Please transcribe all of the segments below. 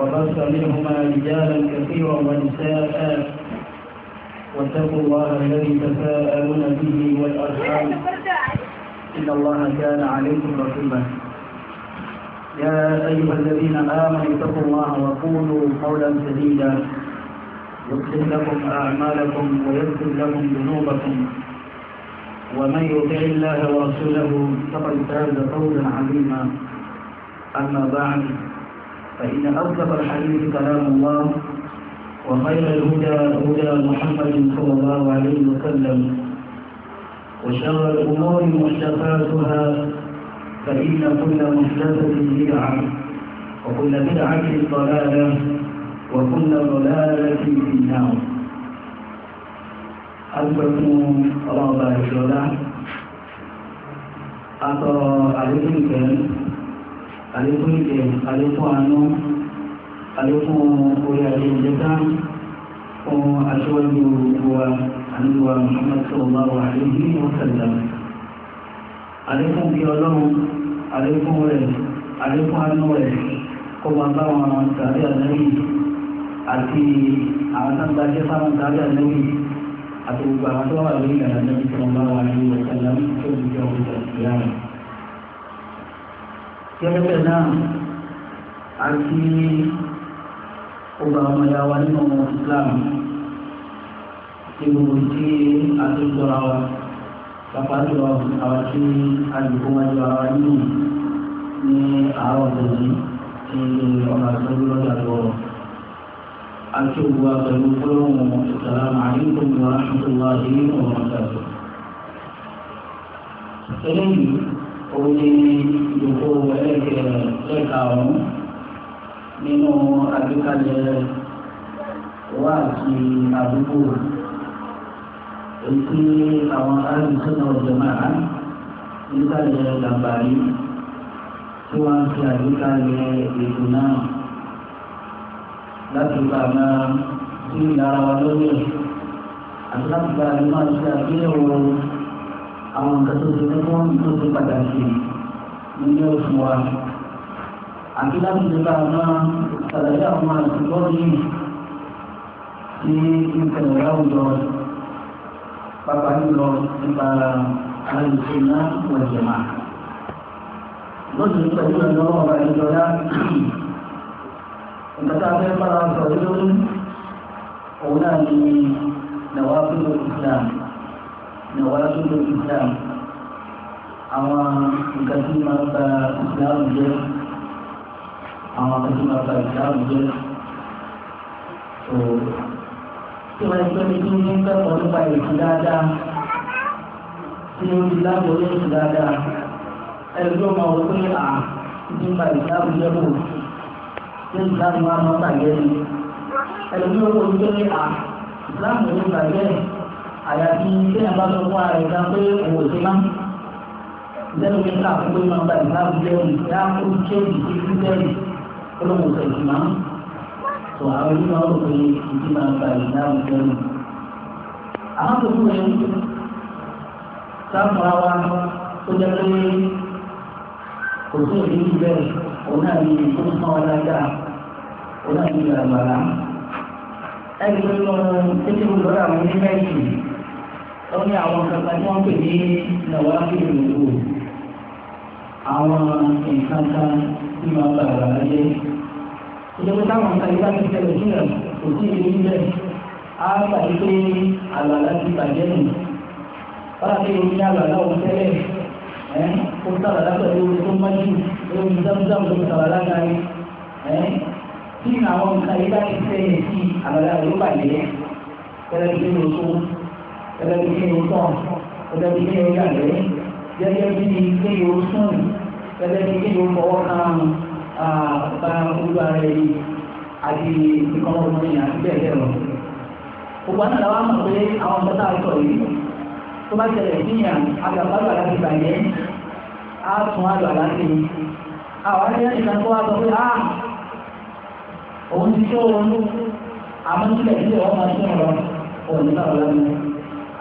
وبث منهما رجالا كثيرا ونساء واتقوا الله الذي تساءلون به والارحام ان الله كان عليكم رحيما يا ايها الذين امنوا اتقوا الله وقولوا قولا سديدا يغفر لكم اعمالكم ويغفر لكم ذنوبكم ومن يطع الله ورسوله فقد فاز فوزا عظيما اما بعد فإن أصدق الحديث كلام الله وخير الهدى هدى محمد صلى الله عليه وسلم وشر الأمور محدثاتها فإن كل محدثة بدعة وكل بدعة ضلالة وكل ضلالة في النار أنفسكم الله بارك لنا أتى عليكم àlékún ìjẹ àlékún àánú àlékún orí ayé ìjẹta fún aṣọ́jú wa àníwá muhammad sallallahu alayhi wa sallam àlékún bí ọlọ́run àlékún rẹ̀ àlékún àánú rẹ̀ kó máa bá wọn tàbí ànáyì àti àwọn sábà jẹ́ fáwọn tàbí ànáyì àti gbogbo àwọn tó wà lórí ìlànà ànáyì sallallahu alayhi wa sallam tó ń jẹ́ òun tàbí ànáyì gẹ́gẹ́ náà àti ọgbà ọmọ ìyá wa nínú ọmọ Islam ìgbòho tí a ti gbọ́ra wa pàpà jùlọ àwọn tí a lè kó wájú ara wa nínú ní àárọ̀ tòní tí ọ̀nà àtúntò lọ́jà lọ́wọ́ àti ògbó àgbẹ̀wò gbọ́dọ̀ wọn ìsàlámù àyíkò ní wàhálà tó wáyé ọ̀rọ̀ ọ̀gá. eléyìí òun ni ìdòkó ẹlẹ́gẹ̀ lẹ́ka ọ̀hún nínú àgbékalẹ̀ wá àti àdúgbò èyí tí àwọn aláìsọ́nà ọ̀jọ̀ máa nígbàlẹ̀ làǹbàrí tí wọ́n ń fi àgbékalẹ̀ ètò náà láti bá a máa sí ìlara wa lórí ẹ̀ àti láti bá a máa ṣe àwọn nǹkan tó ti mẹ́fọ́ tó ti pàtàkì nílé oṣù wa àti láti lè bá àwọn ṣàlàyé àwọn àtúntò yìí sí ìpínlẹ̀ àwùjọ pápá nílọ nípa àlùfẹ́ náà wọ̀jẹ̀ máa. lóṣù pẹ̀lú ẹ̀rọ ọ̀rọ̀ ìjọba nǹkan tá a fẹ́ bára sọ̀rọ̀ lórí òun náà ni nàwáfíìlì Islam. نوازل Islam àwọn nǹkan tí máa ń ba ìsìláàmù jẹ́ àwọn nǹkan tí máa ń ba ìsìláàmù jẹ́ tó tí wọ́n ti tọ́jú tí wọ́n kẹ́kọ̀ọ́ nípa ìrètí dáadáa tí wọ́n ti láàbò ìrètí dáadáa ẹ̀rọ tó máa wọ pé à ti ń ba ìsìláàmù jẹ́ kù tí ìsìláàmù ń bàjẹ́ ni ẹ̀rọ tó wọ́n ti pé à ìsìláàmù ń bàjẹ́ ni. àyàfi tí wọn bá sọ fún ara rẹ gan pé òun ò ṣe má lẹ́nu mi ká fún pé máa gba ìsáàbù lẹ́nu ìyá kó kéèjì sí kírísẹ́rì kó ló ń sọ ìgbìmọ̀ tó àwọn onímọ̀ ọ̀rọ̀ ìdí máa gba ìsáàbù àwọn tó tó pé kò bẹ́ẹ̀ òun náà ní dáadáa òun wọ́n ní àwọn kankan tí wọ́n pè ní ìnáwó akéwìlú àwọn nǹkan kan tí máa ń bàbà láyé ìjọba táwọn nǹkan ibà ti tẹ̀lé sí rẹ̀ kò sí ìlú níbẹ̀ á gbà yí pé àlàlá ti bàjẹ́ nù wọ́n àti ìlú ní àlàlá òun tẹ́lẹ̀ ẹ́ kó sàlàlá pẹ̀lú omi tó mọ́jú omi dámúdámú tó sàlàlá kárí ẹ́ tí àwọn nǹkan ibà ti tẹ̀lé sí àlàlá òun bàjẹ́ tẹ́lẹ̀ sí ìlú ẹ̀rọ bí kí ni ó tán ẹ̀rọ bí kí ni ó yàgbẹ́ gẹ́gẹ́ bí kí ni ó sùn gẹ́gẹ́ bí kí ni ó fọwọ́ kan bá olú ara ẹni àti ìkọ́mọ ọmọ yẹn àti bẹ́ẹ̀ bẹ́ẹ̀ lọ. gbogbo àná làwọn mọ̀ pé àwọn ọmọ tá a sọ yìí tó bá tẹ̀lé síyàn àgbàlagbà láti bàjẹ́ á tún àlọ́ àlàáfíà àwọn akẹ́kẹ́ nìkan tó wá sọ pé á òun ti tó òun àmọ́ sílẹ̀ sílẹ̀ wọ́n máa tún lọ òun nígbà wọlé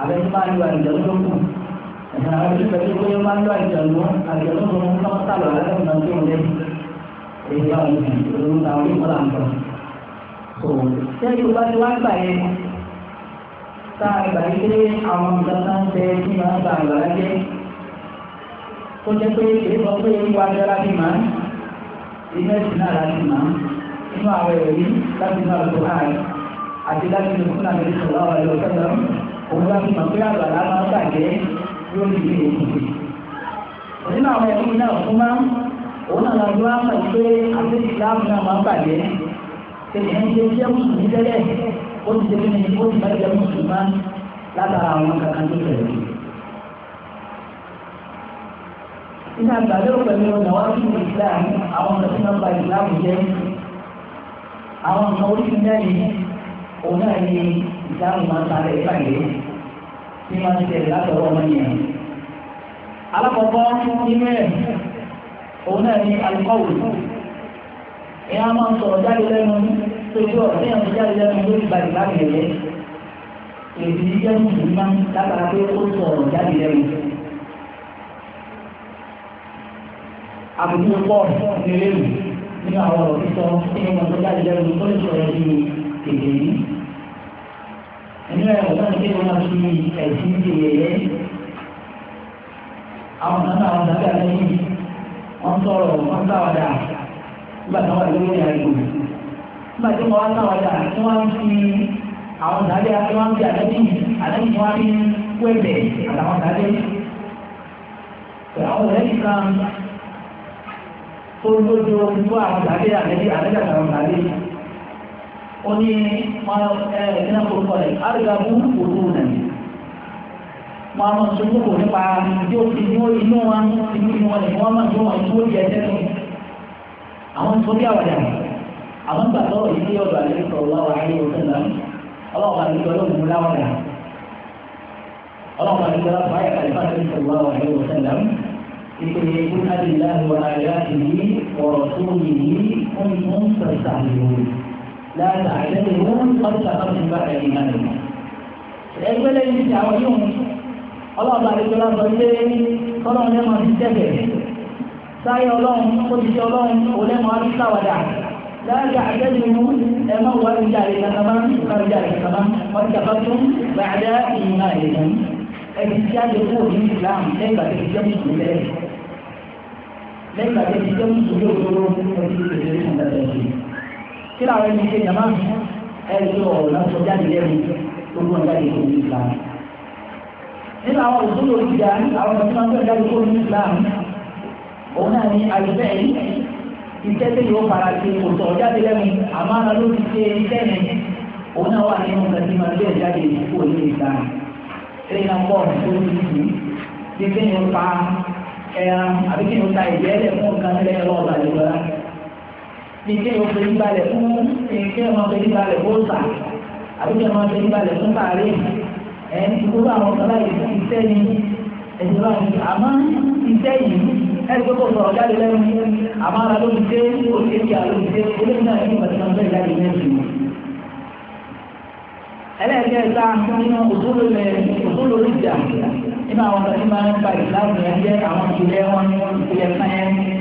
àbẹ̀tí máa lo àjẹ̀lú tó kù ẹ̀sìn àwọn ẹbí pẹ̀lú pé máa lo àjẹ̀lú àjẹ̀lú tó ń lọ́kọ́ sálọ alẹ́kùn náà tó ń lé èyí bá wọn sùn lórí ta orí kọ́lá ń bọ̀. sẹ́yìn tó bá ti wá gbà yẹn tá a gbà yí pé àwọn nǹkan náà ń bẹ tí màá gbà àgbà lájẹ́ tó jẹ́ pé èyí sọ pé wá jẹ́ láti máa iná ìsìn náà láti máa inú àwọn ẹ̀rí láti máa lọ́kọ̀ àti láti lè fún òun bá fi mọ̀ pé àgbàlá máa ń bàjẹ́ lórí ilé ìwé. nínú àwọn ẹ̀kún náà fún máa òun náà lọ́jọ́ á mọ̀ pé àti ìsìláàmù náà máa ń bàjẹ́ tẹ̀lé ń ṣe iṣẹ́ mùsùlùmí tẹ́lẹ̀ ó ti ṣe ní ó ti máa jẹ mùsùlùmá látara àwọn kankan tó tẹ̀lé. nínú àgbàlẹ́ òpẹ̀lú ọ̀nà wá sí ìsìláàmù àwọn ọ̀nà tí wọ́n ba ìsìláàmù jẹ́ àwọn ọ̀nà orí ìdáhùn máa ń ta rẹ̀ pàdé tí wọ́n ti tẹ̀lé látọwọ́ ọmọ yẹn. alákọ̀ọ́kọ́ nínú ẹ̀ òun náà ni alikọ́wù ìyá máa ń sọ̀rọ̀ jáde lẹ́nu tójú ọ̀rọ̀ ní àwọn jáde lẹ́nu lórí gbàgbà gẹ̀gẹ́ èdè jíjẹ́ mùsùlùmí máa ń dábàá pé ó sọ̀rọ̀ jáde lẹ́nu. àbùkù pọ̀ nílé mi nínú àwọn ọ̀rọ̀ sísọ ní ìmọ̀ tó jáde lẹ́nu tó lè sọ̀rọ̀ ẹni rẹ̀ ọ̀gá ní kéwọn náà fi ẹ̀sìn ti yẹ̀yẹ́ àwọn nàbà àwọn nàbà lẹ́yìn wọ́n sọ̀rọ̀ wọ́n sáwádà nígbà tí wọ́n lórí àìkò nígbà tí wọ́n sáwádà tí wọ́n fi àwọn nàbà tí wọ́n fi àlẹ́yìn àlẹ́yìn wọ́n fi kú ẹ̀bẹ̀ àtàwọn nàbà àwọn ọ̀rẹ́ kan tó lójó ojú àwọn nàbà àlẹ́yìn àlẹ́yìn àtàwọn nàbà ó ní ẹ̀ẹ́dínà kòrókọ rẹ̀ arúgbó òru nà ní. wọ́n á máa sojú kò nípa ìdí òfin ní inú wa inú inú wa nìkan wọ́n máa tó wọn tó yẹ tẹ́lẹ̀. àwọn tó bí àwàdà àwọn gbà tọ́rọ̀ yìí ọ̀dọ̀ àlejò sọ̀rọ̀ wá wà ní òfin náà ọlọ́ọ̀bà àlejò ọlọ́ọ̀bù láwàdà ọlọ́ọ̀bà àlejò ọlọ́ọ̀bù ayé kàlífà àlejò sọ̀rọ̀ wá wà ní òfin náà ìpèlè ìlú láti àìlẹ́yìn wọn ọdún àtàkùn nípa ẹ̀yìn náà nìyẹn. ẹgbẹ́ lẹ́yìn tí àwọn yóò ọlọ́ọ̀bà àdéjọba sọ pé tọ́lọ́ ní ọmọ ti tẹ̀lé sáyé ọlọ́run ó ti ṣe ọlọ́run olẹ́mọ̀ àdúgbàwàdà láti àìlẹ́yìn wọn ẹ má wà ní ìjà àdéjọba má ní ìjà àdéjọba wọn ti kàkọ́ tún bàdá ìyìn náà ẹ̀yìn ẹni tí a lè kúrò ní ìsìlámù lẹ́yìn ìgbà tó ti jẹ́ mùsùlùmí lẹ́yìn ìgbà tó ti jẹ́ kí làwọn ẹni ṣe jàmá ẹni tó ọ̀rọ̀ náà sọ jáde lẹ́nu tó gbọ́n jáde tó ní Islam nínú àwọn òṣèlú ìjà àwọn ọmọ tí wọ́n fẹ́ jáde tó ní Islam òun náà ní àlùfẹ́ yìí iṣẹ́ tí yóò fara ṣe òtọ̀ jáde lẹ́nu àmọ́ ara ló ti ṣe iṣẹ́ òun náà wà nínú nǹkan tí máa gbé jáde kó ní Islam eré náà pọ̀ tó ti ṣe ṣe kí ni ó pa ẹran àbí kí ni ó ta ìjẹ́ lẹ̀ fún nǹkan ní kí wọ́n fẹ́ níbalẹ̀ fún kí wọ́n fẹ́ níbalẹ̀ fún sà àbí kí wọ́n fẹ́ níbalẹ̀ fún sàárè ẹ̀ ìgbóhùn àwọn kan láyé iṣẹ́ ni ẹ̀sìn bá mi àmọ́ iṣẹ́ yìí ẹ̀rí pé kò sọ̀rọ̀ jáde lẹ́nu àmọ́ ara ló ti dé oṣù tí a ló ti dé olóyún náà ní ìgbàdàn náà bẹ́ẹ̀ jáde lẹ́nu ìlú. ẹlẹ́ẹ̀kẹta nínú òṣòlò lójà nínú àwọn ọ̀dọ́ tí máa ń ba ìlànà yẹn jẹ́ àwọn ìpìlẹ̀ wọn ìpìlẹ̀ kan yẹn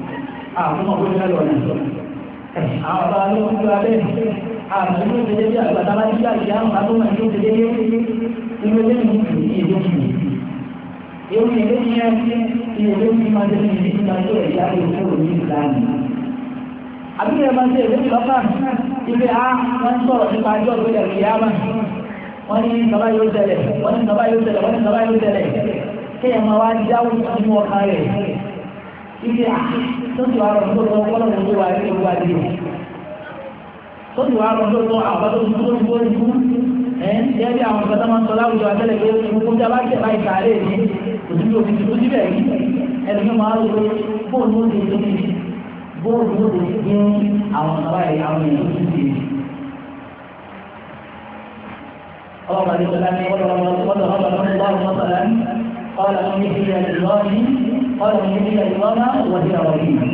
àwọn ọmọ òkúta lọ ọ̀nà sọ. àwọn ọba ló ń lọ abẹ́ àwọn ìlú ìdílé bí àgbàdo bá dídá ìdí àwọn àtọ́ máa ń tó ìdílé yé ìlú ilé mi kì í èdè kì í. ewu ìdílé mi yá sí ìdílé mi máa dé ní ìdílé máa tó ìyá rẹ̀ fún òní ìlànà. àbíkẹ́ ẹ̀ máa ń ṣe ìdílé lọ́kà ibi a máa ń sọ̀rọ̀ nípa ajọ́ ìgbéyàwó ìyá máa wọ́n ní nǹkan báyìí ó tẹ̀lẹ̀ wọ́n ní nǹkan báyìí ó tẹ̀lẹ̀ wọ́n ní nǹkan báyìí ó tẹ̀lẹ̀ kéèyàn máa wá dáwọ́ ìtọ́jú ọkàn rẹ̀ ibi à sọ́tù wa lọ tó lọ kọ́lọ̀ tó wà ní ìlú adé rẹ̀ sọ́tù wa lọ tó lọ àwọn tó tó tó tó tó ẹ̀ ẹ́ bí àwọn ìgbàdá máa ń sọ láwùjọ abẹ́lẹ̀ pé gbogbo tí a bá tẹ̀ bá ìsàlẹ̀ ní òtútù òfin tó síbẹ̀ rí ẹni tó máa ń lo bóòlù ó lè lókè bóòlù ó lè ní àwọn ọ̀nà báyìí àwọn èèyàn tó ti di. ọlọ́run àti ìgbàlá ni wọ́n lọ́wọ́ lọ́wọ́ lọ́wọ́ lọ́wọ́ lọ́wọ́ lọ́wọ́ lọ́wọ́ lọ́wọ́ lọ́wọ́ قال وجدت الإمامة وهي وليمة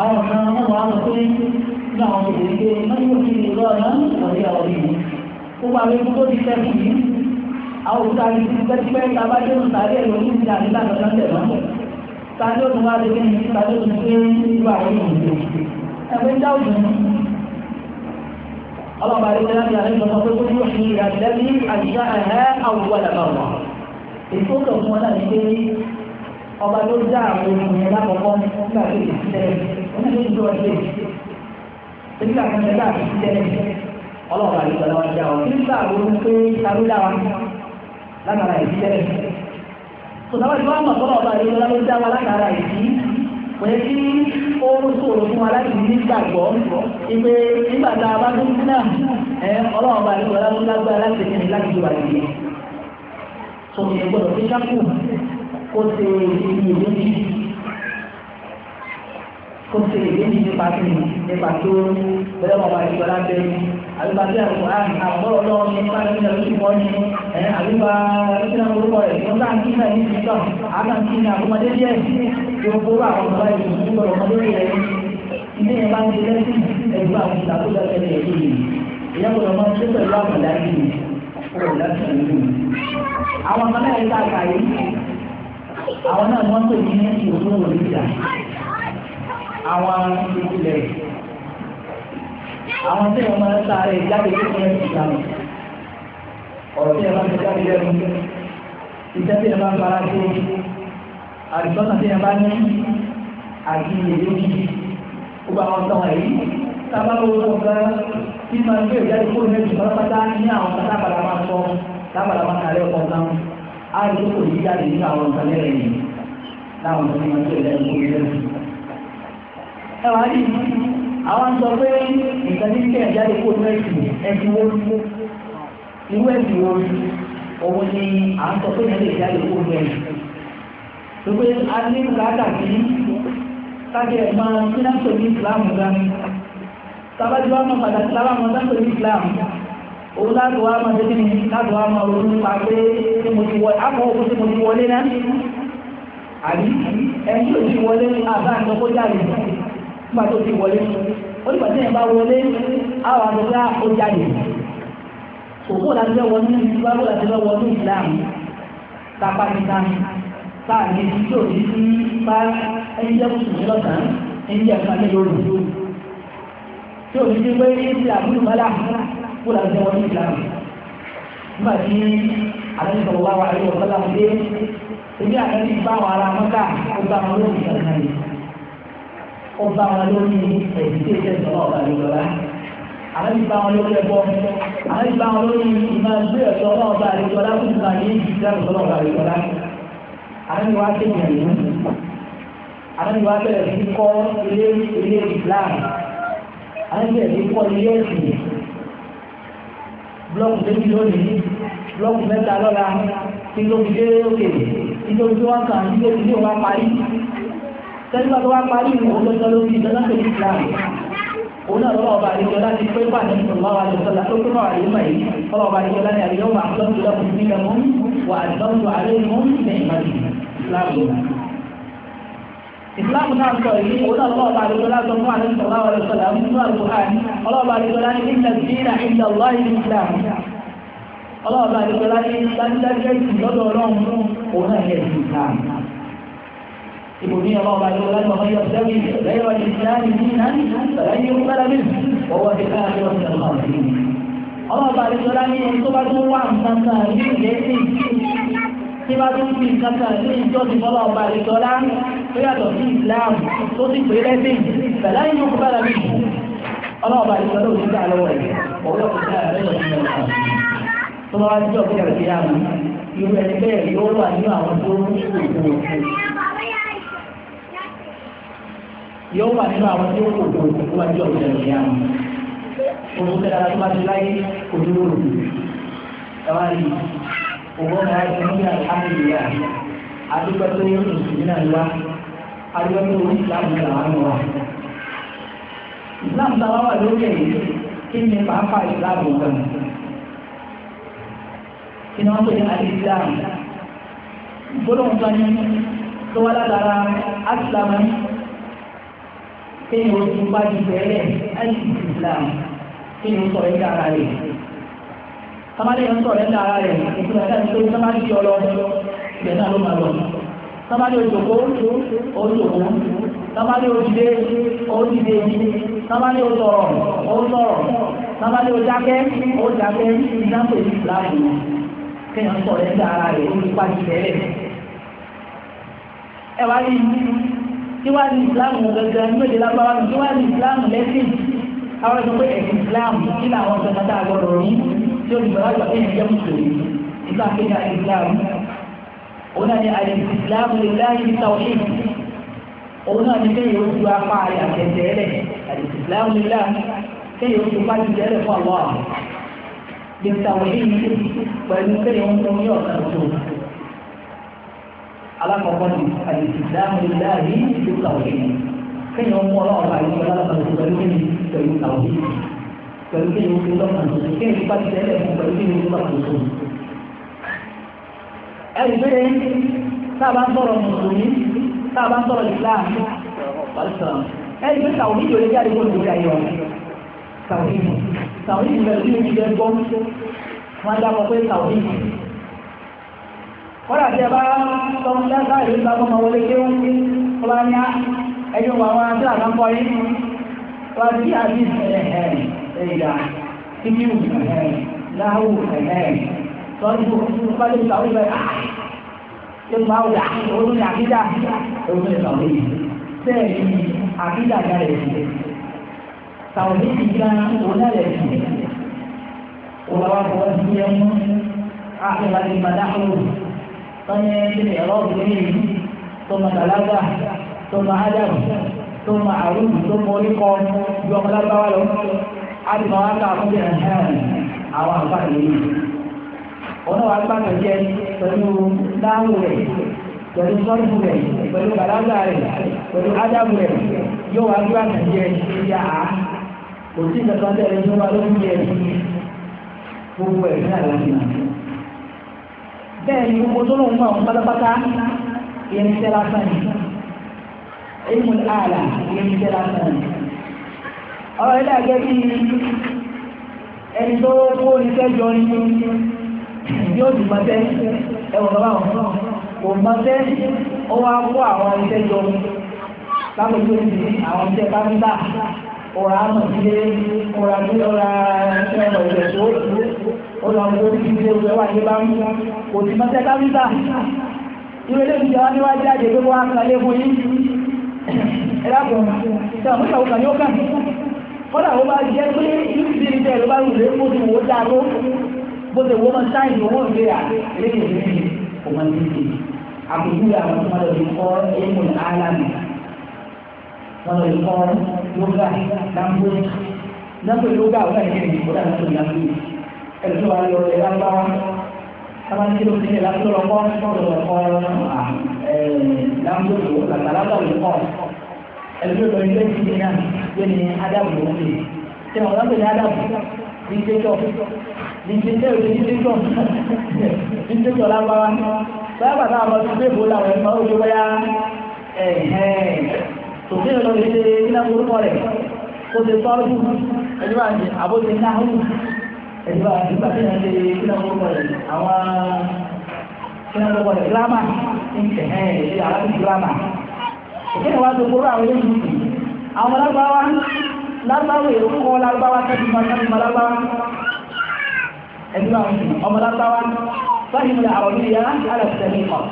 àwọn kan wọ́n wá lọ pé ní àwọn òṣèré pé mẹ́rin òkè ìlọ́ ọ̀nà ọ̀dí àwọn ìlú gbogbo àwọn ikú tó ti fẹ́ kì í àwọn òkúta ní ti fẹ́ pẹ́ tábà dé òun tàbí ẹ̀rọ ní ìdí àdúgbà lọ́dọ̀ tẹ̀lọ́ ẹ̀hẹ́ àwùjọ àdàbà èso tó fún wọn ní pé ọba ló dá àwọn ènìyàn lákọ̀ọ́kọ́ nígbà tó ti ti tẹ́lẹ̀ wọn ní ìjọ ẹgbẹ́ nígbà tó ti dá àti tẹ́lẹ̀ yìí lọ́la nígbà pé wa lágbára tẹ́lẹ̀ mọ̀ yìí lọ́la lágbára kí ó sòrò fún wa láti ìpè nígbà tá a bá dúró náà tó yẹ gbọ́dọ̀ fi dákú kó ṣe iye méjì kó ṣe iye méjì nípa tó nípa tó bẹ́ẹ̀ wọn wà ní ìjọba bẹ́ẹ̀ ni àlùbá bí àwọn àgbọ̀rọ̀ lọ́wọ́ ní nípa ní ìjọba lóṣù wọn ni àlùbá ìṣẹ́nà orúkọ rẹ̀ wọn bá ń kí náà ní ìjọba àgbà kí ní àkọmọdé díẹ̀ yóò kó bá àwọn ọ̀gá ìlú nígbọ̀rọ̀ ọmọdé rẹ̀ ilé yẹn bá ń ṣe lẹ́sìn ẹ̀gbọ́n àwọn ìgbà tó lọ́sẹ̀ ọ̀rọ̀ ìdájọ́ ìlú. Àwọn ọmọ náà yẹ́ta àgbà yìí, àwọn náà wọ́n pè ní ìlú òrìṣà. Àwọn ìpìlẹ̀, àwọn tí wọ́n máa ń sáré jáde tó fún ẹ̀sìn ìlànà. Ọ̀rọ̀ tí ẹ máa ń jáde lẹ́nu, ìjẹ́ tí ẹ máa ń fara tó, àdìsọ́nà tí ẹ bá ní, àti ìyèlé yìí, gbogbo àwọn sọ́wọ́n yìí sábàbọ̀ wọn gbà kí máa gbé ìjáde kó lè jù pátápátá ní àwọn pátápátá máa sọ lábàlá máa kàlẹ́ ọkọ̀ náà á lè tó kò ní jáde ní àwọn ìkàlẹ́ rẹ̀ yìí láwọn tó ní máa gbé ìjáde kó lè jù. ẹ wá rí àwọn sọ pé nǹkan ní kí ìjáde kó lè jù ẹni wọ́n ń sọ pé ìyẹn lè jáde kí náà tó ní ìsìlámù gan-an tàbájú wa mọ pàtàkì lábà mọ sáńpẹ̀ ní Islam òun láti wá máa tẹ́tí ní láti wá máa ronú nípa pé tí mo ti wọlé àpò òkú tí mo ti wọlé náà àbí ẹni tó ti wọlé ní àbá àtọkọjá rẹ nígbà tó ti wọlé ó nígbà tí yẹn bá wọlé àwọn àtọkọjá ó jáde òkú láti fẹ́ wọnú ní ìgbà kó láti fẹ́ wọnú Islam kápá ní sáà sáà ní tí yóò ní sí bá ẹni jẹ́ kùsùn ní lọ́sàn-án ẹni jẹ́ kùsùn ní lórí tí o ní ti pé ní àbúrò mọ́lá kó là ń tẹ́ ní ìlànà nígbà tí àlejò sọ̀rọ̀ wá wà lórí ọ̀sán láti dé ebi ara àyẹ̀ ní pọ̀ ilé ẹ̀sìn blọ́ọ̀kù méjì lónìí blọ́ọ̀kù mẹ́ta lọ́la tí ló fi dé òkè tí ló fi wá kàn tí ló fi dé wá parí tẹ́lifà tó wá parí ìwọ̀n lọ́jọ́ lórí ìdánláṣẹ́ ìsìlámù òun náà lọ́wọ́ ọba àdìjọ láti pé pàdé ìṣòwò àdìsọ́lá tó tó náà àdìmọ̀ yìí ọlọ́wọ́ ọba àdìjọ láti àdìjọ́ wà lọ́dún lọ́dún nílẹ̀ mú wà àdìjọ́ tó àdìjọ́ mú ní ìmọ̀lẹ́ ìsìlámù náà. islam náà sọ yìí òun náà lọ́wọ́ bàálù tó lásán fún àdéhùn sọ̀rọ̀ àwọn ọ̀sọ̀lá nínú àlùkùhán ọlọ́wọ́ bàálù tó láti ní nàìjíríà ìlà ọ̀láì islam ọlọ́wọ́ bàálù islam tí bá tún fi nǹkan kan ní ìjọ ti fọ́lá ọba àdìsọ́lá tó yàtọ̀ sí Islam tó sì pé lẹ́sìn pẹ̀lá inú kó bára bí ọlọ́ọ̀ba àdìsọ́lá ò ní gbà lọ́wọ́ ẹ̀ ọ̀rọ̀ kò sí àárẹ̀ lọ́wọ́ ní ọ̀la tó bá wá sí ọ̀gbìn àti àmì irú ẹni bẹ́ẹ̀ yóò wà nínú àwọn tó ń kó òkú yóò wà nínú àwọn tó ń kó òkú tó wá sí ọ̀gbìn àti àmì òkú tẹ̀lé òwò náà ṣe ní àlùfáàlùyà adúgbò tó yẹ mùsùlùmí náà wá adúgbò tó yẹ ìsìlámù náà wà nù wá. ìsìlámù wà lórí ẹ̀yìn kí ni pàápàá ìsìlámù gan kí ni wọ́n pè ní alìsílámù gbólóhùn tó ní tó wá látara asìlámù kí ni o tún bá bẹ́ẹ̀ ẹ̀ ẹ̀ kí ni o rẹ̀. sábàdé yẹn ń sọ̀rọ̀ ẹ̀dá ara rẹ̀ ìpínlẹ̀ ẹ̀dá tó ń sábàdé yọ lọ ibẹ̀ náà ló máa lọ sábàdé òjòkó òjòkó sábàdé òjìdé òjìdé sábàdé òsọ̀rọ̀ òsọ̀rọ̀ sábàdé òjákẹ́ òjákẹ́ ìdáǹpẹ̀ ìsìláàmù kéèyàn sọ̀rọ̀ ẹ̀dá ara rẹ̀ ó nípa ìtẹ́lẹ̀ ẹ̀wá rí kí wá ní ìsìláàmù gẹ́gẹ́ nígbèdè lágbára kí wá ní ìsìláàmù lẹ́sìn àwọn ẹ̀sùn pé ẹ̀sìn Islam kí làwọn ọ̀sán náà gbọdọ̀ rí tí ó dìgbà láti ọ̀sẹ̀ ìjẹ́ mùsùlùmí nígbà pé Islam òun náà ni àyẹ̀sìn Islam lè láyé ní tawhid òun náà ni kéèyàn ó ju apá ayé àtẹ̀tẹ̀ẹ́lẹ̀ àyẹ̀sìn Islam lè láyé kéèyàn ó ju pàjù tẹ́lẹ̀ fún àwọn àwọn lè tawhid pẹ̀lú kéèyàn ó ní ọ̀sán tó alákọ̀ọ́kọ́ Islam lè láyé ní kéèyàn mú ọlọ́run bá yín lọ́la kan tó pẹ̀lú kí ni pẹ̀lú tàwọn pẹ̀lú kí ni ó lọ́kàn tó kí ni bá ti tẹ́lẹ̀ fún pẹ̀lú kí ni ó lọ́kàn tó. ẹ̀rí pé tá a bá ń sọ̀rọ̀ mùsùlùmí tá a bá ń sọ̀rọ̀ ìsìláàmù pàṣẹ ẹ̀rí pé tàwọn ìjọ lè jáde kó lórí ayé wa tàwọn ìjọ tàwọn ìjọ lè ní ìjọ gbọ́ wọn dábọ̀ pé tàwọn ìjọ kọ́dà tí a bá sọ ń dá sáà ìlú sábà máa wọlé kéwọ́n kọ́lá ní ah, ẹjọ́ wà wọn àti àkàkọ́ yìí wà sí àbí ẹ̀hẹ̀ ẹ̀yà kíkí ẹ̀hẹ̀ láhù ẹ̀hẹ̀ tọ́jú pálí ìtàwé bẹ́ẹ̀ ah! ṣé máa wù olórí àkídà olórí ìtàwé yìí bẹ́ẹ̀ ni àkídà yára ẹ̀sìn tàwọn èyí gbá ọ̀nà ẹ̀sìn wọ́n wá fọwọ́ sí ẹ̀ mú àfihàn ìmàdáhùn tọ́yẹ́ ẹ̀rọ ọ̀gbìn yìí tó tọmọ ádámù tọmọ àrùn tọmọ oníkọ ju ọmọ lágbáwá lọ àti màá ká àwọn ọmọdé náà àwọn àǹfààní yìí ọ̀nà wa gbàgbé jẹ pẹ̀lú dáhùn rẹ̀ pẹ̀lú sọ́ọ̀fù rẹ̀ pẹ̀lú bàlágà rẹ̀ pẹ̀lú ádámù rẹ̀ yóò wá gbàgbé jẹ ìyá àá kò sí ìtẹ̀sán tẹ̀lé tó wà lórí yẹn gbogbo ẹ̀ náà láti ilmu àlà ìyẹn jẹ́ lásán ọ̀rọ̀ ilé àgẹ́ bí ẹni tó kó oníṣẹ́ jọ ní yóò dùn mọ́tẹ́ ẹwọ̀n bàbá wọn kò mọ́tẹ́ ó wá kó àwọn oníṣẹ́ jọ lápòjú òsì àwọn oníṣẹ́ káfíńtà ọ̀rọ̀ àmọ̀ sílé ọ̀rọ̀ àti ọ̀rọ̀ ẹ̀rọ ìrẹsì ó lọ mú orí ìdílé ìwé wà ní bá ń kò sí mọ́tẹ́ káfíńtà ìwé lè fi jẹ́ wá níwájú àjẹgbé wọn fún yín ẹ̀dàpọ̀ tí àwọn ìṣàwọ̀ kan ní ó kàn kọ́dà ó bá jẹ́ pé yúùsì ní bẹ́ẹ̀ ló bá rùn lé bó ti wò ó dáa tó bó ti wò ó máa sáyìn owó ìgbé rà lẹ́yìn ìrìn kò máa ti di àbùkù rà wọn máa lọ sí kọ́ ẹ̀mù alámi wọn lọ sí kọ́ lóga lámbó lámbó lóga àwọn ẹ̀yìn ìrìn kó dà lámbó lámbó ẹ̀rọ tó wà ń kí ló lámúlò làtàlátà ló kọ́ ẹbí ló lọ ilé ìdílé náà yé ni adamu ló ń lè ṣé wọn lọ́pẹ̀ ní adamu ní tẹ́tọ̀ ní tẹ́tọ̀ ní tẹ́tọ̀ ní tẹ́tọ̀ lágbára báyà bàtà àwọn ọdún bẹ́ẹ̀ bó làwọn ẹ̀fọ́ ó ṣe wáyà tòkè lọ ilé ilé orúkọ rẹ̀ kó ṣe tọ́lú ẹni bá ti àbóṣe náà ẹni bá ti gbàgbé náà ṣe ilé orúkọ rẹ̀ àwọn kí wọ́n lọ́kọ̀ rẹ̀ gírámà ẹ̀hẹ́ ìṣe arábì gírámà òkè ni wọ́n á tó gbóró àwọn eléyìí àwọn lágbáwá lágbáwá èrò kọ́ lágbáwá kẹ́tùmá kẹ́tùmá lágbáwá ẹ̀dúrà ọmọ lágbáwá fáyìmù àròyìn yá alẹ́sẹ̀mí kọ́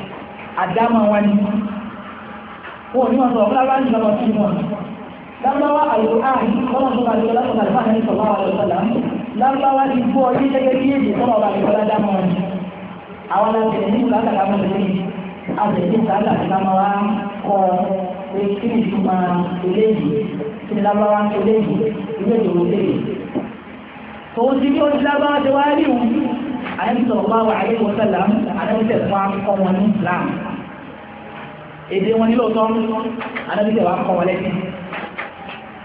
àdámọ̀ wọn ni wọn ò ní wọn sọ ọ̀gbọ́n lágbáwá nìkan wọn sí wọn lágbáwá àlùkùránì lọ́nà tó bá lọ́nà tó bá lọ́nà tó bá lọ́nà tó bá lọ́nà lágbáwá ti gbọ́ ọ àwọn aláṣẹ ní ìlú àtàkà mọ̀ lórí àtẹ̀jẹ́ ìtàlá àti lámọ́wá kọ pé kí ni ìtumọ̀ eléyìí kí ni lábáwá eléyìí ilé ìwé eléyìí. tòun ti bí ó ti lábáwá ti wá rí òun àyẹ̀mí sọ̀rọ̀ wá wà ayé wọ́n sẹ́lá àyẹ̀mí sẹ̀ fún akọ́ wọn ní Islam èdè wọn nílò tọ́ àyẹ̀mí sẹ̀ wá kọ́ wọn lẹ́sìn.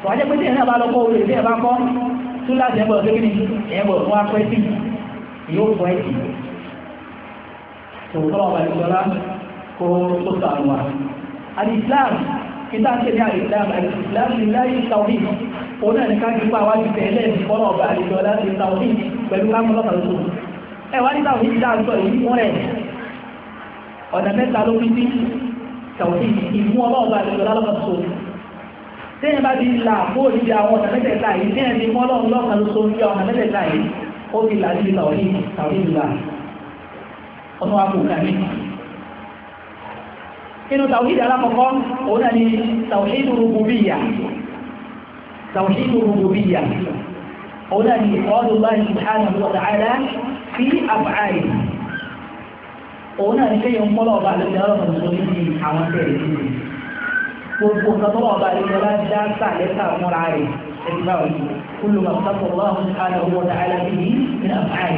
tòun ajẹ́ pé tí ẹ̀yìn náà bá lọ kọ́ olè tí ẹ̀ bá kọ́ tún láti ẹ̀gbọ́n tó kí tòótọ́ ọba ìjọba kó tó sànù wa. Islam, kíta ń tẹ̀lé alìsílám alìsílám ní láyé ìtàwí òun náà ní ká ti pa wájú tẹ̀lé ìfọ́nà ọba ìjọba ìtàwí pẹ̀lú ká mọ́lọ́kà lóṣù. ẹ wá níta òní dídá àtọ yìí fún rẹ ọ̀nà mẹ́ta ló fi sí tàwí ìmú ọlọ́ọ̀ba ìjọba lọ́kàtò téèyàn bá ti là kó òdìdí àwọn ọ̀nà mẹ́tẹ̀ẹ̀ta yìí téèyàn ti mú ọlọ́ọ̀ba lọ́kàtò ọ̀nà àpò kàmí. inú tàwíìdì alákọ̀ọ́kọ́ òun náà ni tàwíìdì rúbùbíyà tàwíìdì rúbùbíyà òun náà ni ìfọ́dù láì subhanahu wa ta'ala fi àbáyé òun náà ni kéèyàn mọ́lọ̀ ọba àlejò ọlọ́run tó ní ti àwọn tẹ̀lé gbogbo nǹkan tó ọba àlejò ọlá dá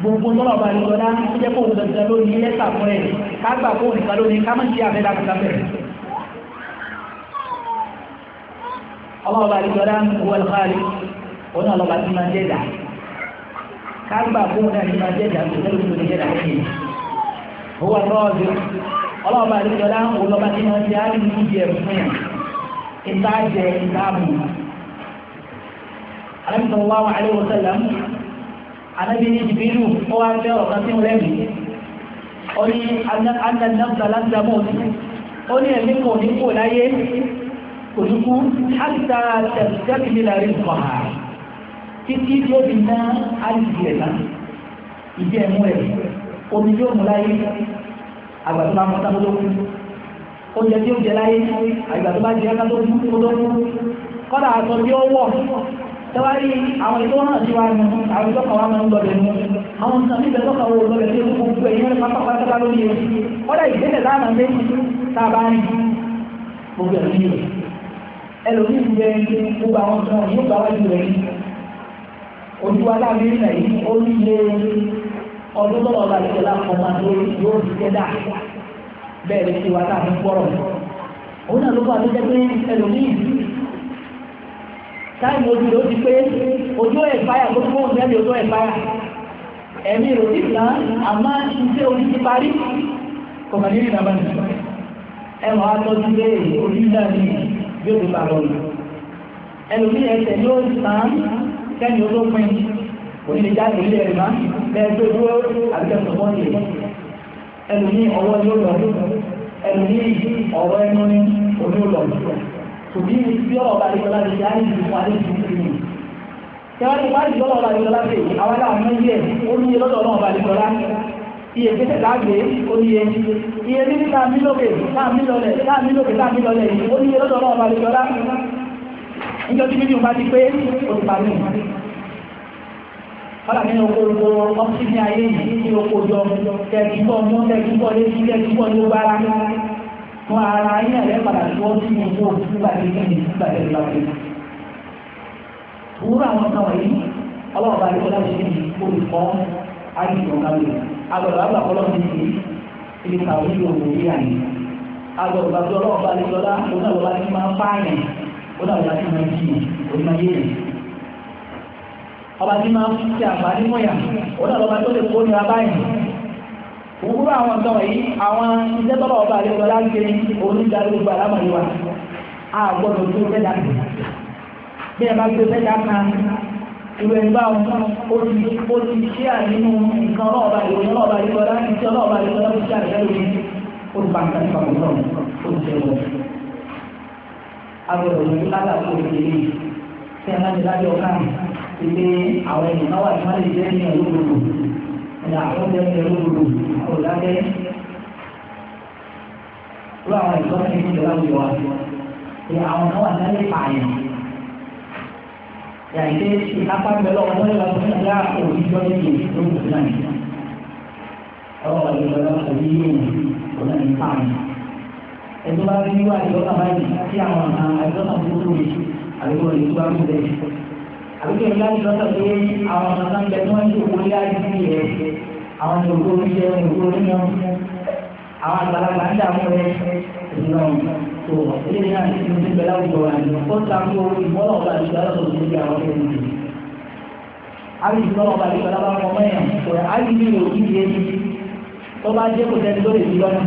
gbogbo tọ́lọ̀ bá ní lọ́dá tó jẹ́ kó gbẹ̀gbẹ̀ ló ní lẹ́tà fún ẹ̀ kágbà kó nìkan ló ní ká mọ̀ sí àfẹ́dá kúta bẹ̀rẹ̀. ọlọ́wọ́ bá ní lọ́dá ń wọ ẹ̀kọ́rì òun náà lọ́ba ti máa jẹ́ dà kágbà kó náà ní máa jẹ́ dà tó ní jẹ́ dà lẹ́yìn. owó àtọ́wọ́sí ọlọ́wọ́ máa jẹ́ àdìmú jẹ anabi ní ìbínú o wá fẹ́ ọ̀rọ̀ kan sí wọn lẹ́nu ó ní ananafsa lásìlámọ́ ó ní ẹ̀mí kò ní kò láyé kò ní kú àtà tẹ̀síkẹ́kì nílà rí nǹkan ha títí tí ó fi ná àìsí rẹ̀ náà ìdí ẹ̀mú rẹ̀ omi yóò mú láyé àgbà tó bá mú sáfó tó kú oúnjẹ tí ó jẹ láyé àgbà tó jẹ ká tó kú tó kú kọ́dà àtọ́ tí ó wọ̀ tẹwárí àwọn ètò náà ti wá ẹnu àwọn ètò kan wá máa ń gbọdọ̀ ẹnu àwọn nǹkan níbẹ̀ tó kàwé gbọdọ̀ tí ó gbogbo ẹ̀yìn rẹ̀ pápá pátápá lórí ẹ̀ kọ́dà ìgbésẹ̀ láàmà méjì tá a bá rìn gbogbo ẹ̀ lórí rẹ̀ ẹlòmíì ń bẹ gbogbo àwọn nǹkan yóò gbà wájú rẹ̀ ní ojú wa láàbí ń rẹ̀ yìí ó ní ilé ọdún tó lọ́ba ìṣẹ̀ láàpọ̀ máa tó yóò fi bá tó táìmù ojú ló ti pé ojú ẹ̀fáyà tó fún òun lẹ́bi ojú ẹ̀fáyà ẹ̀mí rò sí ìlànà àmọ́ iṣẹ́ orí ti parí kọ̀ọ̀kan nínú ìlànà bá ẹ̀wọ̀n atọ́jú lé orí náà ní bí ó ti bá lọ́nà ẹlòmí ẹsẹ̀ yóò sàn kẹ́ni olópin onílé jáde ilé ẹ̀rí máa bẹ́ẹ̀ tó dúró àbíkẹ́sọ̀ wọ́n lè ẹlòmí ọwọ́ ni ó lọ ẹlòmí ọ̀rọ̀ ẹnu ni òní òbí ni bí ọ̀rọ̀ ọba àdìgbọ́lá ti ṣe àdìgbò fún àdìgbò fún mi. tẹ́wọ́n ìpá àdìgbọ́lá ọba ṣe àwọn ní lọ́dọ̀ ọlọ́ọ̀ba ihe iye gbèsè láàgbé ó ní iye iye níbi tá a mí lókè tá a mí lọlẹ̀ tá a mí lókè tá a mí lọlẹ̀ ní iye lọ́dọ̀ ọlọ́ọ̀ba tí bá ti pé fún ara ayé rẹ̀ padà tó ọ́ sínú owó nígbà tí kí ni nígbà tí ìgbà tí. Òwúrọ̀ àwọn kan wọ̀nyí ọlọ́ọ̀bá yóò láti ṣe ní olùkọ́ ayélujára kálí. Agbọ̀dọ̀ àgbà kọ́lọ́ ti di ibi kàwé yóò wò yí àyè. Agbọ̀dọ̀ bàbá ọlọ́ọ̀bá lè lọ́lá onáwọ̀lá ti máa ń pààyàn onáwọ̀lá ti máa ń jiyàn onímọ̀yé. Ọba ti máa ń ṣe àǹfààní mọ̀yà onáwọ̀lá tó lè kó nira báyìí gbogbo àwọn nǹkan wọ̀nyí àwọn iṣẹ́ tọ́lọ̀ ọba àdéhùn láńké onídàájú gbogbo àlámọ̀lẹ́ wa a gbọ́dọ̀ tó fẹ́dà bí ẹ bá tó fẹ́dà kan ìwé ìgbà wọn ó ti ó ti ṣí àdínú nǹkan ọlọ́ọ̀ba ìròyìn ọlọ́ọ̀ba àdéhùn láńké tí ọlọ́ọ̀ba àdéhùn láńké ṣe àdéhùn yìí ó ti bá nǹkan nípa ọ̀rọ̀ ó ti ṣe wọ̀ agbọ̀dọ̀ lórí látàkó ìdílé tí ẹ má ti lájọ káà ìdílé àwọn ènìyàn wà tí wọ́n lè jẹ́ ènìyàn lóòrò làwọn ọdẹ ń tẹ̀lé olùdó ọ̀làdẹ ló àwọn ẹ̀kọ́ ní ìlú ìjọba wíwá ṣe àwọn náà wà lálẹ́ pààyàn yàrá ìdè ìkápá pẹ̀lú ọmọ ìlú ọmọ ìlú ìlú òbíjọ níbi ìlú òkú náà ní ọwọ́ ìlú ọlọ́pàá òbí yìí òun náà ní pààyàn ẹ̀dọ́ bá rí wíwá ìjọba báyìí sí àwọn àjọ àbúrò rẹ̀ àbúrò rẹ̀ tó bá rí bẹ́ẹ̀ àbíkẹ́ ìyá ìjọba pé àwọn ọmọ náà ń bẹ tí wọ́n ń ṣòwò ní àdìsí rẹ̀ àwọn ìṣòwò oúnjẹ ìṣòwò oúnjẹ àwọn àgbàlagbà ń dààmú rẹ̀ ìṣúná tó ilé náà ti ti bẹ láwùjọ wa ni ó ta kó ìmọ̀lá ọ̀gá àti ìgbàlá tó ti di àwọn ọmọ ìlú àbí ìmọ̀lá ọ̀gá àti ìgbàlá bá wọn mọ̀ èèyàn kò rẹ̀ àbí ní òbí yé ni tó bá jẹ́ kò sẹ́ni tó lè fi lọ́nà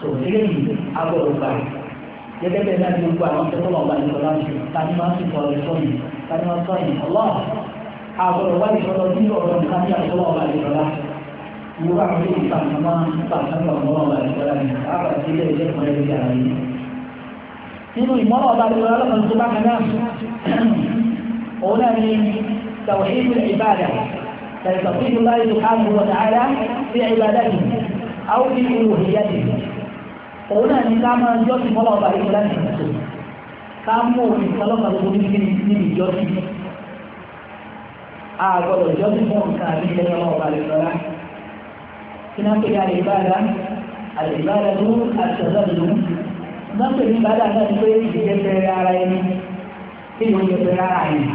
tó ilé yìí agbọ̀dọ̀ gbà gẹ́gẹ́ bẹ́ẹ̀ náà ti gbogbo àwọn tẹ́kọ̀ọ́ ọ̀gá àti ìgbàlá ta ni máa ń fi kọ̀ ọ̀rẹ́ fọ́ọ̀mù tani wọn sọ yìí ọlọ́ọ̀ àbọ̀rọ̀ wáyé ọlọ́ ní ọ̀rọ̀ nǹkan ní àtọwọ́ ọba ìjọba ìwọ àwọn ilé ìfàmìmọ́ ìfàmìmọ́ ọmọ ọba ìjọba ni àbà sí ilé ilé ìfọ̀rọ̀ ilé ara yìí. nínú ìmọ̀ràn ọba ìjọba lọ́sàn tó bá kan náà òun náà ni توحيد العبادة توحيد الله سبحانه وتعالى في عبادته أو في ألوهيته òun náà ni ká máa jọ́sìn fọ́lọ́ ọba ìjọba ní ìtò ká mú òfin ìtọ́lọ́pàá tó ní kí ní ìjọsìn a gbọ́dọ̀ ìjọsìn fún nǹkan àbí ìjọsìn ọmọ ọba àlùfọ́lá kí náà pèlè àlèbáda àlèbáda tó àtẹ̀lọ́dún náà pèlè ìbáda náà ní pé ìjẹsẹ̀rẹ̀ ara ẹni kí ni ìjẹsẹ̀rẹ̀ ara ẹni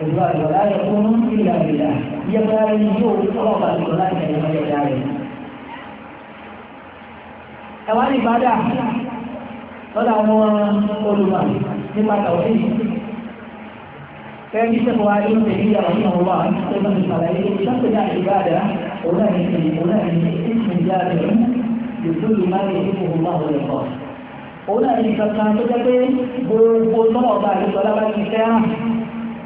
ẹ̀dùn àlùfọ́lá yẹ fún ìlà ìlà ìjẹsẹ̀rẹ̀ ara ẹni yóò ọlọ́pàá àlùfọ́lá ìjẹsẹ̀rẹ̀ ara ẹni ẹ̀wá ní ìbáda lọ́dọ̀ àwọn olùmọ̀ nípa tàwọn èyí kẹ́ẹ̀kì sẹ́kọ̀ọ́ ayé ń tẹ̀lé ìyàwó ní ọ̀rọ̀ wa tó bá ti sàlàyé ìṣàkóso ní àìbáàdà òun náà ní ìṣẹ̀lẹ̀ òun náà ní ìṣẹ̀lẹ̀ ìjáde ìṣòro máa ń yẹ fún ọmọ àwọn ẹ̀kọ́ òun náà ní kankan tó jẹ́ pé gbogbo tọ́lọ̀ ọba àdìsọ́ lábá ti fẹ́ hàn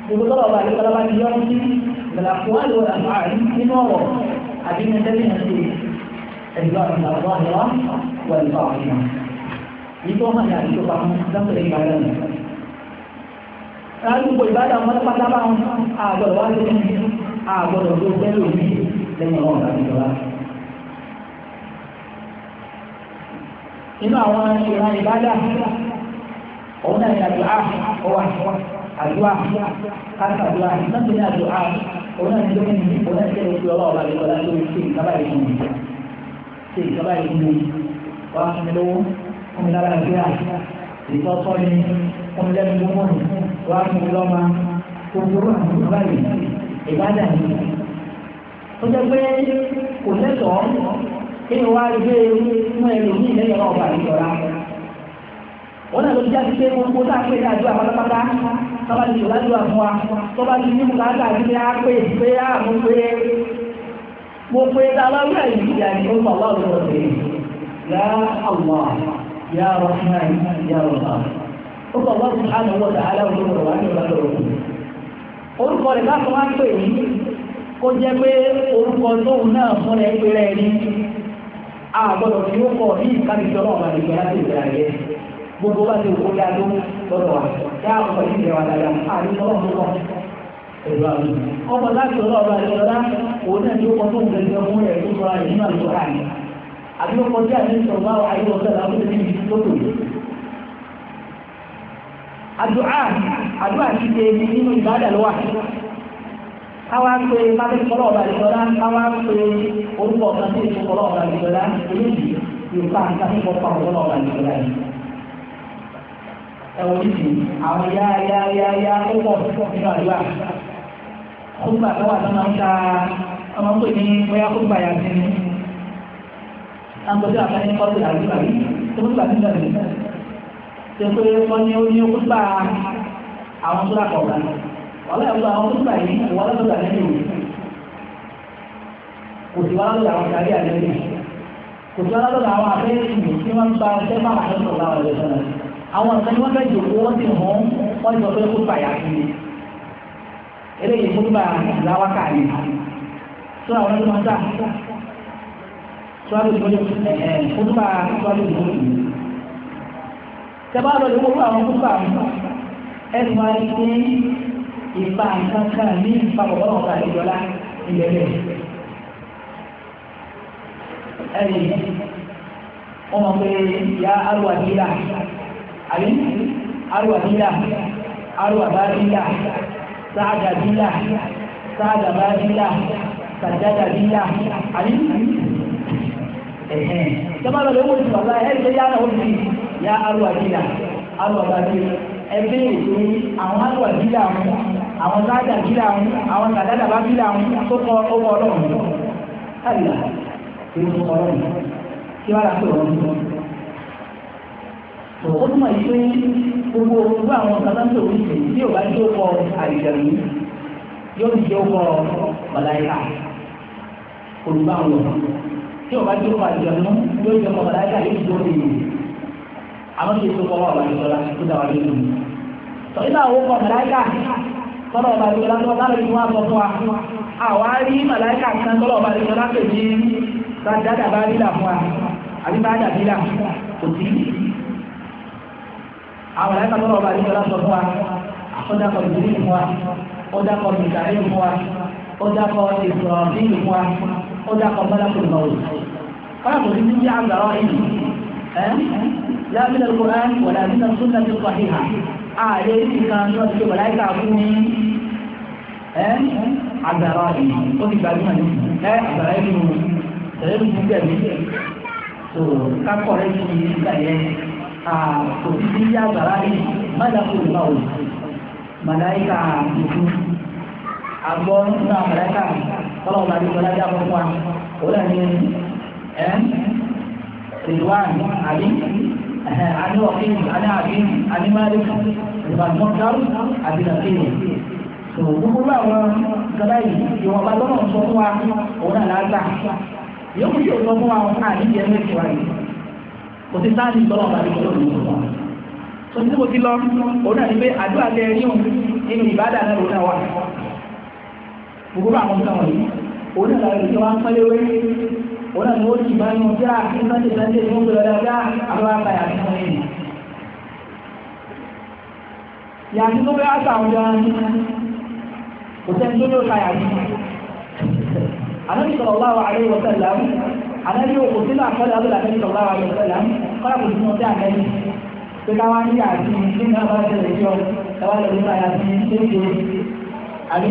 gbogbo tọ́lọ̀ ọba àdìsọ́ lábá ti yọ sí ìgbàlàfọ́ àlọ́ àmàlí nínú ọ̀rọ̀ àbí nítorí wọn máa yà àdúgbò pa wọn lọ́sọ̀rọ̀ ìbára mi. Láàdúgbò ìbára wọn pátá bá wọn àgbọ̀dọ̀ wá lé ní àgbọ̀dọ̀ tó fẹ́ lòdì lẹ́yìn ọ̀hún àti ìjọba. Nínú àwọn ìran ìbára òun náà ní àdúrà ọwà àdúrà kásàdúrà lọ́sọ̀rọ̀ ní àdúrà òun náà ní lókè ní òun náà ní lókè ní ọlọ́ọ̀bà lórí lórí ṣe ìkábàyè fún Ṣe ìkábàyè fún mi. Wàá fún mi lówó fún mi lára ìgbéra ìtọ́tọ́ ni fún mi lẹ́nu gbogbo ni wà á fún mi lọ́mọ gbogbo àwọn ìbáyìí ìbádà ni. ó jẹ́ pé kò lẹ́tọ̀ọ́ kí ni wàá gbé inú ẹ̀rọ yìí lẹ́yìn náà ọba ìjọra. wọ́n náà ló ti jáde pé gbogbo tá a pè ká ju àpátápátá tọ́ba ti ìwádìí wà fún wa tọ́ba ti ní bùkátà àti pé a pè pé a mú pé mo pé tá ó fà wá rẹ̀ yá àwọn àwọn yà rahman yà rahman ó kọ wọ́n fún àná wọ́n tà áláwọ̀ ló wọ̀ wá ní ọ̀la lọ́wọ́ orúkọ rẹ̀ bá fún wa pè ní kó jẹ́ pé orúkọ tóun náà fún ẹ pé rẹ̀ ní àgbọ̀dọ̀ tí ó kọ̀ ní ìkànnìjọ́ náà wà ní ìgbà láti ìgbà yẹ gbogbo bá ti wò ó dáadó lọ́dọ̀ wa yà á kọ̀ ìdílé wa dáadáa àdúgbò ọ̀dọ́ ọmọ láti ọlọ́ọ̀bá ìṣọ́lá òun náà ni ó kọ́ tó ń gbẹ̀gbẹ̀ fún ẹ̀ tó sọ́ra àbí ó kọjá ní sọ̀rọ̀ àwọn àyè ọ̀sẹ̀ làwọn tó ti di lóko yìí. àdúrà àdúrà ti ṣe nínú ìbádà lọ́wọ́ káwá pé mábẹ́ kọ́lọ́ ọ̀bà ìjọba káwá pé orúkọ ọ̀sán tí èso kọ́lọ́ ọ̀bà ìjọba eléyìí yorùbá àti akẹ́kọ̀ọ́ pa ọ̀kọ́lọ́ ọ̀bà ìjọba yìí. ẹ̀wọ̀n yìí àwọn yá yá yá yá ó pọ̀ nínú àdúrà kó gbà kó àgbọ̀dé àbáyé kọ́ sí àdúrà yìí tó ń gbà nígbà yìí ṣe pé wọ́n ní ó ní ó gbà àwọn tó dàpọ̀ gbà wọ́n lè gba àwọn tó gbà yìí wọ́n lè gbà lẹ́yìn òní kò sí wọ́n lọ́dọ̀ àwọn kárí àlẹ́yìn kò sí wọ́n lọ́dọ̀ àwọn abẹ́yẹ̀sìn tí wọ́n ń gba ọṣẹ́ máa tó sọ̀rọ̀ àwọn ọ̀dọ́ náà àwọn nǹkan ni wọ́n fẹ́ jòkó wọ́n ti hàn wọ́n jọ pé kó yà sí i eléyìí kó gbà láwákà yìí àwọn ẹgbẹ́ wọn dà tíwájú ìbọn yìí kútùbà tíwájú ìbọn yìí. Tẹ́bá lọ lówó fún àwọn kútùbà ẹ̀sùn wa ní pé ìfà kankan ní ìfà bọ̀bọ̀ náà kà ìjọlá ilẹ̀ rẹ̀. Ẹ̀rì wọ́n mọ̀ pé ìyá arúgbà dídà àbí arúgbà dídà arúgbà bá dídà sáàdà dídà sáàdà bá dídà sàjádà dídà àbí tọ́mọ́lọ́ lówó ti wà láyé ẹ̀rí tó yá náà ó ti ya arú àdílà arú àbájú ẹgbẹ́ ètò àwọn arú àdílà àwọn àwọn sáájà àdílà àwọn àwọn sàdádà bá bílà àwọn tó kọ owó ọlọ́run káàdìlà tí ó kọ ọlọ́run kí wàá láti ọ̀rọ̀ nínú tó o túmọ̀ yìí pé gbogbo gbogbo àwọn kàtà tó ń sè tí ò bá tó kọ àìjẹ̀rù yóò ti tó kọ ọ̀láyà olùbáwọn lọ́wọ́ tí o bá dúró ma jọ̀nù yóò jẹ́ ọmọ ọ̀la yóò dúró de yìí àwọn tó yẹ kó kọ́wọ́ ọ̀la yóò lọ kó dà wà lé lónìí. sọ iná àwọn ọkọ̀ màláìkà tọ́lọ̀ ọba yóò lọ sọ́ọ́ lórí wọn sọ fún wa àwa rí màláìkà kan tọ́lọ̀ ọba yóò lọ pè ní dáadáa bá rí là fún wa àbí bá dàbí là kò sí. àwọn màláìkà tọ́lọ̀ ọba yóò lọ sọ fún wa ó dákọ̀ fún wa ó dákọ̀ fún wa ó dákọ̀ kọjá kọmọlá kò lọ òun kọ́lá kò sí títí àgbàrá ìlú lábílẹ̀ kùrán wọ̀lá nínú súnà tó sọ̀híhà ààrẹ ìkan náà ti wọ̀lá ìka fún ní àgbàrá ìlú ó ti gbàgbọ́n ní àgbàrá ìlú ẹ̀rẹ́ mi ti bẹ̀rẹ̀ so kakọ̀ rẹ̀ ti yí ìgbà yẹn kò sí títí àgbàrá ìlú mọ́lá kò lọ òun màláìka ìlú àgbọ̀ nínú àmàláìka ìlú kọ́lọ́ ọba àdìgbò lájà fún wa òun náà ní ẹ rìdwan àbí àní ọ̀kìn àní àbí àní malik rìdwan mọ́tàr àbí nàkéyè tó gbogbo bá àwọn gbọ́dọ̀ yìí ìwọ̀n bá lọ́nà sọ fún wa òun náà lágbà yóò fi òun sọ fún wa àní jẹ́ mẹ́tì wa yìí kò sí sáà ní kọ́lọ́ ọba lọ́nà sọ fún wa tó ti bó ti lọ òun náà ní pé àdúrà lẹ́ẹ̀rí òun nínú ìbádà náà lòun náà wà gbogbo àwọn nǹkan wọ̀nyí òun náà làwọn ènìyàn wá ń pẹ́lẹ́ wé òun náà ni ó ti máa ń mú bíá ní sunday sunday ní oúnjẹ lọ́dọ̀ bíá àwọn àgbà yàtí wọn yìí. yàtí tó bẹ́ àṣà àwọn ọ̀dọ́ kò sẹ́ni tó ní ó ta yàtí. ànábì sallallahu alaihi wa sallam ànábì òkú sínú àkọọ́lẹ̀ abúlé ànábì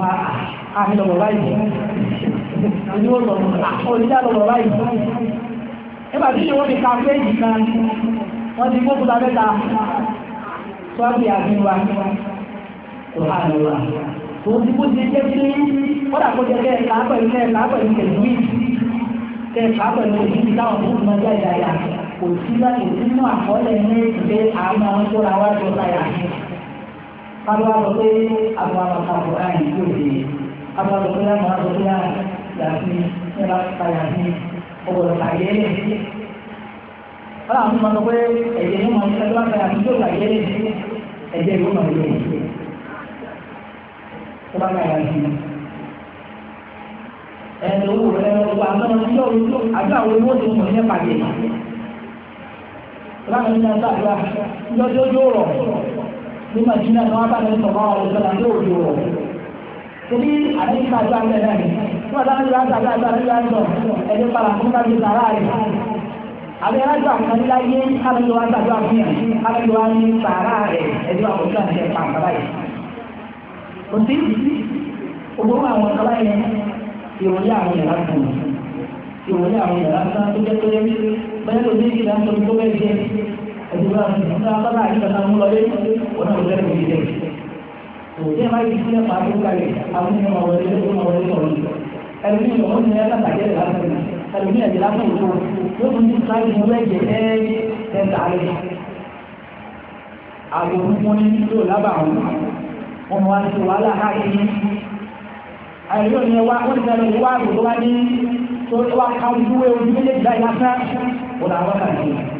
bá àmì lọ́wọ́ báyìí ẹni wọ́n lọ́wọ́ oníjà lọ́wọ́ báyìí nígbà tí ìwọ́n mi ka péjì kan wọ́n ti gbókùtà mẹ́ta sọ́ọ́bì àmì wa kò hà lọ́wọ́ òun ti kó ti jẹ́ kó jẹ pẹ̀lú pẹ̀lú pẹ̀lú jáde àyà kò sí láti nínú àkọọ́lẹ̀ ní ìgbé tó ra káwọn sọ pé àwọn àpapọ̀ láàyè tó dé káwọn pé àwọn àpapọ̀ láàyè yàtí nígbà káyà ní ọgbọ̀dọ̀ kàyé lè. wọ́n àwọn ọmọ sọ pé ẹ̀jẹ̀ ní wọn ẹgbẹ́ wọn tó kàyé lè ẹ̀jẹ̀ ìwọ́n mọ̀ lè bá kàyà sí i. owó rẹ̀ tó àbí àwọn owó tó mọ̀ ní madina ní wọn bá lọ sọ báwọn ọdún sọlá yóò di wọ. Ebi àti ìgbà tó àgbẹ̀ náà ni wọ́n dáná ìgbà tó àgbẹ̀ àgbẹ̀ àgbẹ̀ àgbẹ̀ ẹni para fún kábí sàrà rẹ̀. Àbẹ̀ alájọ àkànní láyé kábíyó wa sàdó àfihàn kábíyó wa ní sàrà rẹ̀ ẹni wà kókó àti ẹ̀ka àkàrà yìí. Òtí ògbóró àwọn ọ̀sán báyìí ìròyìn àwọn yàrá kan ìròyìn àwọn yàrá kan tó jẹ́ pé bẹ́ẹ̀ lómi ìlànà tó ẹ̀sìn bá ti ń sábà náà nígbà tá a mú lọ lé wọn náà lọ́dẹ̀ kò ní jẹ́ òjì ẹ̀ máa yí sílẹ̀ máa tó kalẹ̀ àwọn ènìyàn máa wọlé lọ́wọ́ máa wọlé sọ̀rọ̀ ẹlòmíì ọ̀hún ni ẹ̀ka tàjẹ́ rẹ̀ lásán ẹlòmíì ẹ̀jẹ̀ lásán òjò yóò tún ní sáyé ìwé ẹ̀jẹ̀ ẹ̀ẹ́dì ẹ̀ta rẹ̀ àwọn òun ní yóò lábà wọn wọn wá sí wàhálà káàkiri àìlú ni wá wọn ti sẹ́nu wá àgbò tó wá ní tó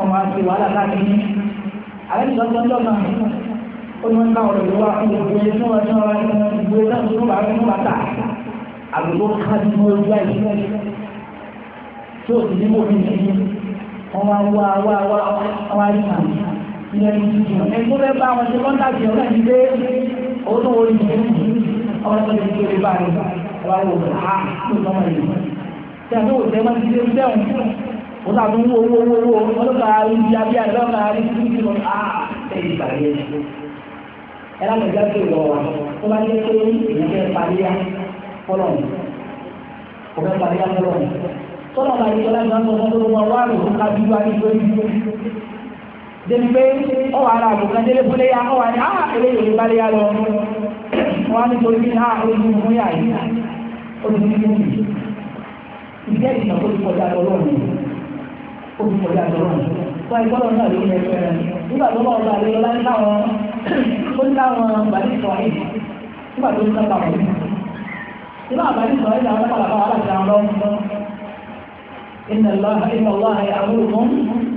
ọmọ àti wàhálà káàkiri àlẹ́ ìjọba ń dọ́gba ó ní wọ́n ká ọ̀rọ̀ ìlú wa fún gbogbo ilé tí wọ́n ti wọ́n ti wọ́n ti gbogbo náà tó bá wọn bá tà àlùkò kájú mọ́ ojú àìsí tí ó sì ní mò ń bí wọn wá wá wá wá wá rí màá ìyẹn ní ìdíjọ ẹni tó fẹ́ bá wọn ṣe kọ́ńtàkì ọ̀rẹ́ mi pé owó tó wọlé ìdíjọ ọmọ tó ti kéré báyìí wá wò ó ha tó tọ́ mọ́ ìlú tẹ̀ tó wò tẹ́ wọ́n ti dé wọ́n tàbí ń owó owó owó ọlọ́kàá rí abíyá rẹ̀ lọ́kàá rí bí bí wọn ẹ̀yìn ìbàdí ẹ̀ ẹ̀ ọrụ. ẹ̀jẹ̀ tó lọ wà tó bá jẹ́ pé èyí fẹ́ paríyá fọlọ́ kò fẹ́ paríyá fọlọ́ tọ́lọ̀ bá yẹ wọn wá ó ká bíbá ní débi pé ah, lọ wọn á bí olùkọ́ yà lọ́wọ́ wọn ìgbọ́dọ̀ náà ló ń yẹ fẹ́ nígbà tó lọ́wọ́ bá lọ́wọ́ láti táwọn ó ní táwọn bàtí sọ ayé nígbà tó ń sọ pa wọn. nígbà bàtí sọ ayé àwọn lápàlàpà wà láti àwọn lọ́wọ́ إن الله إن الله يأمركم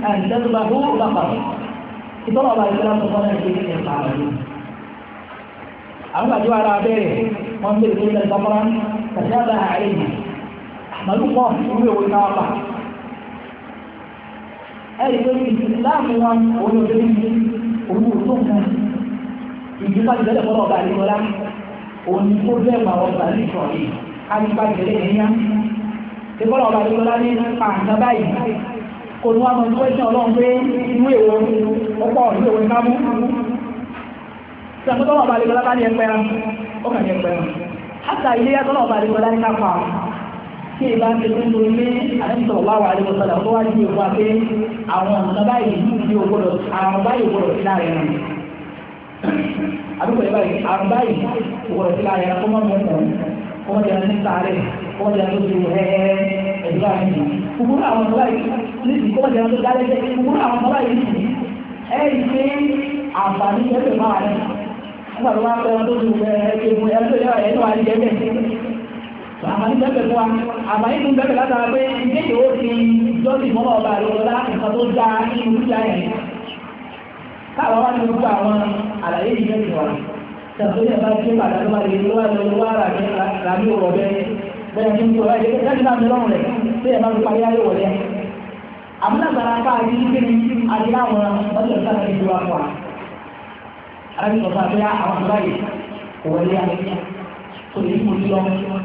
أن تذبحوا بقرة ìtọ́nà ọba ìṣẹ́lá tó fọ́nà ìṣe ní ẹ̀ka rẹ̀ yìí. àwọn àjọ ara ẹ̀rí pé ìsìláàmù wọn olóògbé ní olú tó ń kàn ìjọba ìjọba ìjọba ọba àdìgbọ́lá òní tó bẹ́ẹ̀ bá ọba àdìgbọ́ yìí àdìgbà ìjọba ìyá ìjọba ọba àdìgbọ́lá ní pàǹtà báyìí kò ní wá mọ ìjọba ìjọba ọlọ́run pé inú èwo ọ̀pọ̀ ìlú èwo ìkámú ìjọba ọba àdìgbọ́lá bá ní tí ìbá ti pín lórí pé àyẹ̀sọ̀ wà wà lẹ́wọ̀ sọ̀dọ̀ tó wá di ìwà pé àwọn nǹkan báyìí ní ògbọ́dọ̀ àwọn báyìí ògbọ́dọ̀ sí láàrin rẹ̀ àdúgbò ìbáyìí àwọn báyìí ògbọ́dọ̀ sí láàrin rẹ̀ kó mọ́ mọ́ mọ́ kó mọ́ jẹun ní sáré kó mọ́ jẹun lójú ẹ̀ẹ́ ẹ̀dúrà nìyí kúkúrú àwọn ọmọ báyìí níbi kó jẹun tó dálé kúkúrú àwọn báyìí níbi àmàlí bẹ́ẹ̀ fún wa àmàlí tún bẹ́ẹ̀ látara pé ilé yìí ó fi jọ́sìn mọ́mọ́ ọba àlọ́lá nǹkan tó dáa nínú ìyá yẹn káàbọ̀ wá ní gbogbo àwọn àlàyé yìí bẹ́ẹ̀ wà tẹ̀síwájú bá ti padà tó bá lè lọ́wọ́ lọ́wọ́ ràbí òwò bẹ́ẹ̀ bẹ́ẹ̀ kí n tó ẹ̀ jáde náà mìíràn rẹ̀ tí ẹ̀ bá fi parí ayé wọlé àmúlà sara káàdì kíni adé láwọn ọjọ́ ìsára ti àwọn àbúráyè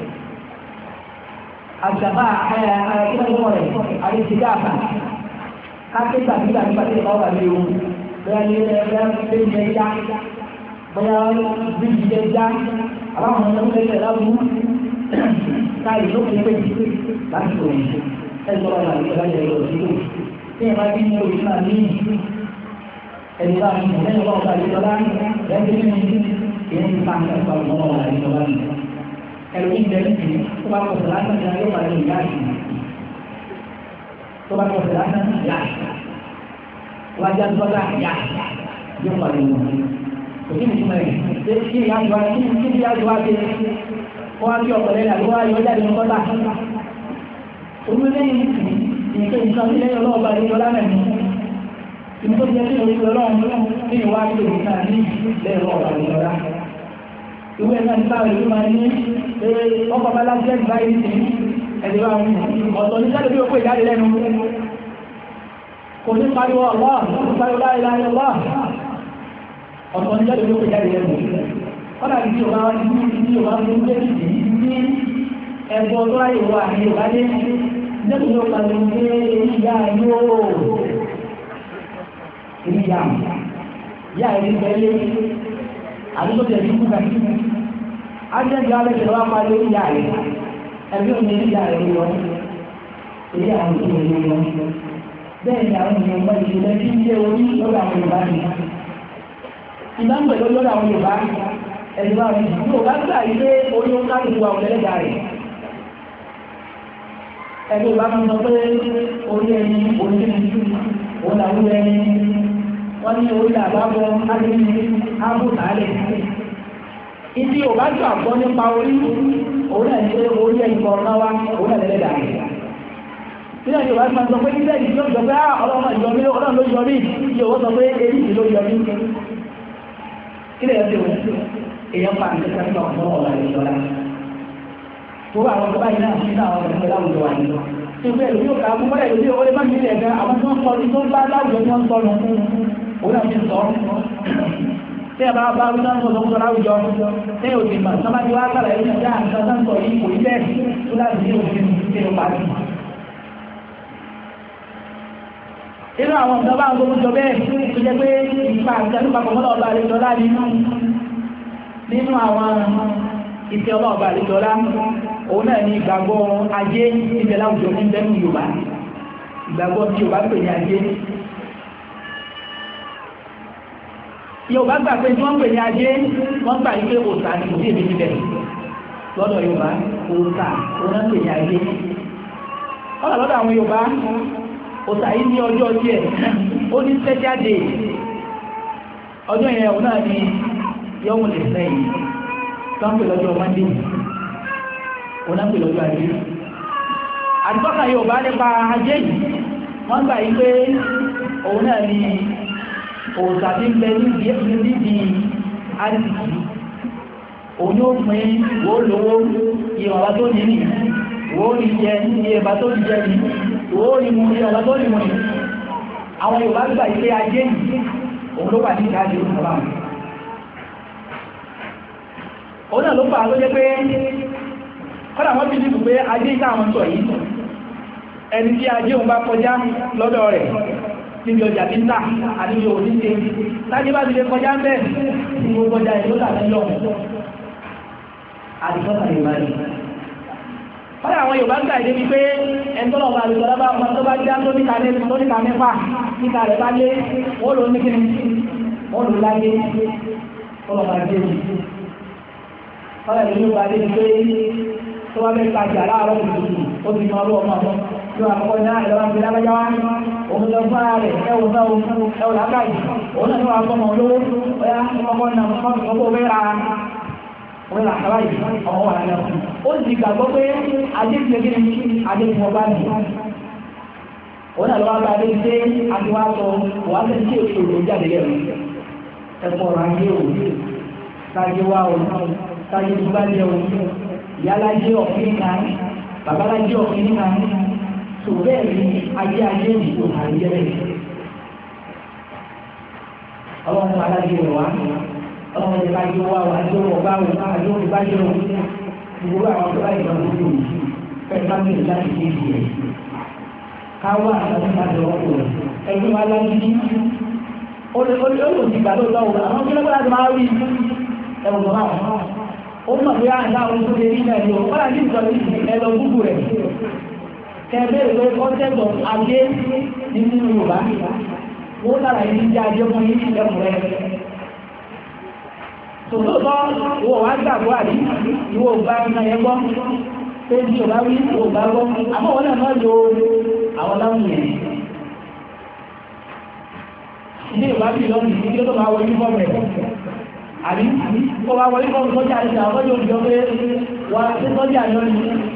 àgbàbà àyàkílẹ̀ ìmọ̀ rẹ̀ àyèsíkàfà kákẹ́tà nígbà nígbà tí ìbáwà lé o bẹ́ẹ̀ ni bẹ́ẹ̀ bẹ́ẹ̀ ń bẹ́ẹ̀ ẹlòmí bẹ̀rẹ̀ sí tó bá kọsẹ̀ lásán ní ayé wàlẹ̀ ìyá ìyá tó bá kọsẹ̀ lásán ní ìyá wájà sọ́dà ìyá yóò wàlẹ̀ ìyá òkè mi túmọ̀ rẹ̀ ṣé kí ìyá ìwà kí kí ìyá ìwà ṣe kó wá kí ọ̀pọ̀lẹ́ làbí wá yọ jáde ní kọ́tà olú lẹ́yìn ìpè nǹkan sí lẹ́yìn ọlọ́ọ̀bá lórí ọlá rẹ̀ mú ìmú tó jẹ́ sí orí ọlọ́run ní ìwádìí òkúta ní lẹ́yìn ọlọ́ọ̀bá lórí ọlá rẹ̀ ìwé ẹ̀ka ní báwọn èyí máa ní ọkọ̀ bá lájẹ́ báyìí sí ẹ̀dẹ̀ bá wọn ọ̀tọ̀ ní sẹ́lẹ̀ bí ó pè jáde lẹ́nu kò ní pariwo ọ̀lá pariwo láìláì ọ̀lá ọ̀tọ̀ ní sẹ́lẹ̀ bí ó pè jáde lẹ́nu kọ́nà ní tí o bá wá ní tí o bá ní tí ní ẹ̀bùn ọdún ayé wa ní o bá dé nígbà tí o pariwo ní ìyá ẹni o èmi yà mí yà ẹni bẹ́ẹ̀ lé àdúgbò tẹ̀lé kú kàkí ajẹ́jọ́ alẹ́ ti wá parí ìyá rẹ̀ ẹbí òní ìyá rẹ̀ lọ èyí àwọn ìṣòro rẹ̀ lọ bẹ́ẹ̀ ni àwọn ènìyàn gbọ́ ìṣòro tí ń lé orí lọ́dọ̀ àwọn Yorùbá ni ìbá ń pẹ̀lú lọ́dọ̀ àwọn Yorùbá ẹ̀sìn bá rí Yorùbá gbà yí pé orí ó ká gbogbo àwọn ẹlẹ́dàá rẹ̀ ẹni ìbá mi sọ pé orí ẹni orí ẹni òun làwọn ẹni wọ́n ní orí làbá bọ́ á ibi ò bá jọ àgbọ́ nípa orí òun náà ní orí ẹ̀yìn kan náà wá òun náà lẹ́lẹ́dà rẹ̀ nínú ìjọba máa ń sọ pé nílẹ̀ ah, yìí ló ń sọ pé ọlọ́run náà yọmí ọlọ́run ló yọmí yìí owó sọ pé èyí yìí ló yọmí kílẹ̀ yẹn ti wọ́n èèyàn pa àti sẹ́kítà ọ̀pọ̀ ọ̀la ìjọba tó bá àwọn ọ̀pọ̀ báyìí náà nínú àwọn ọ̀pọ̀ láwùjọ wa nínú ìgbẹ́ ìlú yóò ká gbogbo ẹ̀ lórí ọ̀rẹ́ má nílẹ̀ gan àwọn tí wọ́n sọ ní tó ń bá láwùjọ tí wọ́n sọ nù òun náà fi sọ tẹ́ ẹ bá bá wí náà sọ̀tọ̀ sọ̀rọ̀ àwùjọ tẹ́ ẹ ò mà sọ́mà tí wàá kàlà yìí nàìjíríà nǹkan tó yìí kò ní bẹ́ẹ̀ tó láti ní òfin tẹ́ ẹ parí. inú àwọn nǹkan bá ń gbógun jọ bẹ́ẹ̀ tó jẹ́ pé ìfà àti àlùpàpọ̀ mọ́lá ọba àlejò ọlá nínú nínú àwọn ìfẹ́ ọba ọba àlejò ọlá òun náà ní ìgbàgbọ́ ajé ìfẹ́ láwùjọ ní bẹ́ẹ̀ ní Yorùbá ìgbàgbọ́ tí Yorùbá pè ní ajé yorùbá gbà pé tí wọ́n pè ní ajé wọ́n gbà yí pé òòṣà ni kò sí èmi níbẹ̀ lọ́dọ̀ yorùbá òòṣà òun náà pè ní ajé ọ̀là lọ́dọ̀ àwọn yorùbá òòṣà yìí ní ọjọ́ díẹ̀ ó ní special day ọjọ́ yẹn òun náà ni yọ́mù lè sẹ́yìn tó ń pè lọ́jọ́ monday òun náà pè lọ́jọ́ ajé àdìbọ́kà yorùbá nípa ajé yìí wọ́n gbà yí pé òun náà ni òòsà tí ń bẹ níbi níbi àdìsí òun yóò pín wò lówó ìwọ̀nba tó ní nì wò ní jẹ ìyẹ̀bá tó ní jẹ ní wò ní mu ìyọ̀nba tó ní mu ní àwọn Yorùbá gbà ilé ajé yìí òun ló wà ní ìdájọ́ ìjọba wọn òun náà ló fà á ló jẹ́ pé kọ́nà wọ́n bílíbù pé ajé ìta àwọn sọ yìí ẹni tí ajé òun bá kọjá lọ́dọ̀ rẹ̀ níbi ọjà bí ta àníbi òní ṣe láyé bá ti lè kọjá bẹ́ẹ̀ ní gbogbo ọjà ìlú tàbí lọ àdìsọ́ta lè máa rí wọ́n àwọn Yorùbá ń gbà èdè bíi pé ẹ̀ńtọ́nà ọba àlùkò lábá ọmọ tó bá já tó níta mẹ́fà tó níta mẹ́fà níta rẹ̀ bá lé wọ́n lò ó ní kíni wọ́n lò láyé ọlọ́ba dé mi wọ́n lè ní Yorùbá dé mi pé tó bá fẹ́ tajà láàárọ̀ kùtùkùtù ó ti mọ ọlọ́wọ́ máa mọ́ tó àkọ́kọ́ náà ìjọba fi lábẹ́já wá òun lọ fún ara rẹ̀ ẹwù sáwù ẹwù lákàyè òun náà ní wàá fọmọ olówó ọyá ọmọkọ náà ọmọkọ fẹ́ ra wọ́n là sábà yìí ọmọ wà lálẹ́ ọ̀hún. ó sì gbàgbọ́ pé adébíyẹ kí ni adébíyẹ ọba nì. wọ́n náà lọ́wọ́ bá adébíyẹ àti wàá sọ wọ́n á sẹ́ni tí o ṣòro jáde yẹ̀ wọ́n. ẹ̀fọ́ ọ̀rọ̀ ajé jẹ o yálà kan bàbá la jẹ ọ̀fìn kan. tó bẹ́ẹ̀ ni ajé ewu òdìbò àríyé rẹ̀. ọlọ́run tó alájẹ rẹ̀ wá ọlọ́run tó bá jẹ́ wá wá jẹ́ wọ́n bá wọ́n bá jẹ́ wọ́n bá jẹ́ wọ́n àwọn tó bá yẹ lọ́wọ́ tó yìí fẹ́ẹ́ bá mi láti dé ibi rẹ̀. káwá àwọn tó bá jẹ́ wọ́n rẹ̀ ẹgbẹ́ wa lágídí olùsí ìgbà tó lọ́wọ́ àwọn kí lọ́gbọ́n láti máa rí ẹ̀wọ̀n náà ó mọ̀ pé tó lè rí náà ni ó wọ́n ìjọba kẹ̀lẹ́ ìwé kọ́ńtẹ́tọ̀ ajé nínú Yorùbá wọ́n lára yìí jẹ́ ajé fún yìí lẹ́kùnrẹ́ tòlótọ́ wọ́n wá gbàgbọ́ àbí ìwọ̀n bá ẹ̀ka yẹn gbọ́ wí gbọ́ àmọ́ wọn náà máa lo àwọn láwùn yẹn ilé ìwà bí ìdí tó máa wọlé rẹ̀ àbí kó wọlé àti àwọn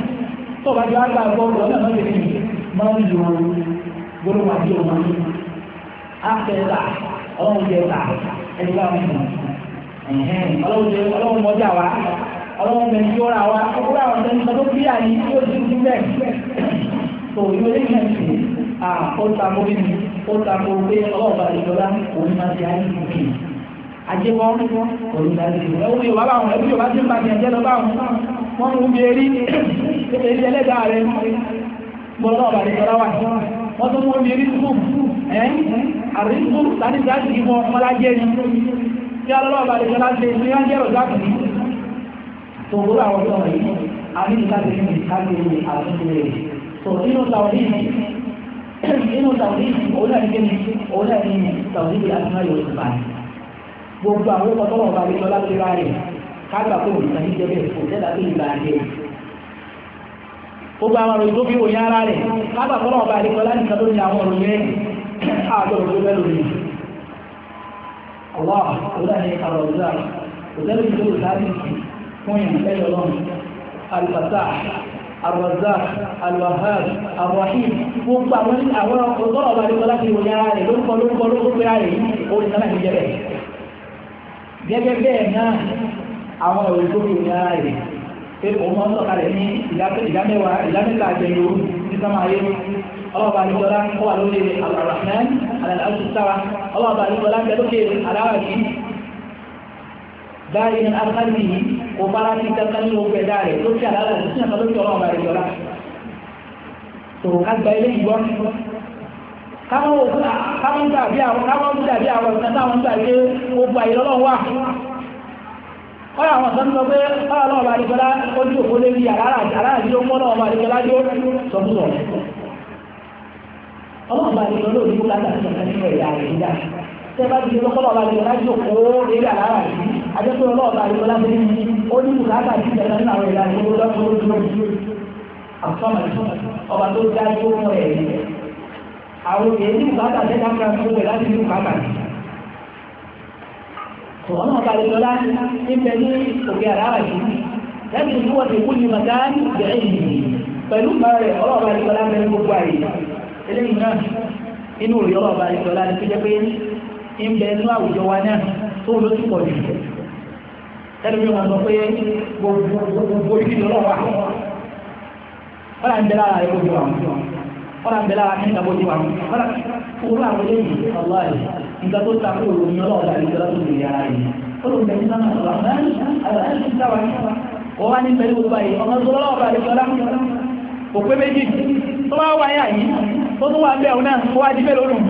tó bá ti wá gbà gbọ́ ọ̀nà náà lè fi máa ń lo gbọ́dọ̀ wá sí ọmọ yìí àfẹ́ta ọlọ́run jẹ ta ẹni bá wọn mọ̀ ọlọ́run jẹ ọlọ́run mọ́jà wa ọlọ́run mẹ́rin yóò ra wa ọkùnrin àwọn ọ̀sẹ̀ nípa tó bí àyè tí ó ti ń bẹ́ẹ̀ tó ìwé lẹ́yìn ẹ̀sìn àkọ́ta mórí ni ó ta ko pé ọlọ́run ìjọba òun máa ti wọ́n mú bí erí èdè ẹlẹ́gbà rẹ̀ gbọ́dọ̀ ọ̀bàdì tọ́lá wà wọ́n tó mú bí erí tó ẹ́ àrísù láti dáàtì ìbọn ọmọlájẹ́ ni tí alọ́lọ́ ọ̀bàdì tọ́lá ṣe ní wọ́n jẹ́ ọ̀dáàtì tó gbọ́dọ̀ àwọn ọ̀dọ́ yìí àmì ìtàkì ní ìtàkì ní àtúntò rẹ̀ tó nínú tàwọ̀dì nínú tàwọ̀dì òun náà ní òun náà ní tàwọ̀dì àtúntò kágbà pé òun ìtàn níjẹ́ bẹ́ẹ̀ kò tẹ́lá tó lè bá a jẹ́ gbogbo àwọn ọ̀rọ̀ ìgbóbi òyìn ara rẹ̀ kágbà kọ́ náà ọba àdékọ́ láti sọ lórí àwọn ọ̀rọ̀ yẹn àgbọ̀rọ̀ tó bẹ́ẹ̀ lórí ọwọ́ ọ̀dà ní ọ̀rọ̀ ìgbà òtẹ́lẹ̀ tó lè sáré fún yàn lẹ́yìn ọlọ́run alùpàtà àrùbàzà alùwàhàd àrùwàhìm gbogbo àwọn àwọn ọ̀dọ́ ọba àdékọ́ láti òyìn ara rẹ̀ lórúkọ lórúkọ lórúkọ pé ara rẹ̀ yìí ó ní sálà àwọn èrò tó kù ní ara rẹ̀ pé òun máa ń sọ̀kalẹ̀ ní ìdámẹ́wàá ìdámẹ́ta àjẹyọ ní sámà ayé ọlọ́ọ̀bà àdìjọlá ó wà lórí àlàràfẹ́ àlàlàṣùsára ọlọ́ọ̀bà àdìjọlá ń bẹ lókè aláwàjì báyìí ní akáàlì yìí kò bára ní kankan ní ogun ẹ̀dá rẹ̀ lókè aláwàjì sí àkàlọ́ lókè ọlọ́ọ̀bà àdìjọlá tó ká gba ilé ìgbọ́ káwọn gbà bí àwọn káwọn gbà bí àwọn ìtàn táwọn gbà pé ó gba ìlọ́lọ́wà kọ́lá àwọn ọ̀sán lọ pé kọ́lá náà bá àdìgbọ́lá ó ní òkú lérí àlàájì ó mọ́ náà bá àdìgbọ́lá yóò sọ̀túnṣọ̀ ọlọ́run bá àdìgbọ́lá ló ní kó látà sí ọ̀sán nínú ẹ̀yà rẹ̀ nígbà tẹ́ bá ti lọ kọ́lá bá àdìgbọ́lá yóò kó lérí àlàájì àjẹpẹ́ ọlọ́run bá àdìgbọ́lá ló ní ó ní látà sí ọ̀sán nínú ẹ̀yà rẹ̀ lọ́dún tó ọ̀nà ọ̀bàdìlọ́lá níbẹ̀ ní òkè àdáwà yìí lẹ́bí ní wọ́n ti kú ní màtá bẹ̀rẹ̀ yìí pẹ̀lú bẹ̀rẹ̀ ọ̀rọ̀ ọ̀bàdìlọ́lá gbogbo àyè eléyìí náà inú rí ọ̀rọ̀ ní pẹ́jẹ́ pé níbẹ̀ ní àwùjọ wa náà tó ló ti pọ̀ jù mi wọn sọ pé gbogbo wọ́n á bẹ̀ lára ní ìdàbò tí wà ní wọ́n á wúrọ̀ àwọn eléyìí ọ̀lá rẹ̀ nígbà tó ta kó ìròyìn ọlọ́ọ̀dà àti ìjọba tó lè yára rẹ̀ ó ló ń bẹ̀ nígbà náà ọ̀là wọ́n wá ní pẹ̀lú gbogbo àyè ọmọ tó lọ́wọ́ bá àlejò ọlá kò pé méjì tó bá wà yà yìí tó tún wà bẹ́ẹ̀ náà kó wá di bẹ́ẹ̀ lónìí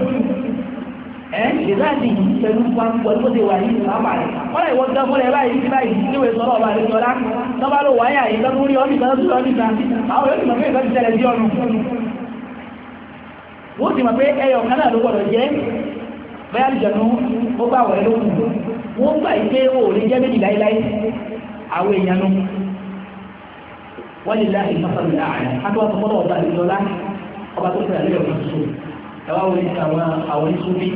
ẹ̀ ìdáàdì pẹ̀lú wa pẹ̀lú bó ti wà yìí pàápàá rẹ̀ wọ́n lè wọ́n ti dáfọ́ lẹ̀ báyìí sí báyìí níwè sọ̀rọ̀ ọba àlejò ọlá tó bá lò wáyà yìí lọ́dún rí ọ́fíìsì lọ́dún rí ọ́fíìsì àwọn yóò ti mọ̀ pé ìfẹ́ ti tẹ̀lẹ̀ sí ọ̀run wọ́n ti mọ̀ pé ẹyọ kan náà ló gbọ́dọ̀ jẹ́ bẹ́ẹ̀ àlùjọ̀nù ó gbà wọ̀ ẹ́ lókun wọ́n gbà yí pé o ò lè jẹ́ méjì láíláí àwọn èèyàn nu wọ́n lè láàyè mọ́sálù láàyè àtúwà tó mọ́tò ọba àdìjọ́lá ọba tó fẹ́ àlẹ́ ọ̀kan tó ẹ wá wọlé àwọn àwọn ìsúnbí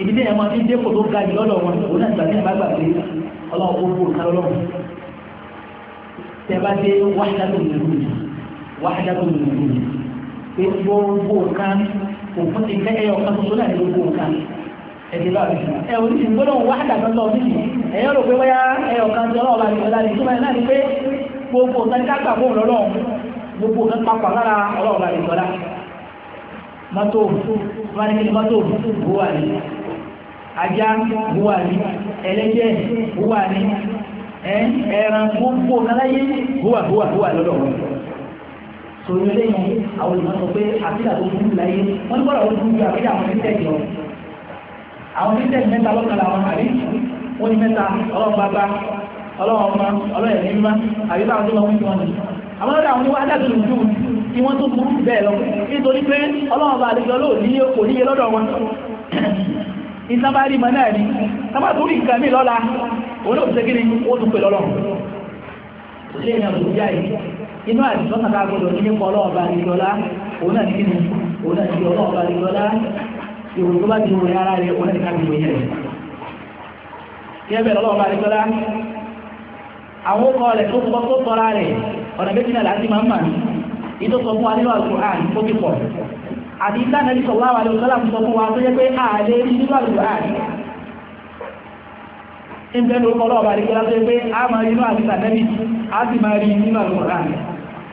ìdílé yẹn máa fi dé kòtò ga jù lọ́dọ̀ wọn òun náà gbà ní ìbágbà pé ọlọ́run ó kúrò kálọ́lọ́run tẹ bá dé wáṣíkà tó ń lè lù wàhálà tó lù lù pé gbogbo kan òfin ti ẹyọ kan tó gbogbo bá ẹ ti gbọ́dọ̀ wàhálà tó lọ níbi ẹ̀yọ́ rò pé wáyà ẹyọ kan tó lọ́wọ́ bá ọ̀la ní túmọ̀ náà ni pé gbogbo kan ká gbogbo papọ̀ lára mọ́tò mọ́tò ajá ẹran gbogbo buwa buwa buwa wọn. sòrí eléyìí àwọn èèyàn sọ pé àbílà tó burú láyé wọ́n ní bọ́lá wọn burú ju àbílà àwọn títẹ̀kì lọ. àwọn títẹ̀kì mẹ́ta lọ́kànlá àwọn àrí wọ́n ní mẹ́ta ọlọ́run bàbá ọlọ́run ọmọ ọlọ́run ẹ̀mí mímá àbí báwọn tó lọ wí wọn ni. àwọn ọ̀dọ́ àwọn oníwájú àti olùdú ni wọ́n tó burú bẹ́ẹ̀ lọ nítorí pé ọlọ́run bá àlejò ìsábàárì mọ̀ náà ni sábà tó rí nǹkan mi lọ́la òun ló ń ṣe kí ni ó tún pè lọ́lọ́ òṣèlú àti òjá yìí inú àdìsọ́nà tá a gbọdọ̀ ní nípa ọlọ́ọ̀ba àdìsọ́lá òun náà nínú òun náà ti ọlọ́ọ̀ba àdìsọ́lá ìwòrán tó bá ti wòye ara rẹ̀ òun náà ti ká ti wòye rẹ̀. kí ẹ bẹ̀rẹ̀ ọlọ́ọ̀ba àdìsọ́lá àwọn ọkọ rẹ̀ tó kọ́ tó tọ́ra rẹ̀ ọ̀nà méjì náà láti máa ń mà ní ìtò sọ fún alẹ́ àlùkò àn tó ti pọ̀ àti ìlànà ìsọ̀ wá wàlẹ̀ òṣèlú àti sọ fún wa tó yẹ pé ààlẹ́ nínú àlùkò àn ń bẹ́ẹ̀ lórúkọ ọlọ́ọ̀ba àdìsọ́lá yẹ pé a máa rí inú àti sànẹ́bì a máa rí nínú àlùkò àn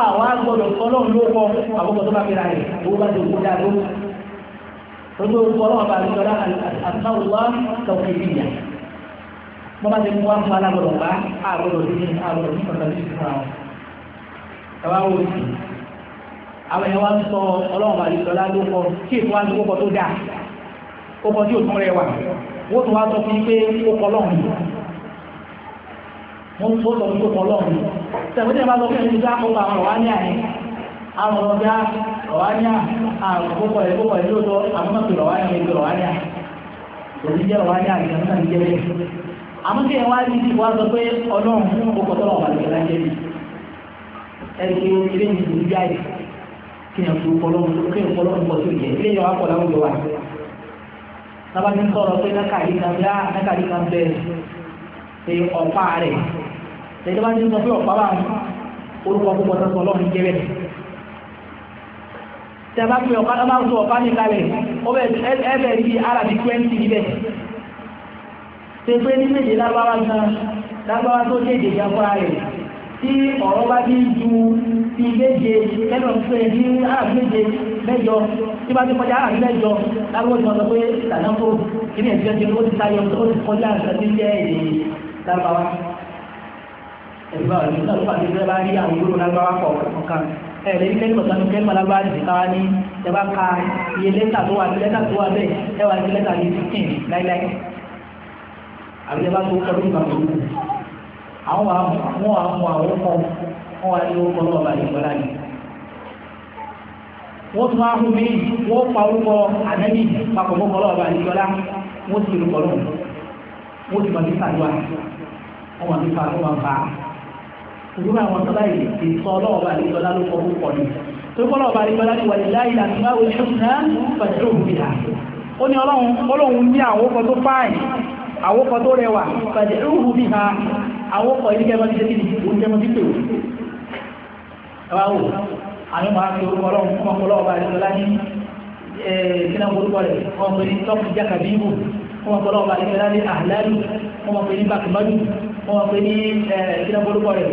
àwọn agbọ́dọ̀ kọ́lọ́ ló kọ́ àkókò tó bá fi ra rẹ̀ owó bá ti kúta tó tó kọ́lọ́ bá ti sọ́dá àtàwùwá tọ̀kì ìyà wọ́n bá ti mú wọn fún alágbọ̀dọ̀ bá àgbọ̀dọ̀ sí àgbọ̀dọ̀ sí pàtàkì sí fún àwọn ẹ̀wá wò sí àwọn ẹ̀yẹ sọ ọlọ́run bá ti ló kọ́ kí èkó wá ní kókò tó dáa kókò tí ò tún rẹwà wọ́n tún wá sọ fún pé kókò ọlọ́run yìí wọ́n tó lọ sí ọkọ̀ lọ́wọ́ mi a bá lọ fún ẹni tó àkókò àwọn ọ̀wá ní àyè àwọn ọ̀gá ọ̀wá ní àkókò ẹ̀ kókò ẹ̀ lóòótọ́ àwọn ọ̀wá ní ọ̀wá ní àyè òní jẹ́ ọ̀wá ní àyè bẹ́ẹ̀ ní wá sọ pé ọlọ́run fún ọkọ̀ tọ́lọ̀ tẹ̀lé bá ti sọ pé ọ̀pá báyìí orúkọ púpọ̀ tó sọ lọ́rùn jẹ́ bẹ́ẹ̀ tẹ̀ bá pé ọ̀pá náà sọ ọ̀pá ní kalẹ̀ ẹ̀fẹ̀ rí arabi twenty níbẹ̀ tẹ̀gbẹ́ ní méje lágbára gan lágbára tó déjè gan fúnra rẹ̀ tí ọ̀rọ̀ bá ti ju ti méje lẹ́nu pé ní arabi méje mẹ́jọ tí bá ti kọjá arabi mẹ́jọ lágbára tó sọ pé tànà tó kí ni ẹ̀jẹ̀ ti ó ti sáyọ ó ti kọjá àgbà ẹ̀rọ ọ̀rẹ́ náà ló pàdé ìgbẹ́ bá rí àwọn olóró lágbára pọ̀ ọ̀kan ẹ̀rẹ́ ilé ìkọ̀sánú kẹ́mà lágbára ti káwá ní ìjọba ka iye lẹ́tà tó wà sí lẹ́tà tó wà bẹ́ẹ̀ ẹwà sí lẹ́tà ní fifteen láíláí àbí ẹ bá tó kọ́ lórí ìbàmọ̀ lóko àwọn wà wọ́n wà mú àwọn kọ́ wọ́n wà ní orúkọ náà bàjẹ́ ìgbọ́lá ni wọ́n tún wá fún mi irú àwọn ọ̀tọ́ báyìí ti sọ ọlọ́ọ̀bá àdìsọ́lá ló kọ́ púpọ̀ ni tó kọ́ ọlọ́ọ̀bá àdìsọ́lá ní wàlẹ̀ láì láti máa wọlé ṣùgbọ́n pàtàkì òun bìlà ó ní ọlọ́run ní àwòkọ tó fáìn àwòkọ tó rẹwà pàtàkì òun bìlà àwòkọ yìí kẹ́mọ́ ti ṣe kíni òun kẹ́mọ́ ti pè wò. ẹwà wò àwọn ní kínáwórúkọ rẹ̀ wọ́n pè wọ́n pè ní àhàlálù rẹ̀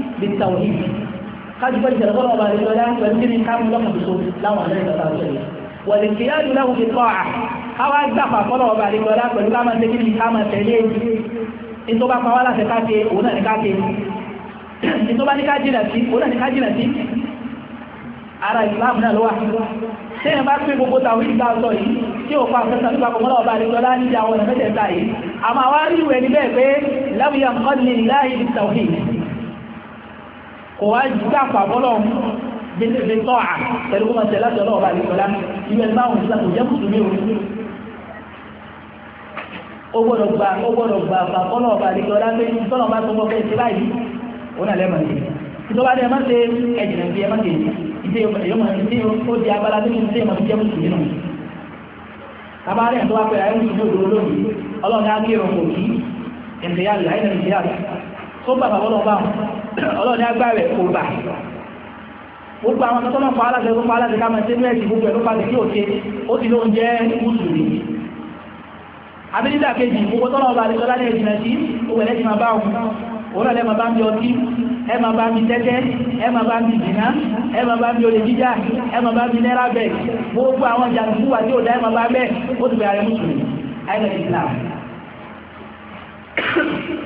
بالتوحيد قد بيت الغرب لله والدين كامل لهم بصوت لا وعليه تتعرض والانقياد له بالطاعة أو أدفع فلو بعد ولا بل كما تجد كما تليه إن تبقى فوالا سكاتي ولا نكاتي إن تبقى نكاتي نفسي ولا نكاتي نفسي ara islam náà ló wà sẹ́yìn bá pé gbogbo tàwọn ìgbà sọ yìí tí ò pa àfẹ́sà nípa kọmọlá ọba àdìgbọ́ láti àwọn ọ̀nà mẹ́tẹ̀ẹ̀ta yìí àmọ́ àwa rí ìwẹ̀ pé láwùyà nǹkan láàyè ìtàwé kò iji dápà bọ́lọ̀ gbèsè pẹ̀lú kó máa tẹ̀ ọrụ ọlọ́ọ̀bá àlejòlá ìwé ẹni báwọn kò jẹ́ mùsùlùmí o. ó gbọ́dọ̀ gba ó gbọ́dọ̀ gba pé tọ́lọ̀ bá tó gbọ́kẹ́ báyìí ó nà lẹ́mọ̀ ní. ìjọba bí ẹ ìdí ó di abala tó jẹ́ mùsùlùmí tó bàbá ọlọ́ọ̀bá ọlọ́ọ̀ni agbára kò bà gbogbo àwọn tọ́tọ́ náà fàálà tẹ́lú fàálà tẹ́lú àmà tẹ́lú ẹ̀sì gbogbo ẹ̀lú pàtẹ́ kí ó ṣe ó ti ló ń jẹ́ mùsùlùmí abínídà kejì gbogbo tọ́nà ọba àdìsọ́lá ní ẹ̀jìnà sí gbogbo ẹ̀lẹ́sì máa bá òun òun náà lẹ́mà bá ń bí ọtí ẹ máa bá ń bí tẹ́tẹ́ ẹ máa bá ń bí jìnà ẹ máa bá ń bí olè jíjà ẹ máa bá ń bí náírà bẹ́ẹ̀ gbogbo àwọn jàǹdùkú wà tí ò dá ẹ máa bá bẹ́ẹ̀ ó ti bẹ̀rẹ̀ mùsùlùmí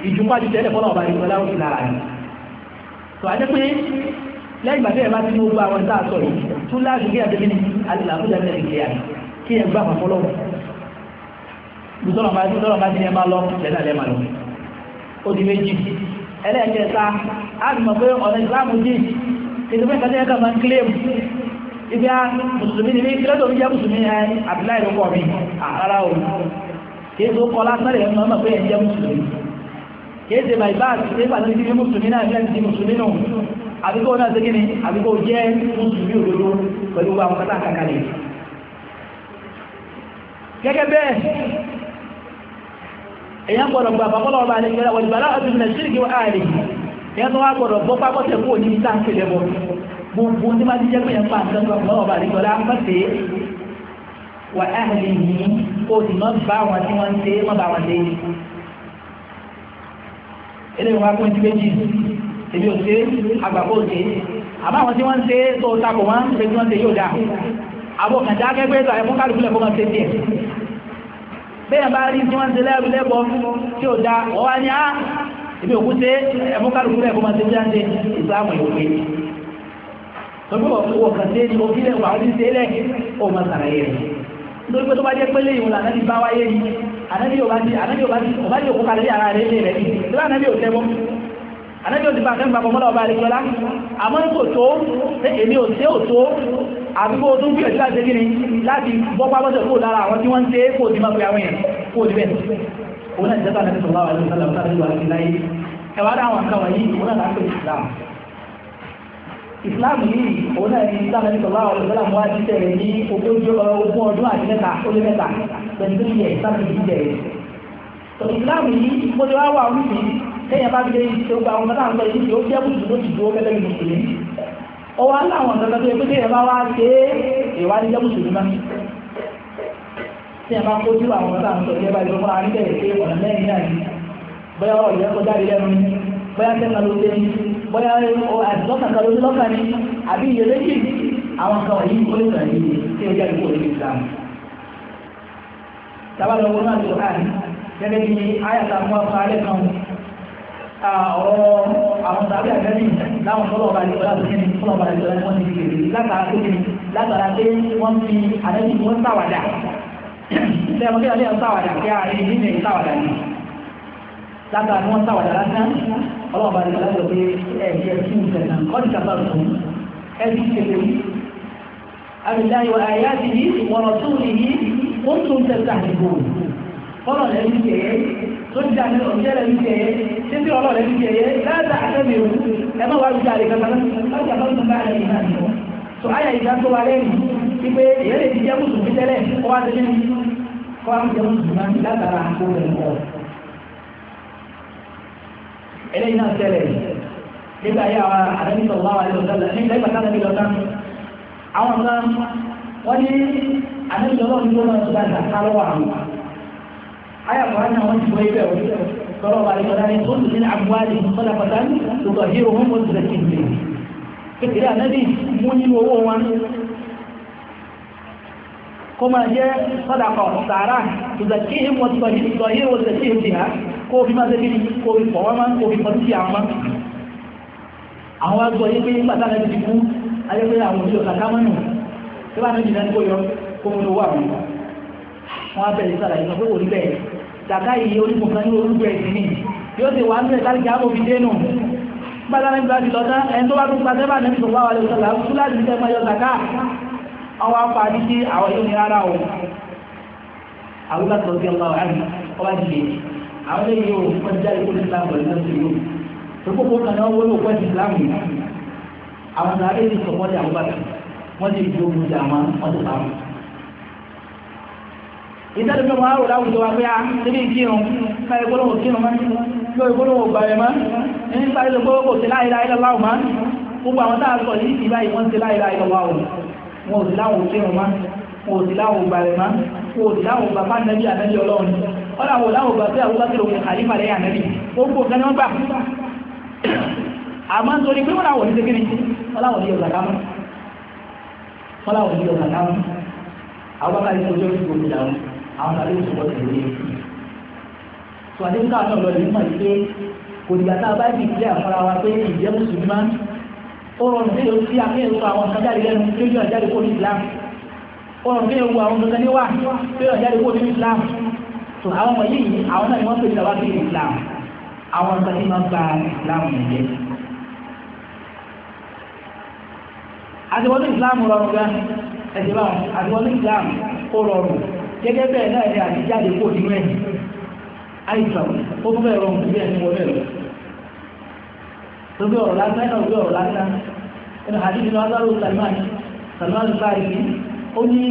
ìjùpájú tẹ́lẹ̀ fọ́nà ọba ìgbà láwọn ti lára rẹ̀ tó a jẹ́ pé lẹ́yìn ìgbà tẹ́lẹ̀ bá ti mú gba àwọn ìta àtọ̀ yìí tún láti gbé àti kíni àti làbújá tẹ́lẹ̀ ìgbé yà kí ẹ gbà wọn fọlọ́wọ́ lùtọ́nà bá ti tọ́nà bá ti ní ẹ máa lọ tẹ́lẹ̀ alẹ́ máa lọ ó di méjì ẹlẹ́ẹ̀kẹta á ti mọ̀ pé ọ̀nà ìsìláàmù jì ìdí pé kàtẹ́yẹ kan máa ń kílẹ̀ ibi á mùsùlùmí ni mí kílẹ̀ tó ń jẹ́ mùsùlùmí ẹ àbíláì ló pọ̀ mi àrárá o kéde ó kọ lásán ẹ̀yẹ́ máa mọ̀ pé ẹ̀yẹ́ mùsùlùmí kéde bàyí bá àti ẹ̀yẹ́ bàtà níbi mùsùlùmí náà ẹ̀yẹ́ ti mùsùlùmí nù àbíkó náà ṣe kíni àbíkó jẹ́ mùsùlùmí òdodo pẹ̀lú àwọn kátà kàkàlẹ̀. gẹ́gẹ́ bẹ́ẹ̀ èyàn gbọ́dọ̀ gba àbábọ́lọ́ ọba ní ìgbẹ́lẹ̀ wọ̀lú bàlá ọdún ilẹ̀ ṣíríkì wọ́n ààrẹ èyàn tó wá gbọ́dọ̀ gbọ́ pápọ́tẹ̀ kúrò ní ìta ń pèlẹ̀ bọ̀ gbogbo wà áhìlì yìí kó o sì má bá wọn tí wọ́n ń ṣe má bá wọn lé yìí. eléyìí wọn á pín sí méjì èmi ò ṣe àgbàpọ̀ òṣè àbá àwọn tí wọ́n ń ṣe tó o takò wọn pé tí wọ́n ṣe yóò dáa àbọ̀ kàdá akẹ́gbẹ́ ìtọ́ ẹ̀fún kálukú lẹ̀ kó máa ṣe tiẹ̀ bẹ́ẹ̀ bá rí tí wọ́n ṣe lẹ́rù lẹ́bọ̀ tí ó da ọwá ní á ibi òkú ṣe ẹ̀mú kálukú rẹ̀ kó máa ṣe bí wọ́n ṣe ìsìlámù ìwòye tọ́jú ọ̀pọ̀ kan ṣe ni òkú lẹ̀ wà ní ṣe lẹ̀ máa ṣàlàyé rẹ̀ nítorí pé tó bá jẹ́ pé léyìn òun ànábì bá wáyé ni ànábì ò bá ti ànábì ò bá ti ò bá ti òkú kalẹ̀ ara rẹ̀ lé rẹ̀ ni tó bá ànábì ò tẹ́wọ́ ànábì ò ti bá fẹ́ gbàgbọ́ mọ́lá ọba àlejòlá àmọ́ kò tó èmi ò tẹ́ ò tó àbí kó o tún gbìyànjú láti gbé ni láti bọ́ pábọ́sẹ̀ kó lára àwọn tí wọ́n ń tẹ́ kó o ti máa pe àwọn èèyàn kó o ti bẹ̀ òun náà ti jẹ́ islam yìí òun náà ní islam ní sọlá ọ̀rọ̀ sọlá mọ́ àti tẹ̀lé ní ogójì eh, ogún ọdún àti mẹ́ta ó lé mẹ́ta pẹ̀lú ìyẹ̀ islam yìí bẹ̀rẹ̀ tó islam yìí ìfowópamọ́ wa wà wípé kéèyàn bá gbé ṣe gba àwọn mẹ́ta àwọn ìdíje ó jẹ́ bùtù ló ti dúró gẹ́gẹ́ bí mùsùlùmí ọwọ́ aláwọn ọ̀sán tó yẹ pé kéèyàn bá wá ṣe é ìwà ní jẹ́ mùsùlùmí má kéèyàn bá kójú àwọn mẹ́ta àwọn ìdíje bá ìdókòwò àríkẹ́ ìṣe ọ̀nà mẹ́rin náà ni bóyá ọ̀rọ̀ ìyẹn bóyá àìsàn kan ló ní lọ́kàn ni àbí iye méjì àwọn kan wọ̀nyí ó lè sàn yìí tí ó jẹ́ àdúgbò ní Islam. sábàlọ́ wọn náà tó hàn gẹ́gẹ́ bí ayàtà mú ọkọ̀ alẹ́ kan ọ̀rọ̀ àwọn tàbí àgbẹ̀mí láwọn tọ́lọ̀ ọba àdìgbò láti kí ni tọ́lọ̀ ọba àdìgbò láti wọ́n ti kéde látara pé kí ni látara pé wọ́n fi àdẹ́bí wọn sáwàdà. sẹ́wọ́n kí lágbàá ni wọ́n sàwàdà lásán ọlọ́run bá dìgbà láti lọ pé ẹ̀jẹ̀ fún ìtẹ̀nà kọ́ni kàfà fún ẹbí kékeré abilayi wa tó ó tún lẹ́yìn tó ti lẹ́yìn lẹ́yìn ẹ má wá kankan tó إلينا سلام كده يا حبيبي صلى الله عليه وسلم مين دايما كان بيقول لنا عمر بن ودي انا الله يقول لنا سبحان الله قال وعم هيا قرانا وانت كويس قوي قالوا بعد كده ان كل من اموالهم صدقه تطهرهم وتزكيهم كده يا نبي مني وهو وانا كما هي صدقه تعرف تزكيهم وتطهرهم وتزكيهم بها kó fi máa tẹ́kí ní kó fi pọ̀ wọ́n máa ń kó fi pọ̀tí àwọn máa àwọn wá gbọ́ yí pé pàtà náà ti kú ayé pé àwọn òṣèlú kàkà mọ́nù tó bá níbi náà kó yọ kó mú owó àwọn wọn bẹ̀rẹ̀ sára ìgbà pé òrí bẹ́ẹ̀ kàkà yìí onígun kan ní orúkọ ẹ̀sìn ni yóò ti wà nílẹ̀ láti jábọ̀ fi dénú pàtà náà gbà ti lọ tán ẹni tó bá tún pàtẹ́ bá nẹ́bí sọ̀rọ̀ àwọn ọ̀sán làwọn fúlàní tẹ́ máa yọ kàkà àwọn apá ní sí o àwùjọ tó ti ọlọ́wọ́ àmì ọba àwọn eléyìí ò wọ́n jáde kó islam wọlé náà sílò tókòkò kan náà wọlé òkú ẹ̀sìn islam yìí àwọn náà eléyìí sọ̀kọ́ di àbúgbàtà wọ́n ti di ogun jà wọn wọ́n ti pàmò. ìtẹ́lẹ̀ fún wa wò láwùjọ wa pé a níbi ìkírun ká ìgbólóhò kírun má yóò ìgbólóhò gbàrẹ̀ má ní parí ló gbólóhò sí la ilaha illallah má gbogbo àwọn táà sọ yìí ìbáyìí wọ́n ti la ilaha illallah kò sí láwọn ọgbà rẹ̀ má kò sí láwọn ọgbà bá nàbí ànábì ọlọ́run ọ̀là wò láwọn ọgbà tí àwọn bá kí lóun àlífà lẹ́yìn ànábì gbogbo nǹkan ni wọ́n gbà àmọ́ nítorí pé wọ́n láwọn oníṣẹ́kiri wọ́n láwọn oníyọ̀ làdámọ́ wọ́n láwọn oníyọ̀ làdámọ́ àwọn bá káyọ̀ ojú ojú gbogbo ìdàrú àwọn tàbí oṣù wọ́n tẹ̀lé yẹn tó àdéhùn káwọn náà lọ lè mọ̀ pé kò dìgbà tá a bá dìgbì àfọlá wa pé ìjẹ́ mùsùlùmí ó rọrùn sí àwọn akẹ́yẹ̀wò àwọn kan jáde lẹ́nu lójú àjáde kó ní ìlànà ọ̀rọ̀ ní ewu àwọn kankan níwà tí ó jáde kó nínú Islam tó àwọn ọmọ yìí àwọn náà ni wọ́n pè ní àwọn akéwì Islam àwọn nǹkan tí wọ́n gba Islam yìí jẹ́. àtiwọ́dún Islam rọrùn gan ẹ̀sìn báwọn àtiwọ́dún Islam ó rọrùn gẹ́gẹ́ bẹ́ẹ̀ náà ni àti jáde kó nínú ẹ̀ àìsàn ó tún bẹ́ẹ̀ rọrùn bí ẹni wọlé rẹ̀ tó bí ọ̀rọ̀ lásán náà bí ọ̀rọ̀ lásán ó ní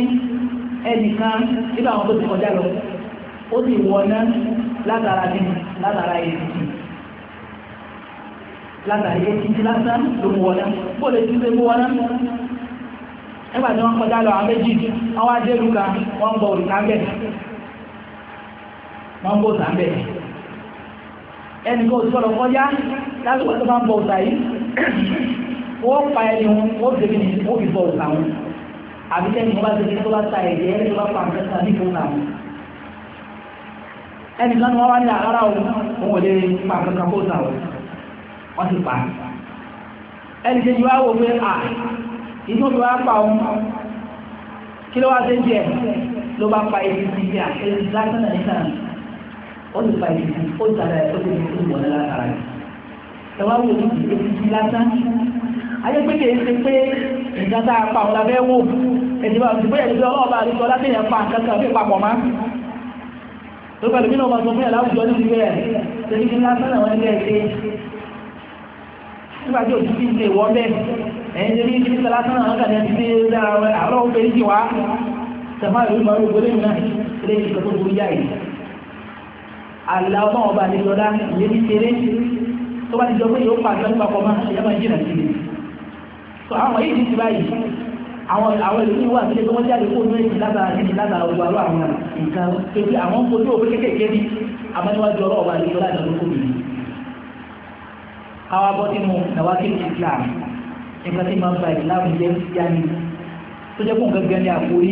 ẹnìkan nígbà àwọn tó ti kọjá lọ ó sì wọná látara bí látara èsì látara èsì tí lásán ló mú wọná bó lè ti ṣe mú wọná nígbà tí wọ́n kọjá lọ àwọn méjì wọ́n wá dé lùkà wọ́n ń bọ òrìkà bẹ́ẹ̀ wọ́n ń bọ̀ òrìkà bẹ́ẹ̀ ẹnì kan òsì gbọ́dọ̀ kọjá lásìkò tó bá ń bọ òrìkà yìí wọ́n pa ẹni wọn ó débi ní ó àbí lẹ́yìn wá sí tó bá ta ẹ̀jẹ̀ ẹni tó bá pa nǹkan kan nípò náà ẹnì kan ni wọ́n wá ní àrárá o òun ò lè pa nǹkan kan kó ta o wọ́n ti pa ẹnì kejì wá wò pé à inú mi wá pa o kí ló wá sí díẹ̀ ló bá pa ibi ti bí àkẹ́lẹ́ lásán náà níta ó ti pa ibi ó ti tàdá ẹ̀ ó ti fi kú wọlé látara rẹ̀ ẹ wá wò ó ti ibi ti lásán ayé pé kìí ṣe pé nǹkan tá a pa ọ̀la fẹ́ wò ẹ̀dìbò ìdìbò yẹn ló ọba àdìsọ láti yẹn pa nǹkan kan fi papọ̀ má. tó pẹ̀lú kí ni ọmọ tuntun yẹn láwùjọ ní ti bẹ́ẹ̀ tẹ̀lé kí ní lásán àwọn ẹgbẹ́ ẹ̀ ṣe. nígbà tí òtún ti ń ṣe ìwọ́ bẹ́ẹ̀ ẹ̀yìn tẹ̀lé kí ní lásán àwọn kàdé ti ṣe àárọ̀ ó fẹ́ẹ́ jì wá. sàmà ìlú màá ti ṣeré tó bá ti sọ àwọn èyí ti báyìí fún àwọn àwọn ìlú wà sílẹ̀ tó wọ́n jáde kó ní èyí lábàá ní lábàá gbogbo àrò àwọn nǹkan pépé àwọn ń fojú òwe kékèké ní amáníwájú ọ̀rọ̀ ọba àdéjọ láti ọdún kò nìyí. káwá bọ́ sínú nàwákì Islam nǹkan tí máa ń ba ìlànà jẹ́ yanni tó jẹ́ kó nǹkan gan ni àkórí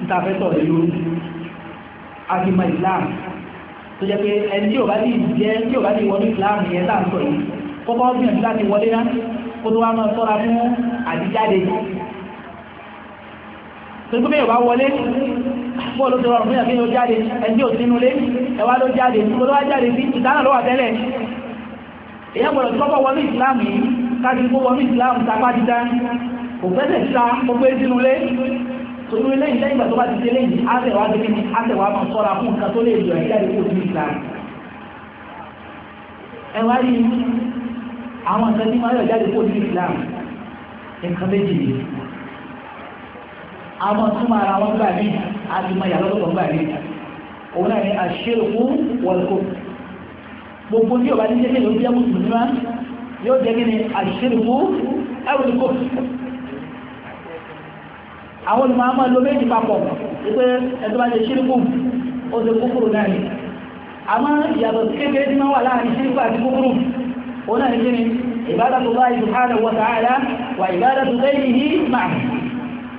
níta fẹ́ sọ̀rọ̀ lórí àfihàn Islam tó jẹ́ pé ẹni tí ò bá ti jẹ́ tí ò bá ti wọlé Islam yẹn láǹtọ̀ yìí kọ́kọ́ kó tó wá máa sọ́ra fún àdíjáde torí pé yóò bá wọlé bọ́ọ̀lù tó rọrùn fún ìyàgbé yóò jáde ẹni ò sínú lé ẹwà ló jáde kó tó wá jáde sí ìdáná ló wà tẹ́lẹ̀ èyàn gbọ́dọ̀ tí kọ́kọ́ wọlé ìsìláàmù yìí káàkiri kó wọlé ìsìláàmù sapá dídá kò fẹ́sẹ̀ síta ó gbé sínú lé torí lẹ́yìn lẹ́yìn ìgbà tó bá ti dé lẹ́yìn àtẹ̀wá àwọn nǹkan tí máa yọ jáde kó nínú Islam nǹkan méjì ni àwọn túmọ̀ ara wọn gbà mí àti mọ ìyàlọ́ lọ́kọ̀ gbà mí òun náà ni àṣírùkú wọ̀lùkù gbogbo tí òbá nílé ní ìlú jẹ́ mùsùlùmí wá yóò jẹ́ kí ni àṣírùkú ẹ̀wùlùkù àwọn olùmọ̀ àmọ́ ló méjì papọ̀ wípé ẹ̀tọ́ bá ṣe ṣírùkù ó ṣe kúkúrú náà ni àmọ́ ìyàtọ̀ kékeré tí wọ́n wà láàrin ṣírùkù àti kúkúrú هنا نجد عبادة الله سبحانه وتعالى وعبادة غيره معه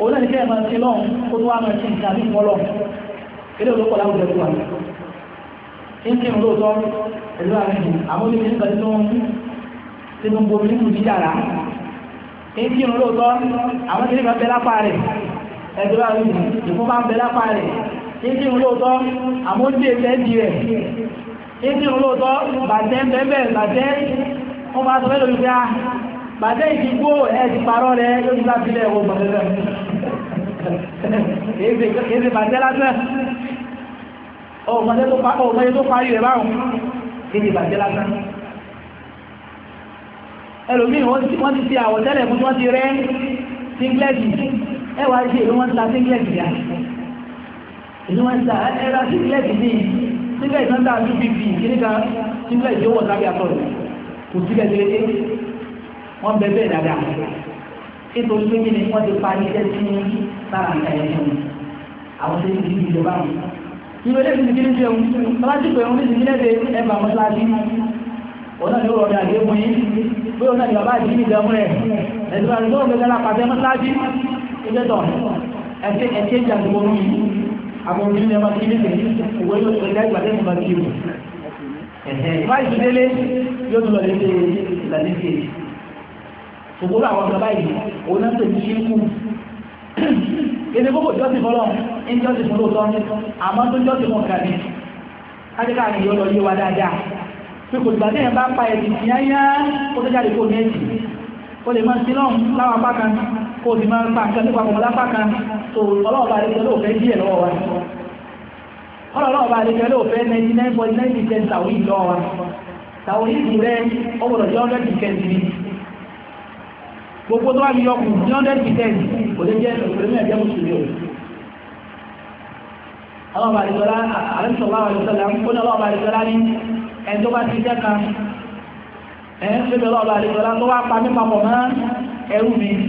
هنا نجد ما نسلون قدوة ما نسلون ولون إذا لو قلعوا جدوها ìkí ìrò tọ́ ìlú àmìjì àwọn olè nígbà tí ó ń tí ó ń bomi nínú jíjàrá ìkí ìrò tọ́ àwọn tí nígbà bẹ́lá pa rẹ̀ ẹ̀dọ́ àmìjì ìfún bá ń bẹ́lá pa rẹ̀ ìkí ìrò tọ́ àwọn olè ẹ̀fẹ́ di rẹ̀ ní olóòtọ́ bàtẹ́ bẹ́ẹ̀bẹ́ẹ̀ bàtẹ́ wọ́n bá sọ mẹ́lò ní pé a ah, bàtẹ́ ìdígbò ẹ̀sì parọ́ rẹ yóò ti bá sílẹ̀ ẹ̀wọ̀n bàtẹ́ èsì bàtẹ́ lásán ọmọdé tó parí rẹ̀ báwọn èsì bàtẹ́ lásán ẹlòmíì wọ́n ti ti àwọ̀tẹ́lẹ̀ fún wọ́n ti rẹ́ singlẹ́tì ẹwà ṣe ìlú wọn ta singlẹ́tì yá ìlú wọn ta ẹ̀rọ singlẹ́tì bíi sílẹ̀ ìtàndà ní bíbí kíníkà sílẹ̀ ìjọwọ́ sábẹ́ àtọ̀ rẹ̀ kò sílẹ̀ ní lédè wọ́n bẹ bẹ́ẹ̀ dáadáa nítorí pé kí ni wọ́n ti parí iṣẹ́ sí sára ìta ẹ̀ fún àwọn tó ń di ìjọba wọn. ìwé lẹ́sìn ti kiri jẹun bàbá tí pé òun ní ìdílé de ẹgbà mọ́ṣáláṣí òun náà ni ó rọrùn àgbé fún yín pé òun náà ni bàbá àti ìdílé ọmọ rẹ̀ ẹ̀sìn àti tó ń gbẹgbẹ́ lápàtẹ́ mọ́ṣáláṣí ìgbẹ́tọ̀ ẹ̀ṣẹ́ ìjà gbogbo mi àwọn ojú ni a máa kí ní ìpè ìwé yóò ṣe dá ìgbà tẹ́sán máa kí o. máa ìtú délé yóò tún lọ lé ṣe ìlànà ìṣe. òkúrò àwọn ọ̀gá báyìí òun náà tẹ̀lé ṣe kú. èdè gbogbo jọ́sìn fọlọ́ ń jọ́sìn fún lóòótọ́ àmọ́ tó jọ́sìn fún kàdé. kájíkà ni yóò lọ yé wa dáadáa. pé kò ìgbà tẹ́yìn bá pa ẹ̀sìn yányá ó tó jáde kó ní ẹ̀sìn. ó lè máa ń sin náà láwọn apá kan kó o ti máa ń pa nǹkan nípa ọmọdé apákan tó ọlọ́ọ̀bá àdéjọ ló fẹ́ díẹ̀ lọ́wọ́ wa ọlọ́ọ̀bá àdéjọ ló fẹ́ ninety nine point nine percent tàwọn ìlú lọ́wọ́ wa tàwọn ìlú rẹ ọgbọ̀dọ̀ jẹ́ hundred percent ni gbogbo tó wà ní ọkùn ní hundred percent kò lè jẹ́ òṣèlú ẹ̀jẹ̀ mùsùlùmí o ọlọ́ọ̀bá àdéjọ lá àrẹ́sọ̀lá ọlọ́ọ̀bá àdéjọ lá ní ẹni tó bá ti jẹ́ kan ẹ̀ ń fẹ́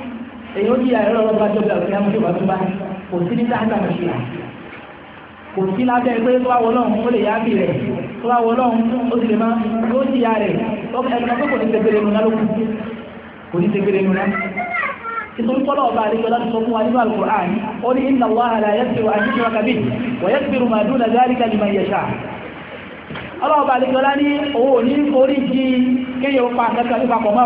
èyí ó ya àìrọ̀ ọ̀rọ̀ bá jọba òkè àmọ́ ìjọba tó bá kò sí ní táǹtà mọ̀ṣẹ́ kò sí lábẹ́ pé tó bá ó lè yá bì rẹ̀ tó bá ó sì lè má yóò sì yá rẹ̀ ẹ̀ka pé kò ní tẹ̀gbére nu náà ló kò ní náà ọba láti sọ fún wa nínú al wa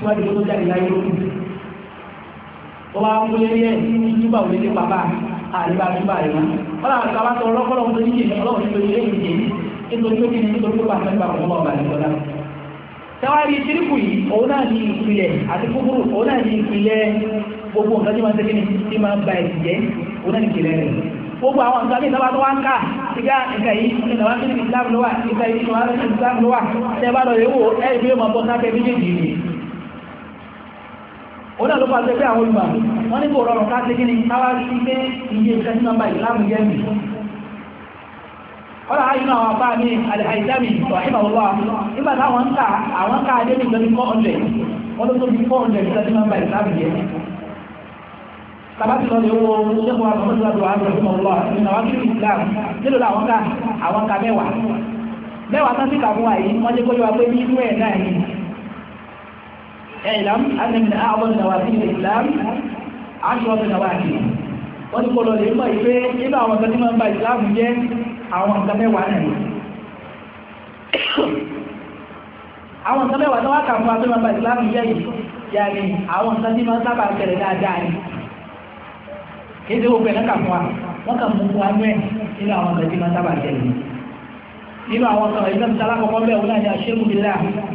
síwájú tó jáde láyé lókè ó wá ń gbélé ẹ ní túbà òun lé bàbá àríwá túbà rẹ mọ wọn làwọn kan bá sọ ọlọ́pàá ọhún tó ní jèlé ọlọ́pàá tó ní jèlé jèlé nítorí pé kí ni nítorí pé pàṣẹ nípa kò mọ ọba àti ọlá tẹwárí ìṣirìkù yìí òun náà ní ìpìlẹ̀ àti kúkúrú òun náà ní ìpìlẹ̀ gbogbo nǹkan tí máa ń tẹ́kí ni tí máa ń ba ẹ̀sìn jẹ́ òun náà ní ìpìlẹ̀ rẹ̀ gbogbo àwọn nǹkan tí ìjọba tó wá ń kà sígá nǹkan yìí ìjọba tó ní ìsìlámù lówà ìsìlámù lówà tẹ́ bá lọ yẹ̀ wò ẹ̀ òun náà ló pàṣẹ pé àwọn olùgbà wọ́n ní kò rọrùn ká ṣe kí ni káwá sí pé iye ìṣẹ́ tí nọ́mbà ìsìlámù jẹ́ mi ọ̀rọ̀ àyínú àwọn apá mi àìsàmì ìwàhíbàwọ́lá nígbà táwọn ń ta àwọn ká adé ní 400 wọ́n ló 400 ìṣẹ́ tí nọ́mbà ìsìlámù jẹ́ sabati lọ lè wo sẹ́kọ̀ wa lọ́mọdé wa lọ́wọ́ àgbẹ̀ fún ọlọ́wà nínú àwọn kìlú islam nílò àwọn ká àwọn ká mẹ́wàá mẹ́wàá tán sí اعلم أن من أعظم نواحي الإسلام عشرة نواحي wọ́n ti kọlọ̀ lè mọ̀ ìpé nínú àwọn ọ̀sán tí máa ń ba ìsìláàmù jẹ́ àwọn nǹkan mẹ́wàá náà àwọn nǹkan mẹ́wàá tó wá kà fún wa tó máa ń ba ìsìláàmù jẹ́ yìí yà ni àwọn nǹkan tí máa ń sábà ṣẹlẹ̀ dáadáa ni kéde gbogbo ẹ̀ná kà fún wa wọ́n kà mú fún wa mẹ́ nínú àwọn nǹkan tí máa ń sábà ṣẹlẹ̀ nínú àwọn nǹkan ìsìláàmù sálákọ̀ọ́kọ́ bẹ́ẹ̀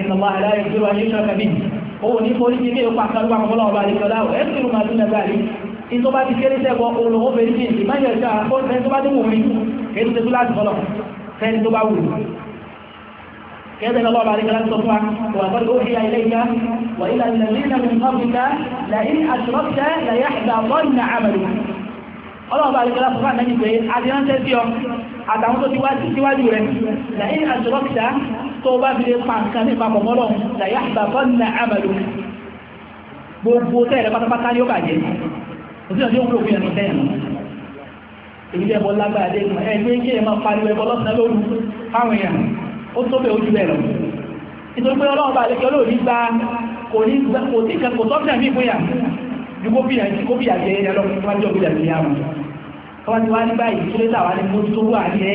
inna Allaha la yaghfiru an yushraka bihi òun ní forí ti bí ipa kan gbàgbọ́ fọlọ́ ọba àdìgbò láwọ̀ ẹ̀ tó máa dúnà gbàlí ìtò bá ti kéré sẹ́gbọ́ òun lòun fèrè sí ìsìn máyẹ̀ ṣá fẹ́ni tó bá dé wù mí kéde tó láti fọlọ́ fẹ́ni tó bá wù mí. kéde lọ́wọ́ ọba àdìgbò láti sọ fún wa wà á kọ́ ìhìyà ilé ìyá wà ilà ìlànà min qablika làyín àṣùrọ́tẹ̀ làyà ìgbà bọ́ọ̀nà àmàlù. ọlọ́wọ́ bá àdìgbò láti sọ fún àná tó bá fi lè pa nǹkan ní ìpapọ̀ mọ́lọ̀ làyà àgbàkọ́ ní àmàlò gbogbo tẹ́ẹ̀rẹ́ pátápátá yóò bàjẹ́ òsì náà tí ó wúlò fún ẹnu tẹ́ẹ̀nù èyí lè bọ́ lágbára dé ìgbà ẹgbẹ́ kí ẹ máa pariwo ẹbọ lọ́sàn-án lóru fáwọn èèyàn ó tó bẹ̀ ojú bẹ̀ lọ nítorí pé ọlọ́run bá lẹ́kẹ́ olóòrí gba kò ní kò tí kan kò tọ́jú àmì ìpínyà ju kó bìyà jẹ kó bìyà jẹ ẹni ọlọ́run tó wá jọ bìyà jẹ yàrá wá ní báyìí tó lé tàwa ní mójútó wà ní ẹ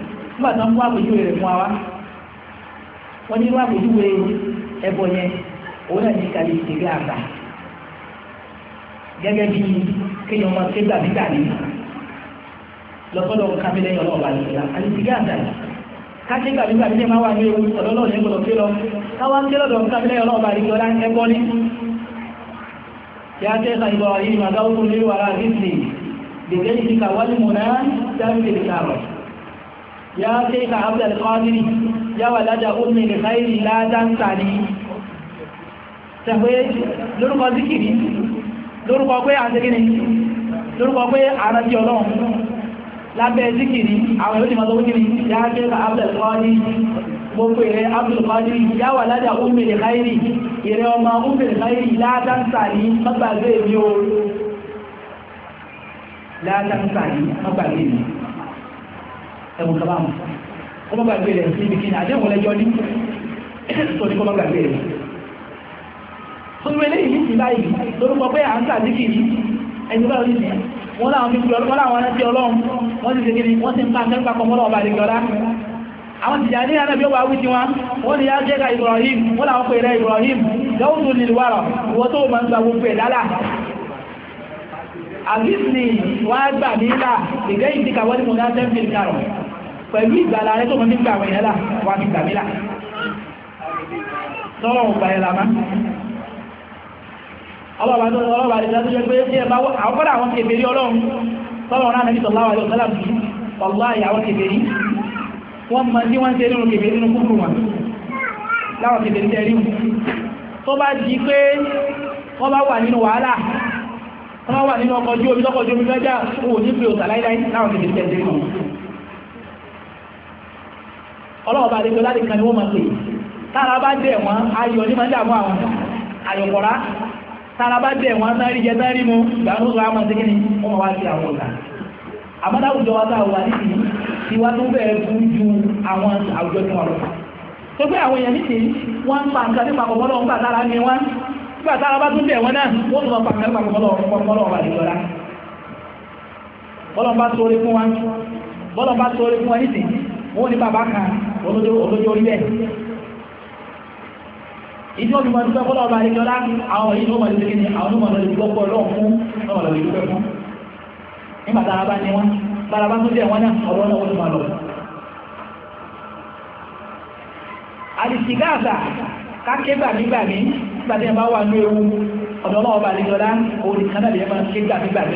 nígbà tó ń wá àpèjúwe rẹ̀ fún wa wá wọ́n ní wá àpèjúwe ẹbọ yẹn òun náà ní kàlí ìṣèlú àgbà gẹ́gẹ́ bí kéèyàn máa ké gbàgbígbà ní lọ́sọ́dọ̀ kábílẹ̀ ọlọ́ọ̀bà nìyẹn àti ìṣèlú àgbà káṣí gbàgbígbà ní máa wà ní ewu ọ̀dọ́lọ́ ní gbọ́dọ̀ ké lọ káwá ké lọ́dọ̀ kábílẹ̀ ọlọ́ọ̀bà nìyẹn ẹbọ ní. يا شيخ إبراهيم أدوت لي ولا رزقي بجيتك والمنى تنزل كرم يا شيخ عبد القادر يا ولد أم الخير لا تنساني tẹ̀wé lórúkọ zikiri lórúkọ pé àtẹ́gínì lórúkọ pé àrántí ọlọ́run lábẹ́ zikiri àwọn yóò ti máa lọ́wọ́ kiri ya ṣe ka abdulkadi gbogbo ìrẹ abdulkadi ya wà ládà umere kairi ìrẹ ọmọ umere kairi látàntàní mọ́gbàgbé mi o látàntàní mọ́gbàgbé mi ẹ̀wọ̀n kaba mu kó má gbàgbé rẹ̀ níbi kí ni àdéhùn lẹ́jọ́ ní tó ní kó má gbàgbé rẹ̀. sunwele yìí ti báyìí lórúkọ pé à ń kà sí kìí ẹni báyìí ní ìsìn wọn làwọn fi gbọ́ wọn làwọn rántí ọlọ́run wọn ti segin wọn ti ń pa akẹ́kọ̀ọ́ pọ̀ mọ́lọ́ ọba àdìgbọ́lá àwọn tìjà ní ànábí ọba wí tiwọn wọn ni yáá jẹ́ka Ibrahim wọn làwọn pè rẹ Ibrahim lọ́wọ́dún ní ìwárọ̀ ìwọ tó máa ń gba gbogbo ẹ̀ lálà àbísì ni wọ́n á gbà nílà ìgbẹ́yìn ti kàwọ́ ní mo dá tẹ́ńpìlì karùn-ún pẹ̀lú ìgbàlá rẹ tó mọ́ ní gbà àwọn ìyẹ́lá wà ní gbàmílà tọ́rọ ọ̀gbà ẹ̀lá má ọlọ́ọ̀bà tó ọlọ́ọ̀bà rẹ̀ tó jẹ́ pé tí ẹ bá àwọn kọ́dà àwọn kèfèrí ọlọ́run tọ́rọ ọ̀nà àmì sọ̀lá wà lọ́sọ́lá bí ọ̀lá ìyàwó kèfèrí wọ́n mọ tí wọ́n ń ṣe nínú kèfèrí nínú kúrú wọn láwọn kèfèrí tẹ́ rí tó bá di pé wọ́n bá wà nínú wàhálà wọ́n wà nínú ọkọ̀ ojú omi tọ́kọ̀ ojú omi lọ́jà òun ò ní pé òtà láíláí láwọn kèfèrí tẹ́ rí ọlọ́ọ̀bá àdéjọ láti kan ni wọ́n máa pè tára bá dẹ̀ wọ́n ayọ̀ ní máa dààmú àwọn àyọ̀kọ̀rá tára bá dẹ̀ wọ́n sáré jẹ sáré mu ìgbàlódé wa máa ni wọ́n máa wá sí àwọn ọ̀gá àmọ́dá àwùjọ wa táwọn wà nídìí tí wá tó bẹ̀rẹ̀ fún ju àwọn àwùjọ tí wọ́n lọ tó pé àwọn èèyàn nídìí wọ́n ń pa nǹkan ni wọ́n wọ́n ní bàbá kan olójó orí bẹ́ẹ̀ ìdí òbí mọ̀ dúpẹ́ fọ́lọ́ ọba àríkọ́lá àwọn ìlú mọ̀ lórí ní àwọn olùmọ̀ lórí gbọ́pọ̀ lọ́wọ́ fún ọmọ lórí dúpẹ́ fún nígbà tára bá ní wọn tára bá tó jẹ́ wọn náà ọ̀rọ̀ náà wọ́n máa lọ. àdìsígáàsà kákégbà nígbà mí nígbà tí wọn bá wà ní ewu ọ̀dọ́ náà ọba àríkọ́lá òun nìkan náà lè máa ké gbà nígbà mí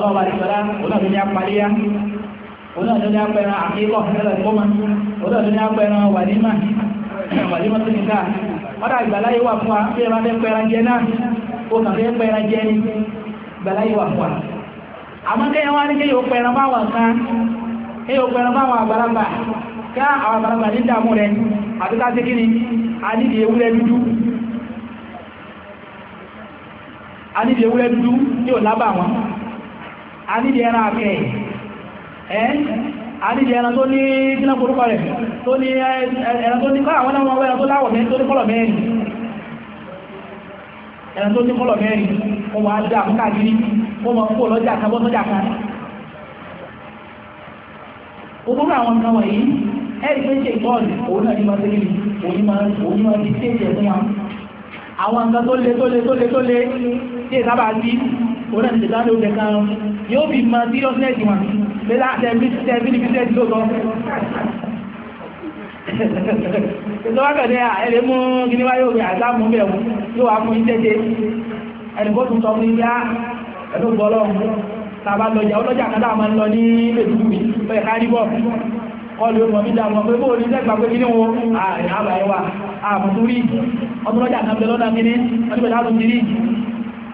ọlọ́ọ̀bà ìṣọ́lá olóòtú ní apàlíyá olóòtú ní apẹran àkíkọ̀ ẹlẹ́kọ́mà olóòtú ní apẹran wàlímà wàlímà tó ní káà ọ̀dà ìgbàláyé wà fún wa bí ẹ bá fẹ́ pẹran jẹ náà ó kàn fẹ́ pẹran jẹ ní ìgbàláyé wà fún wa àmọ́ kéèyàn wá ní kéèyàn ó pẹran báwọn kan kéèyàn ó pẹran báwọn àgbàlagbà ká àwọn àgbàlagbà ní dààmú rẹ àti ká sí kíni àníbi ewúrẹ́ dúdú àníbi ewúrẹ́ dúdú yóò lábà wọn àníbi ẹran àfẹ́ ẹ́ àníbi ẹran tó ní kíná korúkọ rẹ̀ tó ní ẹran tó ní kọ́ àwọn ọmọ ẹran tó láwọ̀ mẹ́rin tó ní kọ́lọ̀ mẹ́rin ẹran tó ní kọ́lọ̀ mẹ́rin wọ́n wá dá àmúkà kiri wọ́n mọ̀ kó lọ́jà kan bọ́ sọ́jà kan gbogbo àwọn nǹkan wọ̀nyí ẹ̀rí pé ṣe ìtọ́ọ̀lù òun náà ní máa tẹ́lẹ̀ òun máa ti tẹ́jẹ̀ fún wa àwọn nǹkan tó le tó le tó le tí è sí òun náà ti tẹ̀sán ló jẹ kan yóò fi mọ seriousness wọn pé láti tẹ̀bí níbi tẹ̀sí tó sọ. ìṣọ́ wákẹ̀ ní ẹ̀rẹ́ mú gíní wáyé òwe àtàmú bẹ̀ mú yóò wá fún ìṣẹ́ṣe ẹni kó tún sọ fún yá ẹ̀dọ́ tàbá lọjà ọlọ́jà kan dáa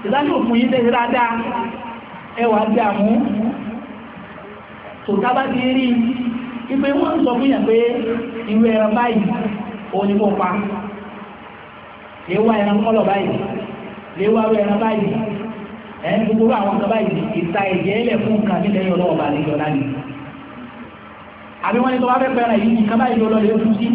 ìdájọ́ òfin yìí tẹ̀sí dáadáa ẹwà a mú tòká bá ti rí ipe wọ́n ń sọ fún yàn pé ìwé ẹran báyìí òun pa léwá ẹran kọ́lọ̀ báyìí léwá ẹran báyìí ẹni gbogbo àwọn nǹkan báyìí ìta ẹ̀jẹ̀ fún nǹkan nílẹ̀ lọ́wọ́ àbí wọ́n ní wá fẹ́ yìí báyìí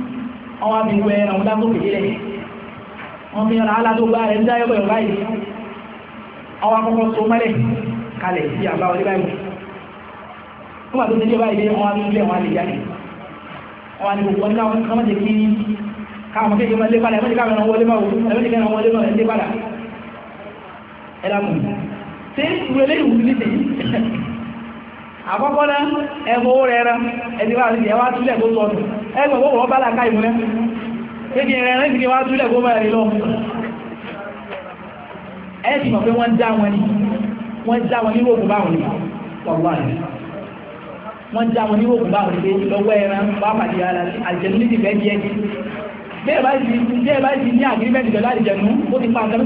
wọ́n wá bí wẹ́ ẹran lágbókè lílẹ̀ wọ́n fi ọ̀nà aládógbá rẹ̀ ń dáyọ́ pẹ̀lú báyìí àwọn akọ́kọ́ tó mẹ́lẹ̀ kalẹ̀ sí àbá wọlé báyìí nígbà tó ti dé báyìí wọ́n wá ní ilé wọn lè jáde wọ́n wá ní gbogbo ọ̀nà wọn kọ́ mọ́tẹ̀ kí káwọn kéèké máa lé padà àkọ́kọ́ náà ẹ̀mọ́ owó rẹ̀ rẹ̀ ẹ̀dí wá sí ẹwà túlẹ̀ tó sọ́nù ẹgbẹ̀ owó wọ́n bá làkà ìmúlẹ̀ kéèkì rẹ̀ rẹ̀ ìdíkẹ́ wá túlẹ̀ tó mẹ́rin lọ ẹ̀ẹ́dì mọ̀ pé wọ́n dá wọn ní wọ́n dá wọn ní rògùn báwọn ní wọ́n dá wọn ní rògùn báwọn ní lọ́wọ́ ẹran bá pàdé àjẹ̀nú ní ìfẹ́ díẹ̀ bẹ́ẹ̀ bá ti ní àgírímẹ́ntì pẹ̀lú àjẹ̀nú ó ti pa àkẹ́lú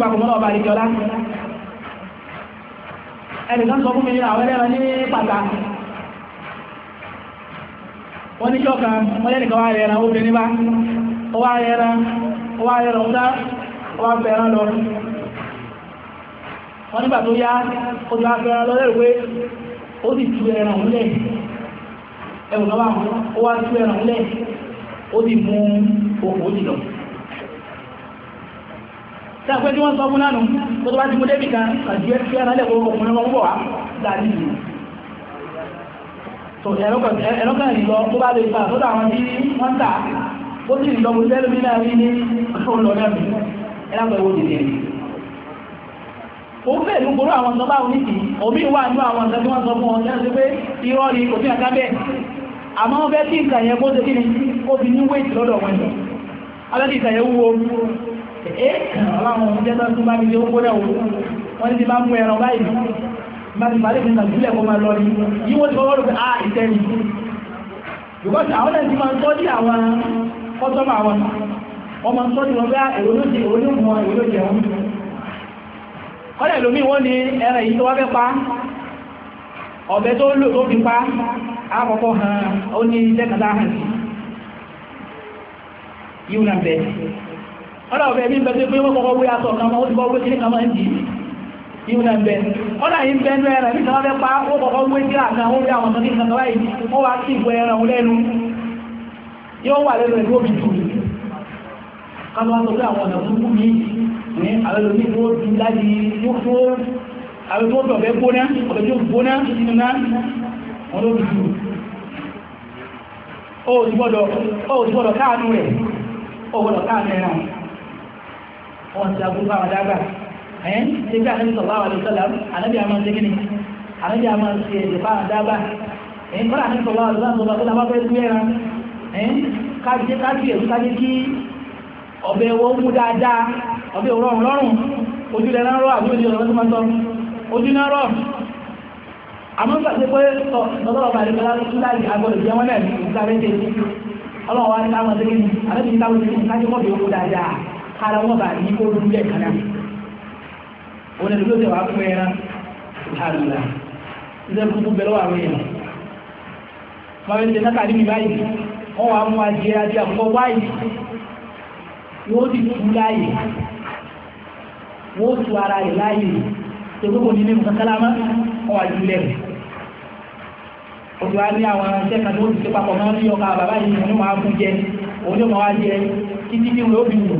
ẹnìkan sọ fún mi àwọn ẹlẹ́ran ní pàtà wọ́n ní ṣọ́ka wọ́n yẹ́ nìkan wá rẹ̀ran bá wá rẹ̀ran wá rẹ̀ran ó dá wá fẹ̀ran lọ wọ́n nígbà tó yá ó lọ ó sì tú ó wá tú ó sì mú okòó jùlọ sáàpẹ́ tí wọ́n sọ fún lánàá tó tó bá ti mú débì kan àti ẹ̀fẹ́ alẹ́ kó ọkùnrin wọn bọ̀ wá láti ìlú tó ẹ̀rọ́kàn ìlọ tó bá lè fà tó tà wọn bí wọ́n tà ó sì lọ mú sẹ́lú bí náà rí ní ọlọ́ lẹ́nu ẹ̀lápẹ́ wo dìde rí ó fẹ́ ìlú gbóró àwọn sọ́bà oníkì òbí wà nú àwọn ọ̀sẹ̀ tí wọ́n sọ fún ọ̀sẹ̀ sí pé irọ́ ni òfin àkábẹ́ àmọ́ wọ́n fẹ́ kí nǹkan yẹn kó ṣe kí ni ó fi ní wéètì lọ́dọ̀ wọn abẹ́ kí nǹkan yẹn wúwo ẹ̀ eh, ọlọ́run oúnjẹ tó tún bá mi lé owó náà wọ́n ti máa mú ẹran báyìí bá ti parí ìfúnná sílẹ̀ kó máa lọ ní yíwọ́n ti fọwọ́ ah, because àwọn náà ti máa ń tọ́jú àwọn àwọn ń tọ́jú wọn ah, èrò ló ti èrò ló èrò ló jẹ wọn kọ́lẹ̀ wọ́n ní ẹran tó wá fẹ́ pa ọ̀bẹ tó lò tó fi pa àkọ́kọ́ hàn ó ní hàn sí yíwọ́n náà Ọ na mi bẹ̀rẹ̀ pé wọ́n kọ́kọ́ wé aṣọ ọ̀nà ọmọ wé ní àwọn tó gbóná ọ̀bẹ̀ tó gbóná náà wọn ló dùn ó ti gbọ́dọ̀ wọn ti aburú bá wọn dágbà ẹ̀ ṣe bí anabi sallallahu alaihi wasallam anabi àmà ṣe kíni anabi àmà ṣe èdè bá wọn dágbà ẹ̀ kọ́lá anabi sallallahu alaihi wasallam tó lọ́wọ́ fẹ́ gbé ẹran ẹ̀ kájíjẹ́ kájí èso kájí kí ọbẹ̀ wọ́n mú dáadáa ọbẹ̀ rọrùn lọ́rùn ojú lẹ́nà rọ àbí ojú lẹ́nà tó máa tọ́ ojú náà rọ àmọ́ gbàgbé pé tọ́lọ́wọ́ bá nípa láti agbọ́dọ̀ jẹ́ wọn náà ní ìgbà méje ọlọ́wọ́ wa kára wọn bá yí kó lóúnjẹ kaná wọn lè lóúnjẹ wà fún ẹran ìhàlùlà iṣẹ́ gbogbo bẹ̀rẹ̀ wà wọ́n yẹn máa ń ṣe náà níbi báyìí wọ́n wà mú adìẹ adìẹ àkọ́kọ́ báyìí ti láàyè wọ́n tu ara rẹ̀ láàyè tó gbogbo nínú ìmọ̀kálámá wọ́n wà ní àwọn kan ti ṣe papọ̀ náà ní yìí ni máa fún jẹ òun yóò máa wá jẹ títí wọn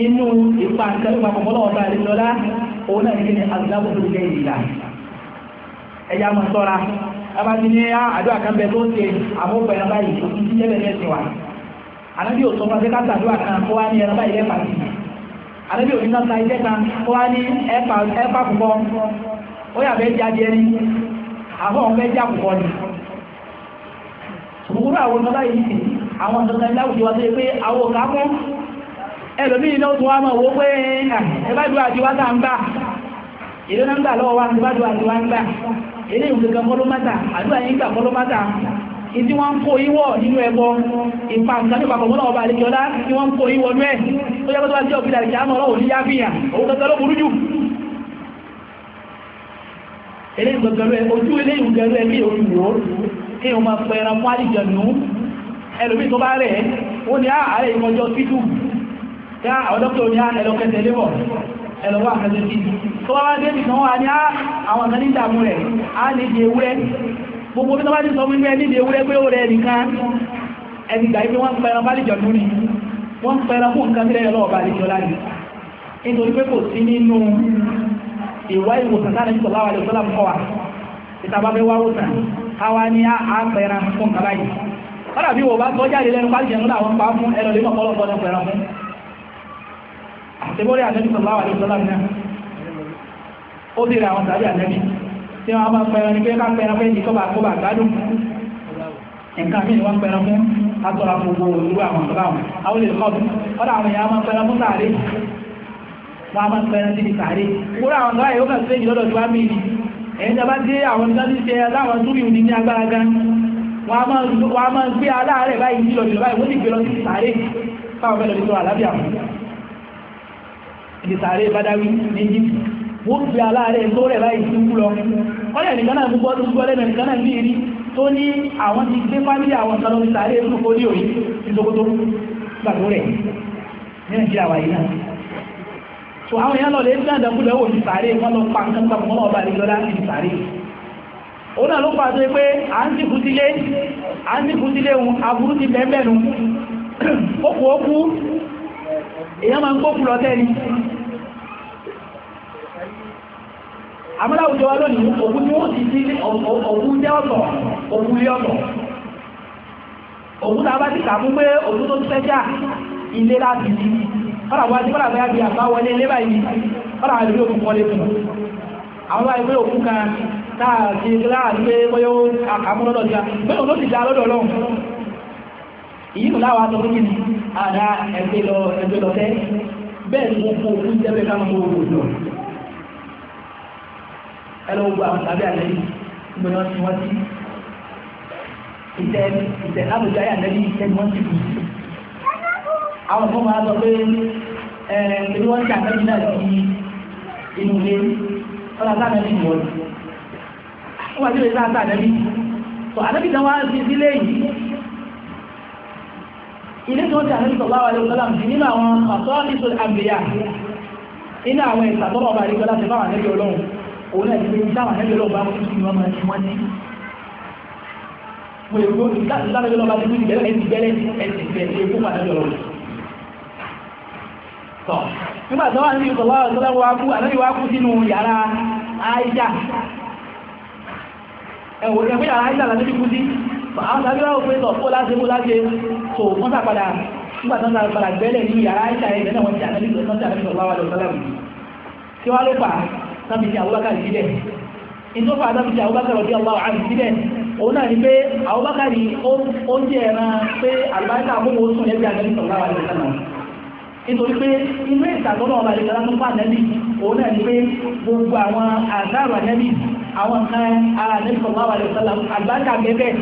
inú ipa nǹkan ìpa pọ̀pọ̀ lọ́wọ́ bá rí lọ́lá òun náà ní àdúgbò tó jẹ́ ìlà ẹja mọ̀ sọ́ra ẹba ti ní àdúrà kan bẹ tó ń ṣe àmúpẹ̀ ẹran báyìí tó ti ti jẹ́ bẹ̀rẹ̀ ẹ̀sìn wa ànábì ò sọ pé káṣà àdúrà kan kó wá ní ẹran báyìí lẹ́pàá sí ànábì ò ní náà sa iṣẹ́ kan kó wá ní ẹ̀pà púpọ̀ ó yà fẹ́ jáde ẹni àbọ̀ òun fẹ́ já púpọ̀ ni òkúrò àwọn ọmọ báyìí àwọn ọ̀dọ́ ẹlòmí iná tó wá máa wó pé ẹbádùn àti wá tá ń gbà ìlú náà ń gbà lọ́wọ́ wa ẹbádùn àti wá ń gbà ilé ìwé gan kọ́lọ́mátà àdúrà yín gbà kọ́lọ́mátà ìdí wọ́n ń kó ìwọ̀ nínú ẹbọ ìpa nǹkan ní papọ̀ mọ́lọ́wọ́ bá àlejòlá tí wọ́n ń kó ìwọ̀ nú ẹ̀ tó yẹ kọ́tọ́ bá jẹ́ òbílẹ̀ àti àmọ́ ọlọ́wọ́ ní yáfíyà òun kankan ló burú jù eléyìí gbọ̀gbẹ̀rú ẹ ojú tó bá rẹ̀ ó ní àárẹ̀ ìmọ̀jọ́ títù ya àwọn dókítà ah, ní ẹlọ́kẹsẹ̀ lébọ̀ ẹlọ́wọ́ àkẹsẹ̀ sí tó wá wá débì kan wà ní àwọn kan ní rẹ̀ á lè di ewúrẹ́ gbogbo bí wọ́n bá ti sọ mú ewúrẹ́ pé ó rẹ̀ nìkan ẹni gbà wọ́n pẹran jọ lórí wọ́n pẹran fún nǹkan lọ́wọ́ jọ nítorí pé kò sí nínú ìwá ìwòsàn sáré ní wa ah, wá àtẹ́bọ́rẹ́ ànẹ́bí sọ̀láwà ní sọ́lá náà ó sì rẹ̀ àwọn tàbí ànẹ́bí tí wọ́n máa pẹ̀rẹ̀ ní pé ká pẹ̀rẹ̀ pé ìkọ́bà àkọ́bà gbádùn nǹkan mí ni wọ́n pẹ̀rẹ̀ fún látọ́ra gbogbo olú àwọn ọ̀sọ́láwọn àwọn olè kọ́ọ̀dù ọ̀dà àwọn èèyàn máa pẹ̀rẹ̀ fún sàárè wọ́n máa pẹ̀rẹ̀ sí sàárè wúrà àwọn ọ̀gá yóò kàn sí èyí lọ́dọ̀ tí wọ́n mí ni ẹ̀yìn jọba dé àwọn tí wọ́n ti ṣe aláwọn túbí òní ní agbára gan wọ́n máa gbé aláàárẹ̀ báyìí nílò ìlú báyìí wọ́n sì gbé lọ sí sàárè fáwọn fẹ́ lọ sí tó ìsàrè bádáwí ní egypt wọ́n fi aláàrẹ̀ tó rẹ̀ báyìí sí kú lọ ọ̀rẹ́ nìkan náà gbogbo ọdún gbọ́lẹ́ mẹ́rin kan náà ní ìrí tó ní àwọn ti gbé fámílì àwọn kan lórí sàárè fún kó ní òyìn ní tókótó gbàgbó rẹ̀ ní nàìjíríà wáyé náà so àwọn èèyàn lọ́lẹ̀ ní àdàkúlẹ̀ wò ní sàárè wọ́n lọ pa nǹkan papọ̀ mọ́ ọba àdìgbọ́lá ní sàárè òun náà ló pa tó pé à ń sìnkú sílé à ń sìnkú sílé òun aburú ti bẹ́ẹ̀ bẹ́ẹ̀ nu ó kú ó kú èèyàn máa ń kó kú lọ tẹ́ni àmọ́láwùjọ wa lónìí òkú tí wọ́n ti sí òkú jẹ́ ọ̀tọ̀ òkú ilé ọ̀tọ̀ òkú tá a bá ti kà mú pé òkú tó ti fẹ́ já ilé láti di kọ́lá wájú kọ́lá bá yá bí àbá wọlé ilé báyìí kọ́lá àdúgbò òkú kọ́lé fún un àwọn báyìí pé òkú kan táà ti láàrin pé bóyá ó àkàmúlọ́dọ̀ já pé òun ló ti já lọ́dọ̀ lọ́hùn èyí kò láwa tó kí ni àdá ẹgbẹ́ lọ ẹgbẹ́ ẹlọ́wọ́ gbọ́ àwọn tàbí àlẹ́yìn gbọ́dọ̀ wọn ti wọ́n ti ìtẹ́ ìtẹ́ lábùjá yà lẹ́yìn ìtẹ́ ni wọ́n ti kù sí. àwọn kan máa sọ pé ẹ ẹni wọ́n ti àtẹ́jú náà sí inú ilé wọ́n lọ sáà lẹ́yìn wọ́n ti wọ́n ti lè sáà sáà lẹ́yìn tó àtẹ́jú náà wá sí sílé yìí ilé tí wọ́n ti àtẹ́jú sọ̀rọ̀ àwọn ẹlẹ́wọ̀n sọ́lá ti nínú àwọn àtọ́ òun náà ti fi táwọn ẹgbẹ́ lọ́ba fún kí wọ́n máa ti wọ́n ní. mo lè gbó láwọn ẹgbẹ́ lọ́ba ti fi ìgbẹ́lẹ́ ẹ̀sìn gbẹ́lẹ́ ẹ̀sìn gbẹ́lẹ́ ẹ̀kú padà jọ lọ́wọ́. tọ́ nígbà tó wà ní ìsọ̀lá ọ̀sọ́lá wa kú àlọ́yìn wa kú sínú yàrá Àìṣà ẹ̀wọ̀n ẹgbẹ́ yàrá Àìṣà làbẹ́ ti kú sí àwọn sábẹ́ wà pé tọ̀ kó láti kó láti tó wọ́n sá padà nígbà tó ń sá padà gbẹ́lẹ̀ ní yàrá Àìṣà ẹ̀gbẹ́ náà wọ́n ti àná sábì sí Abubakar síbẹ̀ ìtọ́fà sábì sí Abubakar ọdí ọlá ọ̀hán síbẹ̀ òun náà ni pé Abubakar ó jẹ́ ẹran pé àlùbáríkà àbúrò ó sùn lẹ́bí àjẹ́bí sọ̀rọ̀ láwàlẹ̀ sánà nítorí pé inú ìtàgọ́nà ọba àdìgbàlá tó fà nẹ́bí òun náà ni pé gbogbo àwọn àdáàrà nẹ́bí àwọn kan ara nẹ́bí sọ̀rọ̀ láwàlẹ̀ sánà àlùbáríkà gẹ́gẹ́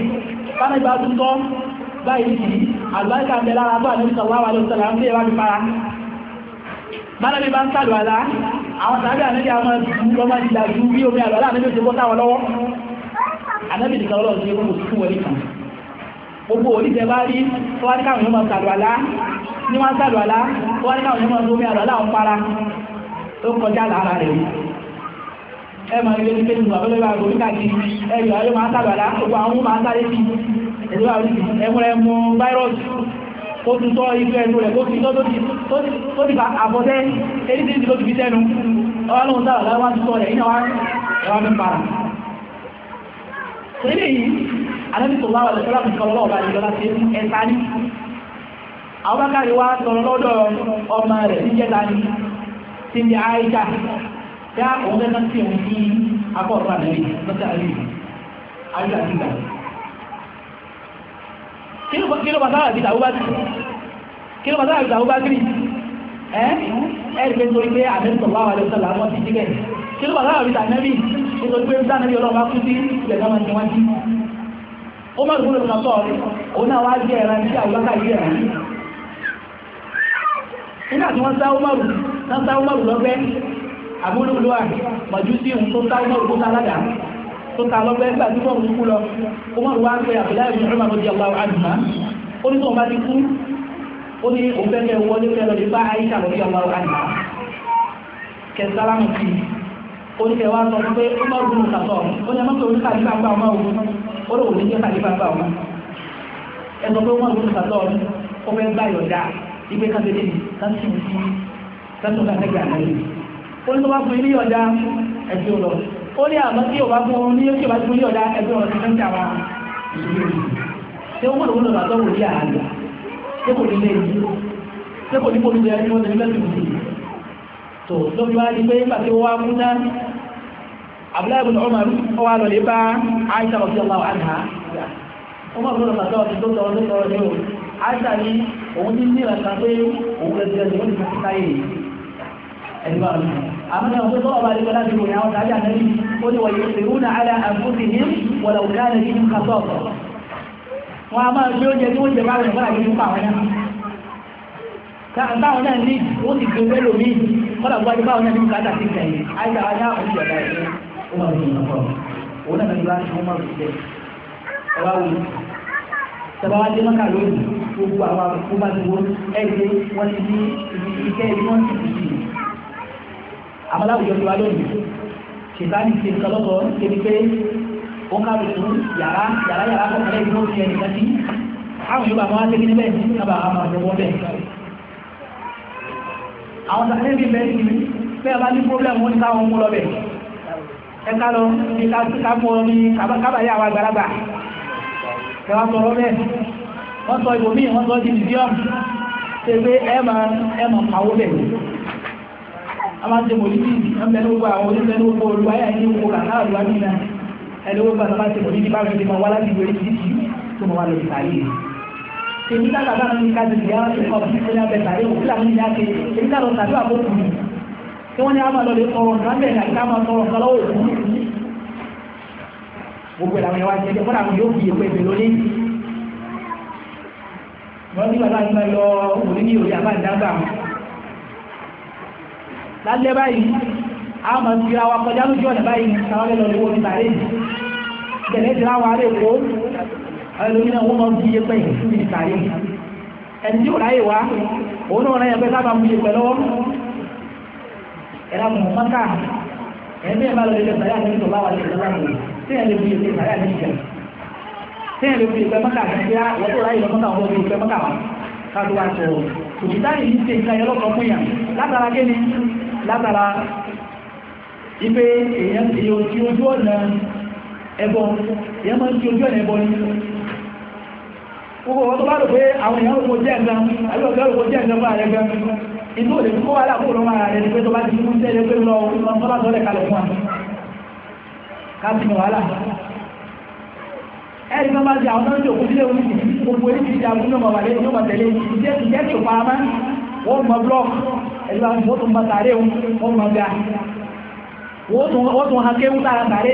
bálábí bá ń sàlù àlá àwọn tàbí ànábì àmọ́ lọ́mọ ìlà ju bí omi àlọ́ ànábì ti bọ́ sáwọn lọ́wọ́ ànábì nìkan lọ́wọ́ sí ewu òsì wọlé kan gbogbo oníṣẹ́ bá rí tó wá ní káwọn yóò máa sàlù àlá ní wọ́n sàlù àlá tó wá ní káwọn yóò máa bomi àlọ́ láwọn para tó kọjá lára rẹ̀ ẹ máa rí lórí pẹ̀lú àwọn ọlọ́wọ́ àgbo nígbà tí ẹ yọ ayé máa sàlù àlá gbogbo àwọn máa sáré sí ẹ̀dọ́ ó tún tọ́ ibi ẹnu rẹ̀ tó fi tọ́ tó ti àbọ̀dẹ́ èyí tí ó ti fi tẹ́nu ọwá lóhun dára láwá ti tọ́ rẹ̀ iná wá ẹwà mi para ilé yìí alábìtò wá wà lọ́la fún ọlọ́wọ́ bá ìjọba ti mú ẹta ní àwọn bákàrí wá tọrọ lọ́dọ̀ ọmọ rẹ̀ ní jẹ́ta ní ti ní àìjà dá òun fẹ́ náà sí òun ní akọ̀ọ̀rọ̀ àdàrí lọ́sẹ̀ kí ló bàtà àbí tàwọn bá sí kí ló bàtà àbí tàwọn bá sí ẹ ẹ rí pé nítorí pé àmẹ́bí sọ̀rọ̀ àwọn àlẹ́ sọ̀rọ̀ àwọn ti síbẹ̀ kí ló bàtà àbí tàmẹ́bí nítorí pé nígbà mẹ́bí ọlọ́run bá kú sí ibẹ̀ náà ti wá sí ó má dùkú lọ́nà sọ̀rọ̀ òun náà wá jẹ́ ẹran tí àwọn bá yẹ ẹran nígbà tí wọ́n sá Umaru wọ́n sá Umaru lọ́gbẹ́ àbúrò lọ́wà mọ̀jú sí òun tó sá Umaru tó sá ládàá tó ta lọ́gbẹ́ gbà tí wọ́n mú kú lọ Umar wá pé Abdullahi bin Umar radiyallahu anhuma ó ní tóun bá ti kú ó ní òun fẹ́ kẹ́ wọlé fẹ́ lọ nípa Aisha radiyallahu anha kẹ sálámù sí i ó ní kẹ wá sọ pé Umar bin Khattab ó ní ẹ má pé oníkà nípa gbà ọmọ òun ó lóun ní jẹ́ kàlífà gbà ọmọ ẹ sọ pé Umar bin Khattab ó fẹ́ gbà yọ̀dá ìgbé kábẹ́lẹ́ ni káńtì sí káńtì ó ká ó ní àmọ́ tí òbá fún oorun ní yóò tí òbá fún ilé ọ̀dá ẹgbẹ́ ọ̀rọ̀ tuntun ndị àwọn ṣe ó gbọ́dọ̀ gbọ́dọ̀ bàtọ́ ní àgbà ṣé kò ní lé ndị ṣé kò ní kó ní i tó ló wá di pé nígbà tí ó wá mú wá lọ lè bá ọmọ tó tọrọ tó tọrọ ẹ̀dùn àwọn ọ̀nà àmọ́ ní ọ̀pọ̀ tọ́wọ́ bá rí kọ́lá ti ròyìn àwọn tàbí ànábì ó ní wọ̀nyí ìrúnà alá àfúnni ní wọ̀lá òkà ní ìlú kàtọ́ wọn a máa gbé oúnjẹ tí wọ́n jẹ bá rẹ̀ fọ́lá yìí nípa àwọn náà táwọn náà ní ó sì gbé mélòó mi kọ́lá bó wájú báwọn náà ní bùkátà sí kẹ̀yìn àìsà wa ní àwọn ìjọba ẹ̀ ó máa fi ìyàn pọ̀ òun náà nígbà tí wọ́n máa fi jẹ ẹ wá wù tẹ̀bá wá dé mọ́kà lónìí gbogbo àwọn akókó bá ti wọ́n ẹ̀ gbé wọ́n ti ní ibi iṣẹ́ ibi wọ́n ti fi yìí àbáláwùjọ ti wá lónìí ṣètàní ṣe nǹkan lọ́tọ̀ kébi pé ó ń kábi tún yàrá yàrá yàrá kọ̀ọ̀kọ̀lẹ́ ìlú òsì ẹnìkan sí àwọn yóò bá wọn ṣe kíní bẹ́ẹ̀ ní kábà àwọn àjọ wọn bẹ́ẹ̀. àwọn sàkíní bíi bẹ́ẹ̀ ni bẹ́ẹ̀ bá ní pọ́blẹ́mù wọn ní káwọn mú lọ bẹ̀ ẹ ká lọ ní ká mú ọ ní kábàáyé àwọn àgbàlagbà ẹ wá sọ̀rọ̀ bẹ́ẹ̀ wọ́n sọ ibòmíì wọ́n sọ a máa ń ṣe mòlídìí ń bẹ lóko àwọn oníṣẹ́ lóko olùwáyà ní owó kàkà àlùwábí náà ẹlẹ́wọ́ bá sábà ṣe mòlídìí bá fi ṣe máa wá láti ìwé ìdíjì tó máa wá lọ ìtàlẹ́ yìí. èmi náà bàbá mi ká ti ṣìyà ọ̀sìn ọ̀sìn ìṣẹ́ ní abẹ́tàlẹ́ òkú làwọn ìyá ṣe èmi náà lọ tàbí àbókù mi tí wọ́n ní a máa lọ lè tọrọ nǹkan bẹ́ẹ̀ àti ká máa tọrọ nǹkan lọ́wọ́ òkú gbogbo ìlànà ìwà jẹ́ fún àwọn yóò fi èpo ìbè lórí wọ́n ní bàbá mi lọ òní ní òní àbá ìdágbà lálẹ́ báyìí a máa fi ra wa kọjá lójú ọ̀nà báyìí ní sàrọ́lẹ̀ lọ lówó nípa rẹ̀ tẹ̀lé ti ra wa rẹ̀ kó ẹlòmínà wọ́n máa fi iye pẹ́ ìfúnmi nípa rẹ̀ ẹni tí ò ráyè wá òun náà ráyè pé sábà mú iye pẹ́ lọ́wọ́ ẹ̀rọ mọ̀ mọ́ká ẹ̀mí ẹ̀ bá lọ lè sàrẹ́ àti ìtọ́lá wa lè sàrẹ́ àti ìtọ́lá lè fi iye sàrẹ́ àti ìtọ́lá tẹ́yìn lè fi ìpẹ́ mọ́kà sí á wọ́n tó ráyè lọ mọ́kà látara ipe èèyàn ti ojú ojú ọ̀nà ẹbọ èèyàn máa ń ti ojú ọ̀nà ẹbọ ni gbogbo ọ̀rọ̀ tó bá rò pé àwọn èèyàn rò kó jẹ́ ẹ̀gbọ́n àbí ọ̀gá rò kó jẹ́ ẹ̀gbọ́n fún ààrẹ gan inú òde kó wà láàbò lọ́wọ́ ara rẹ ni pé tó bá ti mú tẹ́lẹ̀ pé lọ ọmọ bá sọ́lẹ̀ kalẹ̀ fún wa káàkiri wàhálà ẹ̀rí ẹ̀lú àwọn tó bá tààrí ohun mọ̀ ga tún hake ń tààrà tààrí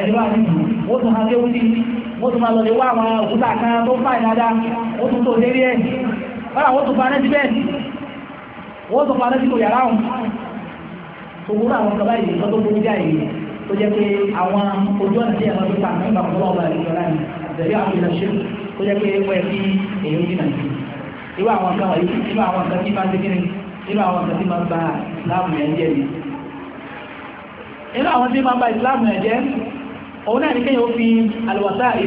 ẹ̀lú àwọn tún hake ń tí wọ́n tún máa lọ wá àwọn òkúta kan tó fà ìdáda wọ́n tún tó lérí ẹ̀ wọ́n àwọn tó paná síbẹ̀ wọ́n tún paná síbò yàrá ohun àwọn kaba yìí nínú àwọn ọ̀sán tí máa ń ba ìsìláàmù yẹn jẹ́ ni nínú àwọn tí máa ń ba ìsìláàmù yẹn jẹ́ òun náà ni kéèyàn fi àlùwàsáàrí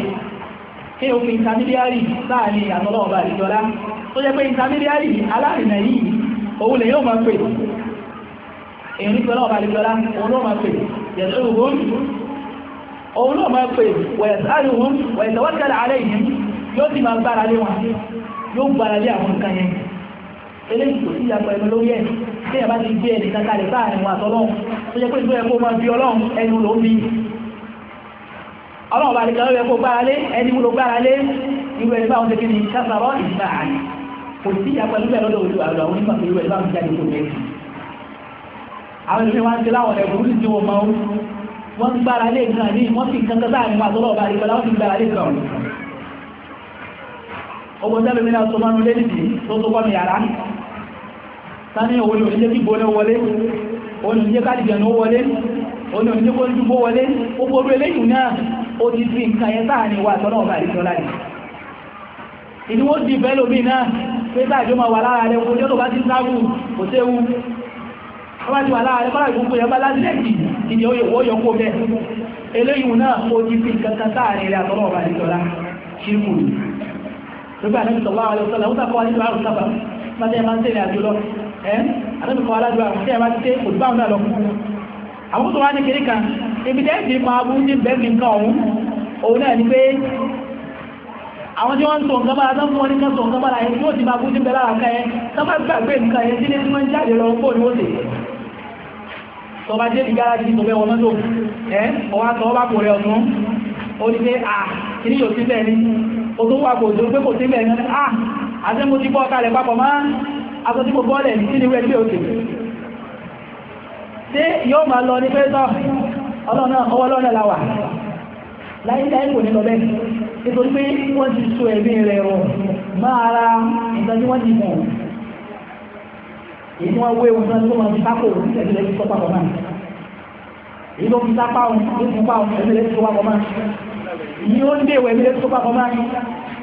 kéèyàn fi intermediary láàrin àtọ́lọ́ọ̀bà àdìjọ́lá tó jẹ́ pé intermediary alárinà yìí òun lè yóò máa pè èyàn nípa ọlọ́ọ̀bà àdìjọ́lá òun ló máa pè yẹ̀sọ́ òun òun ló máa pè wẹ̀yẹ̀sọ́ yóò ti máa gbára lé wọn yóò gbára lé àwọn nǹkan yẹn eléyìí kò sí ìyàpọ̀ ẹnu lórí ẹ̀ tí ẹ̀ bá ti gbé ẹnì kan kalẹ̀ sáà ẹ̀wọ̀n àtọ́lọ́hún tó jẹ́ pé ìgbé ẹ̀kọ́ máa bí ọlọ́run ẹnu ló ń bí ọlọ́run bá lè kàn lọ́wọ́ ẹ̀kọ́ gbára lé ẹni wúlò gbára lé irú ẹni báwọn tẹ́kí ni sáfàrọ́ ìgbà àní kò sí ìyàpọ̀ ẹnu lọ́dọ̀ olú àwọn àwọn onímọ̀ pé irú ẹni báwọn jáde kò bẹ́ẹ̀ àwọn ìlú wọn ti láwọn ẹ̀kọ́ orí ti wọn máa wọ́n ti gbára lé nǹkan ní wọ́n ti nǹkan kẹta àwọn àtọ́lọ́ ọba àdìgbọ́lá wọ́n ọgbọ́n tẹ́lẹ̀ mi náà tó máa ń lé nìdí tó tó kọ́ mi yàrá sani òun ni oníjẹ́ kígbó ní wọlé òun ni oníjẹ́ kálìjẹ̀ ní wọlé òun ni oníjẹ́ kó dúgbó wọlé ó gbogbo eléyìí náà ó ti fi nǹkan yẹn sáàrin wa àtọ́nà ọ̀gá àdìsí ọ̀la ni ìdí wọ́n di bẹ́ẹ̀ lómi náà pé sáàjọ́ máa wà lára rẹ̀ ojú ọ̀dọ̀ bá ti sáàbù kò séwu wọ́n bá ti wà lára rẹ̀ fọ́nà ìgbókò yẹn bá lásìlẹ̀kì ìdí ó yọ kó bẹ́ẹ̀ eléyìí náà ó ti fi nǹkan kan sáàrin rẹ̀ àtọ́nà ọ̀gá àdìsí ọ̀la ṣírkù ni. nígbà náà ti sọ̀rọ̀ àwọn ọ̀sán làwọn sàkọ́wà nínú àrùn sábà máa tẹ́ máa ń tẹ̀lé àjò lọ ẹ́ àtọ́bìkọ́ aládùúgbà tí ẹ bá ti dé olùbáwọn náà lọ fún un àwọn tó wá ní kiri kan ibi tẹ́ ti máa bú ní bẹ́ẹ̀ nìkan ọ̀hún òun náà ni pé àwọn tí wọ́n ń sọ nǹkan bára tán fún wọn nìkan sọ nǹkan bára yẹn tí ó ti máa bú ní bẹ́ẹ̀ lára kan yẹn sábà gbàgbé nǹkan yẹn sílé tí wọ́n jáde lọ fóònù ó sì tọba jẹ́ ìgbà láti tó bẹ́ wọmọ́tò ẹ́ ọwá tọ́ bá kò aṣọ tí mo bọ́lẹ̀ ní kí ni wẹ́ẹ́ gbé òkè ṣé yóò máa lọ ní pé tọ́ ọlọ́nà ọwọ́ lọ́nà la wà láyé láyé kò ní lọ bẹ́ẹ̀ nítorí pé wọ́n ti so ẹ̀mí rẹ̀ rọ̀ máa ra nǹkan tí wọ́n ti mọ̀ èyí wọ́n wé ohun tó máa fi sáko ẹ̀sẹ̀ lẹ́yìn tó pàpọ̀ máa èyí ló fi sápá ohun tó fi pa ohun ẹ̀sẹ̀ lẹ́yìn tó pàpọ̀ máa ìyí ó ń dé ìwẹ̀ ẹ̀sẹ̀ lẹ́yìn tó pàpọ̀ máa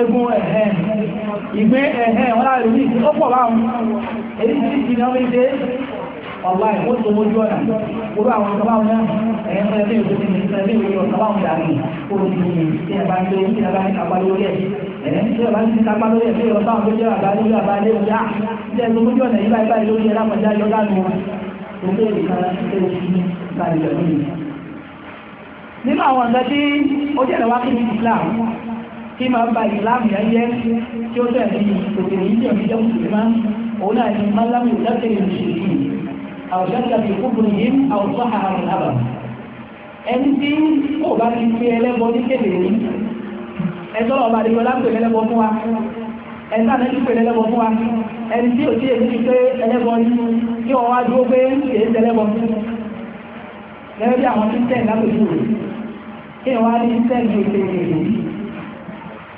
egun ẹ̀hẹ́ ìgbé ẹ̀hẹ́ wọ́n láàrin ní ó pọ̀ báwọn èyí tí ìdí ọmọ ìdé ọ̀gbà ìwọ́n tó mójú ọ̀nà gbogbo àwọn ìjọba wọn ẹ̀yẹn fún ẹgbẹ́ ìwé ní ìpínlẹ̀ ìwé ọ̀sán wọn dàrí kóró ní tí ẹ bá ń lé tí ẹ bá ń kápá lórí ẹ̀ ẹ̀yẹn tí ẹ bá ń ti kápá lórí ẹ̀ tí ẹ bá ń lójú àbá lójú àbá lé ọjà tí ẹ tó mójú ọ̀nà yìí báyìí báyìí kí máa ba ìlàmù yẹn yẹ kí ó tẹ̀lé òkè ní ìjọ ìjọ mùsùlùmá òun náà ní málámù lẹ́tẹ̀lẹ̀ òṣèlú àwùjọ ìjọba ìkúbùrù yìí àwùjọ àrùn àbà ẹni tí kò bá ti fi ẹlẹ́bọ ní kébèrè ẹjọ́ ọba àdìgbò lápè lẹ́lẹ́bọ fún wa ẹ̀ta náà ti pè lẹ́lẹ́bọ fún wa ẹni tí ò tí èyí ti pé ẹlẹ́bọ ní kí wọ́n wá dúró pé èyí tẹ́lẹ́bọ lẹ́yìn fún rẹ̀ kí wọ́n wá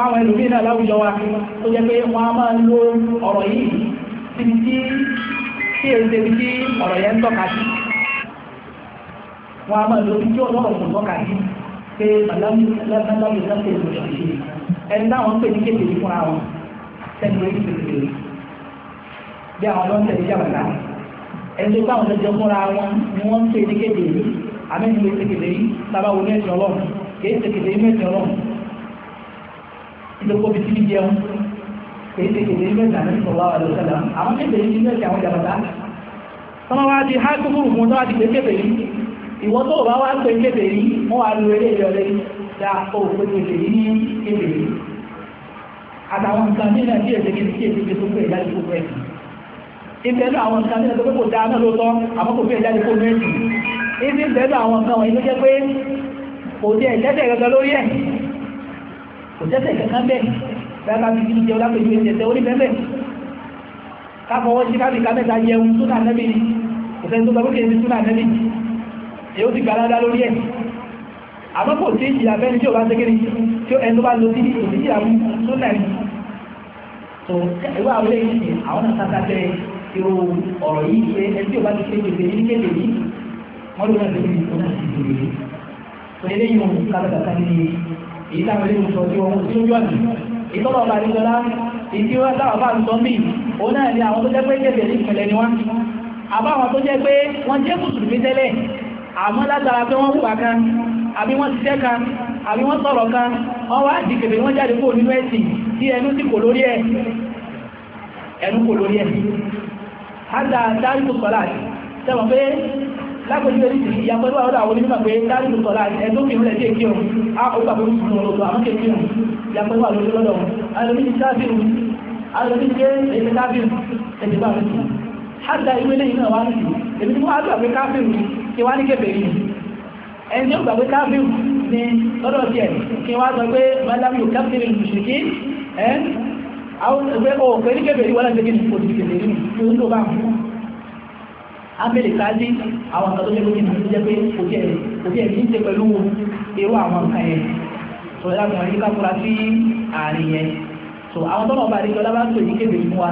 fáwọn ẹlòmíì náà láwùjọ wa tó jẹ́ pé wọ́n á máa ń lo ọ̀rọ̀ yìí síbi tí tí èyí ṣe bí tí ọ̀rọ̀ yẹn ń tọ́ka sí wọ́n á máa lo ibi tí ọlọ́rọ̀ kò tọ́ka sí pé aláwùjọ náà ṣe ìròyìn yìí ẹni táwọn ń pè ní kékeré fúnra wọn sẹ́ni lórí kékeré bí àwọn ọlọ́ńtẹ̀ ní jàbàtà ẹni tó báwọn lọ́jọ́ fúnra wọn ni wọ́n ń pè ní kékeré yìí tábà wọlé ẹ̀sìn ọlọ́run ilé kó fi síbi jẹun kèé ṣe kèé ní mẹ́ta ní sọ̀rọ̀ àwọn àlọ́ sẹ́lá àwọn kébèrè ní mẹ́ta àwọn jàbàtà tọ́mọ wá di há kúkúrú fún tọ́wá ti pé kébèrè ìwọ́n tó bá wá pé kébèrè wọ́n wá lu eré ìrọ̀lẹ́ dá ó pé kébèrè ní kébèrè àtàwọn nǹkan nínú àti èdè kí kí èdè tó pé ìdájú kó pẹ́ẹ́sì kò jẹ́sẹ̀ kankan bẹ́ẹ̀ bẹ́ẹ̀ bá fi fi jẹun lápẹjú ẹ̀sẹ̀ orí bẹ́ẹ̀ bẹ́ẹ̀ káfọwọ́ sí káfí ká mẹ́ta jẹun súnà nẹ́bí ni kò sẹ́ni tó gbọ́kẹ́ sí súnà nẹ́bí èyí ó ti gbà ládá lórí ẹ̀ àmọ́ kò sí ìjìyà bẹ́ẹ̀ ni tí ò bá ṣẹ́kẹ́ni tí ẹni tó bá lo sí ìjìyà súnà ni tó ìwà àwọn èyí ni àwọn náà sáta tẹ irú ọ̀rọ̀ yìí pé ẹni tí ò bá ti ṣe kéde ní kéde yìí wọ́n ló náà ti ṣe èyí táwọn ilé ìwòsàn tí wọ́n tí ó yọ̀ ní ìtọ́lọ̀ ọba àdìsọ́lá ìdí wọ́n táwọn bá ń sọ mí òun náà ni àwọn tó jẹ́ pé jẹ́bẹ̀ẹ́ ní ìpìlẹ̀ ni wọ́n àbáwọn tó jẹ́ pé wọ́n jẹ́ mùsùlùmí tẹ́lẹ̀ àmọ́ látara pé wọ́n wùwà kan àbí wọ́n ṣiṣẹ́ kan àbí wọ́n sọ̀rọ̀ kan wọ́n wá di kèbè wọ́n jáde kúrò nínú ẹ̀sìn tí ẹnu sì kò lórí ẹ̀ ẹnu kò lórí ẹ̀ lápẹjú ẹni tìí ìyá pẹ̀lú àwọn àwọn onímọ̀ pé dárí ló sọ̀rọ̀ àti ẹ̀dùn kìí rẹ̀ sí èké o a ó gbà pẹ̀lú ìṣúná olóòtú àwọn kéèké o ìyá pẹ̀lú àwọn olóòtú lọ́dọ̀ alẹ́bí ti sáfìrù alẹ́bí ti gé èdè sáfìrù èdè bá mi hàtà ìwé lẹ́yìn náà wá ní ìlú èmi ni wọ́n á gbà pé káfíìrù kí wá ní kébèrè ẹni tí ó gbà pé káfíìrù ni lọ́dọ̀ tiẹ̀ kí wá sọ pé mọ́lámi ò káfíìrù lùsùkí ẹ́ àwọn ẹgbẹ́ òkè ní kébèrè wọ́n láti gbé ní kò ámbẹ̀lẹ̀ sáájú àwọn nǹkan tó jẹ́ lókè nínú jẹ́ pé kò tí ẹ̀ kò tí ẹ̀ ní ṣe pẹ̀lú irú àwọn nǹkan yẹn tó lágbọ̀n yìí káfúra sí àárín yẹn tó àwọn tọ́lọ̀ ọba àdéjọ lábá tó ní kébè fún wa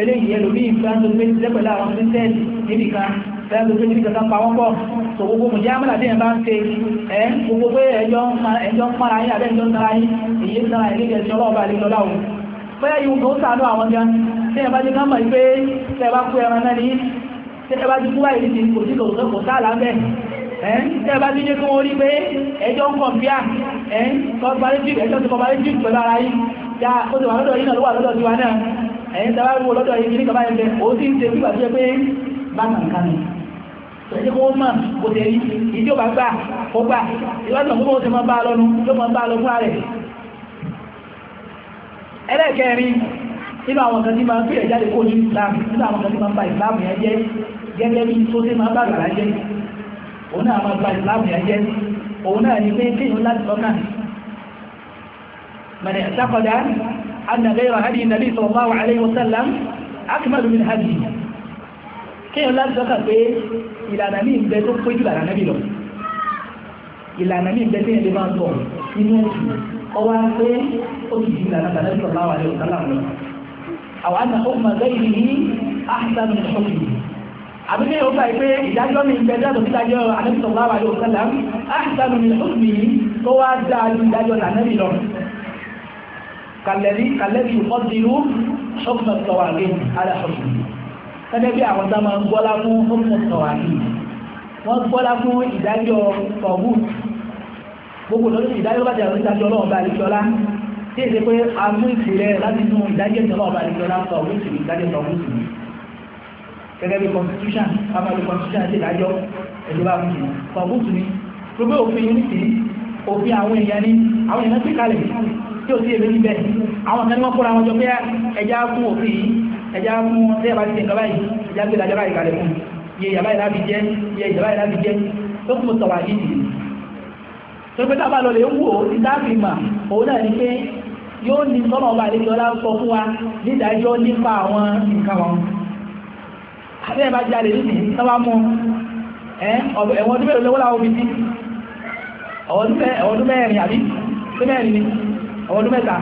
eléyìí ẹlòmíì fẹ́ tó gbé ti pẹ̀lú àwọn kírísítẹ́ẹ̀lì níbì kan fẹ́ tó gbé níbi kankan pa wọ́pọ̀ tó gbogbo mùjẹ́ àmàlà tí ẹ̀ bá ń ṣe ẹ̀ gbogbo pé ẹjọ́ ń para yín àbẹ́ẹ̀jọ́ ń tara yín èyí ń tara ìlú ìjẹ̀sìn ọlọ́ọ̀ba àdéjọ láwùjọ bóyá yìí tó sàánú àwọn gan tí ẹ bá jẹ́ kámọ̀ ìpé tẹ tẹ́ bá ti kú báyìí ti kò sí lòsàn kò sáà lábẹ́ tẹ́ bá ti jẹ́ kí wọ́n rí pé ẹjọ́ ń kọ̀m̀píà cooperative ya ó ti wà lọ́dọ̀ yìí náà ló wà lọ́dọ̀ tiwa náà ẹ̀yìn tẹ́ bá wọ lọ́dọ̀ yìí kí ní kaba yẹn bẹ́ẹ̀ ó ti ń ṣe fígbà tó yẹ pé bákan kan ni ẹjẹ́ kó mọ̀ kò tẹ̀ yí ìdí ò bá gbà kó gbà ìwádìí ọ̀gbọ́n ti máa bá a lọ́nu ló máa bá a lọ fúnra rẹ̀ ẹlẹ́ẹ̀kẹrin nínú àwọn kan tí máa ń fi ẹ̀jáde kó ní ìlànà gẹ́gẹ́ bí tó ṣe máa bá àgbàrá jẹ́ òun náà máa gba ìsìláàmù yẹn jẹ́ òun náà ní pé kéèyàn láti lọ́nà mẹ̀rẹ̀ ìtàkọ̀dá anàgẹ́rọ hadi nàbí sallallahu alaihi wasallam akmalu min hadi kéèyàn láti lọ́kà pé ìlànà ní ìgbẹ́ tó pé jù lànà bí lọ ìlànà ní ìgbẹ́ tẹ́yẹ̀ lè máa tọ̀ nínú ẹ̀sùn ọwá pé ó ti di ìlànà tàbí sallallahu alaihi wasallam lọ àwọn àna àbí kí ọgbà ìpé ìdájọ́ mi ìgbẹ́ dájọ́ ìdájọ́ àdébìtọ̀gbà wà yóò sẹ́lá áìsànù mi ó sì tó wá dáa ju ìdájọ́ tànẹ́bì lọ kàlẹ́rí kàlẹ́rí ìfọ́dìrú ṣọ́kùnà tọ̀wàgé aláṣọ́kù gẹ́gẹ́ bí àwọn tá máa ń gbọ́lá fún ṣọ́kùnà tọ̀wàgé wọ́n gbọ́lá fún ìdájọ́ tọ̀gù gbogbo lórí ìdájọ́ bá jẹ́ ìdájọ́ ọlọ́run bá àlejọ́lá tí èsè pé a mú ìpìlẹ̀ láti inú ìdájọ́ ìjọba ọba àlejọ́lá tọ̀gù sí ìdájọ́ tọ̀gù sí gẹ́gẹ́ bí constitution amadu constitution àti ìdájọ́ ẹ̀jọba àmúyẹ kọ̀ọ̀bùtù ni gbogbo òfin nìkì òfin àwọn èèyàn ni àwọn èèyàn ti kalẹ̀ tí ò sí èmi níbẹ̀ àwọn kan ní wọ́n kóra wọn jọ pé ẹja fún òfin yìí ẹja fún ṣé ẹ bá ti ṣe nǹkan báyìí ẹja gbé ìdájọ́ báyìí kalẹ̀ fún iye ìyàbá ìlà fi jẹ́ iye ìjọba ìlà fi jẹ́ tó kún mọ́ sọ̀rọ̀ àyíjì tó pé tábà lọ lè ń wò ìdáàbìmà òun náà ni pé yóò ní sọ́nà ọba àlejò ọlá sọ fún wa nídàájọ́ nípa àwọn nǹkan wọn àtẹ́yìn bá jáde níbi sábà mú ẹ̀wọ̀n tó mẹ́rin lọ́wọ́ láwọn omi sí ẹ̀wọ̀n tó mẹ́rin àbí tó mẹ́rin ni ẹ̀wọ̀n tó mẹ́ta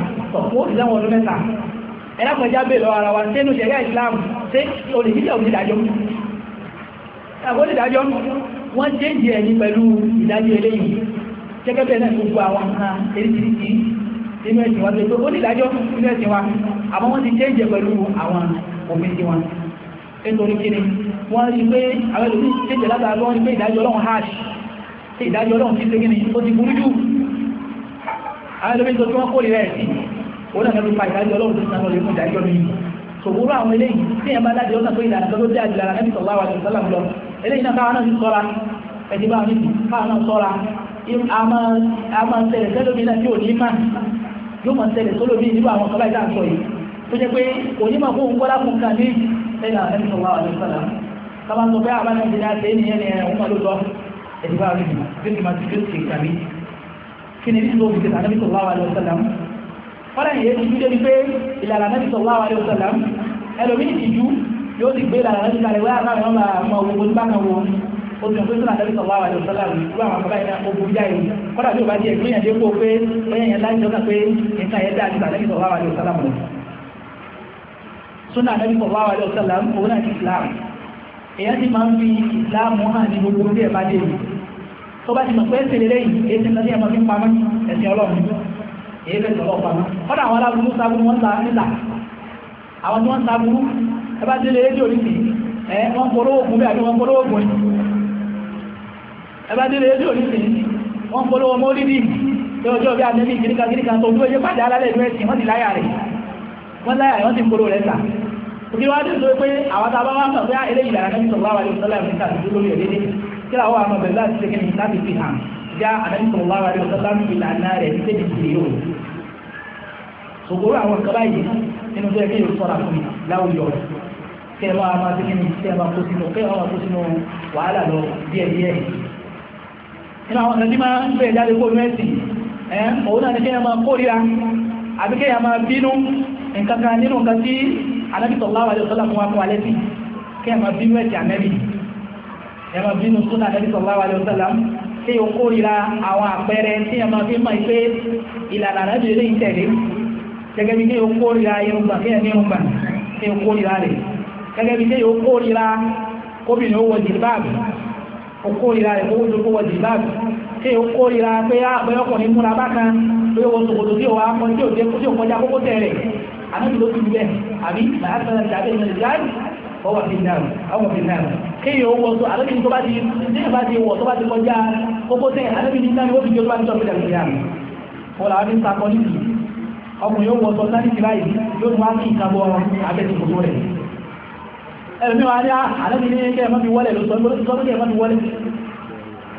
wọ́n tó mẹ́ta ẹ̀dàpọ̀já bèèrè lọ ara wa sẹ́nu ṣẹ̀yà ìsìláàmù ṣé nítorí kí ni wọ́n rí pé àwọn ìlú tètè látara lọ́wọ́ ní pé ìdájọ́ ọlọ́run harsh tí ìdájọ́ ọlọ́run ti ṣe kí ni ó ti burú jù àwọn ìlú tó tí wọ́n kórìíra ẹ̀ sí òun náà nípa ìdájọ́ ọlọ́run tó sanwó lè fún ìdájọ́ mi àwọn eléyìí tí ẹ̀ bá dájọ́ ọ̀sán tó sọ̀rọ̀ àwọn eléyìí náà náà ti a lẹ́yìn àlẹ́ sọ̀rọ̀ àwọn ọ̀dọ́ sọ̀rọ̀ kọ́má sọ pé àbájá ti dá ṣe é nìyẹn nìyẹn òun pẹ̀lú lọ ẹ̀dí bá rí bíi kìmá ti bíi kìkà mi kí ni bí lóògì tẹ̀sán àlẹ́ sọ̀rọ̀ àwọn ọ̀dọ́ sọ̀rọ̀ wọ́n lẹ́yìn yéé tuntun débi pé ìlànà àlẹ́ sọ̀rọ̀ àwọn ọ̀dọ́ sọ̀rọ̀ ẹlòmíì ti ju yóò ti gbé ìlànà àlẹ́ sọ̀rọ̀ àwọn ọ̀dọ́ sọ̀rọ̀ àwọn ọ̀dọ́ sọ̀rọ̀ obìnrin pé sọ́nà àtẹ́bí sọ̀rọ̀ àwọn ìṣọ́lá ìlú àwọn àbábá ìná ogun jáì kọ́dà bí ó bá di ẹ̀gbìn ẹ̀dẹ́gbò pé ẹ̀yẹ̀yẹ̀ láìsọ́nà pé nǹkan ẹ̀dá àti àtẹ́bí sọ̀rọ̀ àwọn ìṣọ́lá mọ̀ súnà ànábì sallallahu alaihi wasallam òun náà ní islam èyàn ti máa ń fi islam hàn ní gbogbo orí ẹ̀ bá dé mi tó bá ti mọ̀ pé ẹsẹ̀ lélẹ́yìn èsì ńlá ní ẹ̀mọ́ fi ń pamọ́ ẹ̀sìn ọlọ́run èyí fẹ́ sọ̀rọ̀ pamọ́ kọ́dà àwọn aláburú sábúrú wọn ta níta àwọn tí wọ́n sábúrú ẹ bá délé rédíò nìkì ẹ wọ́n polówó ògùn bẹ́ẹ̀ àbí wọ́n polówó ògùn ẹ bá délé rédíò nìkì wọ́n polówó mọ́lídìí lọ́jọ́ bí anẹ́bí kìríkà kìríkà tó dúró yé pàdé alálẹ̀ ìlú ẹ̀sìn wọ́n ti láyà rẹ̀ wọ́n láyà wọ́n ti ń polówó rẹ̀ ta òkè wá dé sọ pé àwọn tá a bá wá sọ pé eléyìí lára nàbí sọ̀rọ̀ àwọn àlejò sọ́lá ìrìnkà tó lórí ẹ̀ dédé kí làwọn àmọ̀ bẹ̀rẹ̀ láti ṣe kẹ́ni láti fi hàn já ànábì sọ̀rọ̀ àwọn àlejò sọ́lá ìlànà rẹ̀ ní tẹ́lẹ̀ ti yóò sòkòrò àwọn kan báyìí nínú tó yẹ kí yóò sọ̀rọ̀ àfún láwùjọ kí ẹ máa máa tẹ́kẹ́ni kí ẹ máa kó sínú kí ẹ máa kó sínú wàhálà lọ díẹ̀ nínú àwọn àbí kéèyàn máa bínú nǹkan kan nínú nǹkan tí Ànábì sallallahu alaihi wasallam fún wa fún wa lẹ́sìn kéèyàn máa bínú ẹ̀sìn Ànábì kéèyàn máa bínú sódà Ànábì sallallahu alaihi wasallam tí o kórira àwọn àpẹẹrẹ tí a máa fi máa pé ìlànà àdájọ́ o kórira irungba kí ẹni irungba kí o kórira rẹ̀ gẹ́gẹ́ bí o kórira kóbìnrin ó wọ o kórira rẹ̀ kí o kórira pé àpẹọkùnrin múra bákan pé o sòkòtò tí o wà kọ́ tí o dé tí o kọjá kókó tẹ̀ rẹ̀ ànábì ló tún bẹ́ẹ̀ àbí màásàlá tàbí ìmọ̀lẹ̀ jáde ọwọ́ fi náà ọwọ́ fi náà kí o wọ tó ànábì tó bá ti ní ìbá ti wọ̀ tó bá ti kọjá kókó tẹ̀ ànábì ní náà ni ó fi jẹ́ tó bá ti tọ́jú dàgbé yàrá wọn làwọn fi ń sakọ níbi ọkùnrin yóò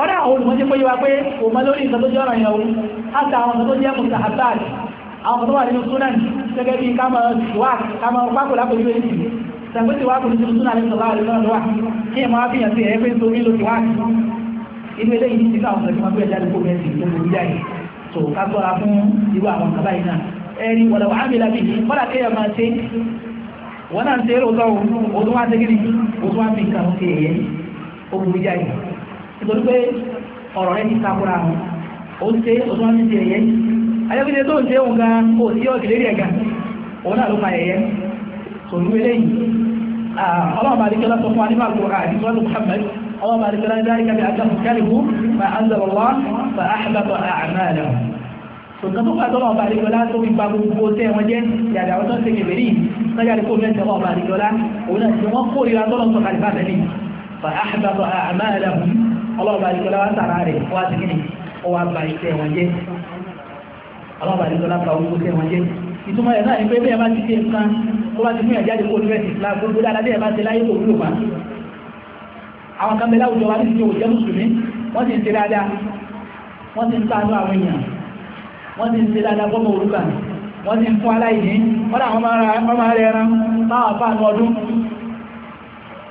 kọ́dá àwọn olùmọ́jẹ́ pé yíwa pé òmọ lórí ìsọ tó jẹ́ ọ̀rọ̀ ìyàwó àti àwọn ọ̀sọ̀ tó jẹ́ mùsà àbáàd àwọn tó wà nínú súnan gẹ́gẹ́ bí kámọ̀ wà kámọ̀ pákó lápòjú lé nìyí sàgbé ti wà kò nínú súnan ní sọ̀lá àlè lọ́dọ̀ wà kí ẹ̀ máa fi hàn sí ẹ̀ pé nítorí ló ti wà inú ilé yìí ti ká àwọn ọ̀sẹ̀ gbé ẹ̀jáde kó mẹ́sì tó lórí jáde tó ká sọ́ra fún irú àwọn kaba yìí nítorí pé ọ̀rọ̀ rẹ̀ ti takura àwọn ó ń ṣe òtún wọn ti ẹ̀yẹ ayọ́kẹ́lẹ́ tó ń ṣe òun gan kò sí ọ̀gẹ̀lẹ́ rẹ̀ gan òun náà ló ma ẹ̀yẹ tòlú eléyìí ọlọ́run bá dikẹ́lá sọ fún wa nínú àgbo àdìsọ́lù Muhammad ọlọ́run bá dikẹ́lá ń dárí kábí àjọ kálíhù fa anzalọ́lá fa ahbata a'mala tòkàn tó pàtó ọlọ́run bá dikẹ́lá tó fi gba gbogbo tẹ́ wọn jẹ́ yàrá àwọn tó ń ṣe kébèrè sájà lè kó mẹ́tẹ̀ ọlọ́run bá dikẹ́lá òun náà ti wọ́n kórìíra tọ́lọ́ sọ kàlífà tẹ́lẹ̀ fa ahbata a'malahum ọlọ́ọ̀bà àdìgbọ́lá wá tààrà rẹ̀ wá sí kíni ó wá ba iṣẹ́ wọn jẹ́ ọlọ́ọ̀bà àdìgbọ́lá ba owó iṣẹ́ wọn jẹ́ ìtumọ̀ ẹ̀ náà ni pé bẹ́ẹ̀ bá ti ṣe nǹkan tó bá ti fún ìyàjáde kó lórí ẹ̀sìn islam gbogbo dáadáa bẹ́ẹ̀ bá ti láyé kò wúlò máa àwọn kan bẹ́ẹ̀ láwùjọ wa ní ìṣe òjẹ́ mùsùlùmí wọ́n ti ń ṣe dáadáa wọ́n ti ń ṣàánú àwọn èèyàn wọ́n ti ń ṣe dáadáa fọ́mọ òrukàn wọ́n ti ń fún aláìní wọ́n dà wọ́n máa rẹ ẹran báwọn fáànù ọdún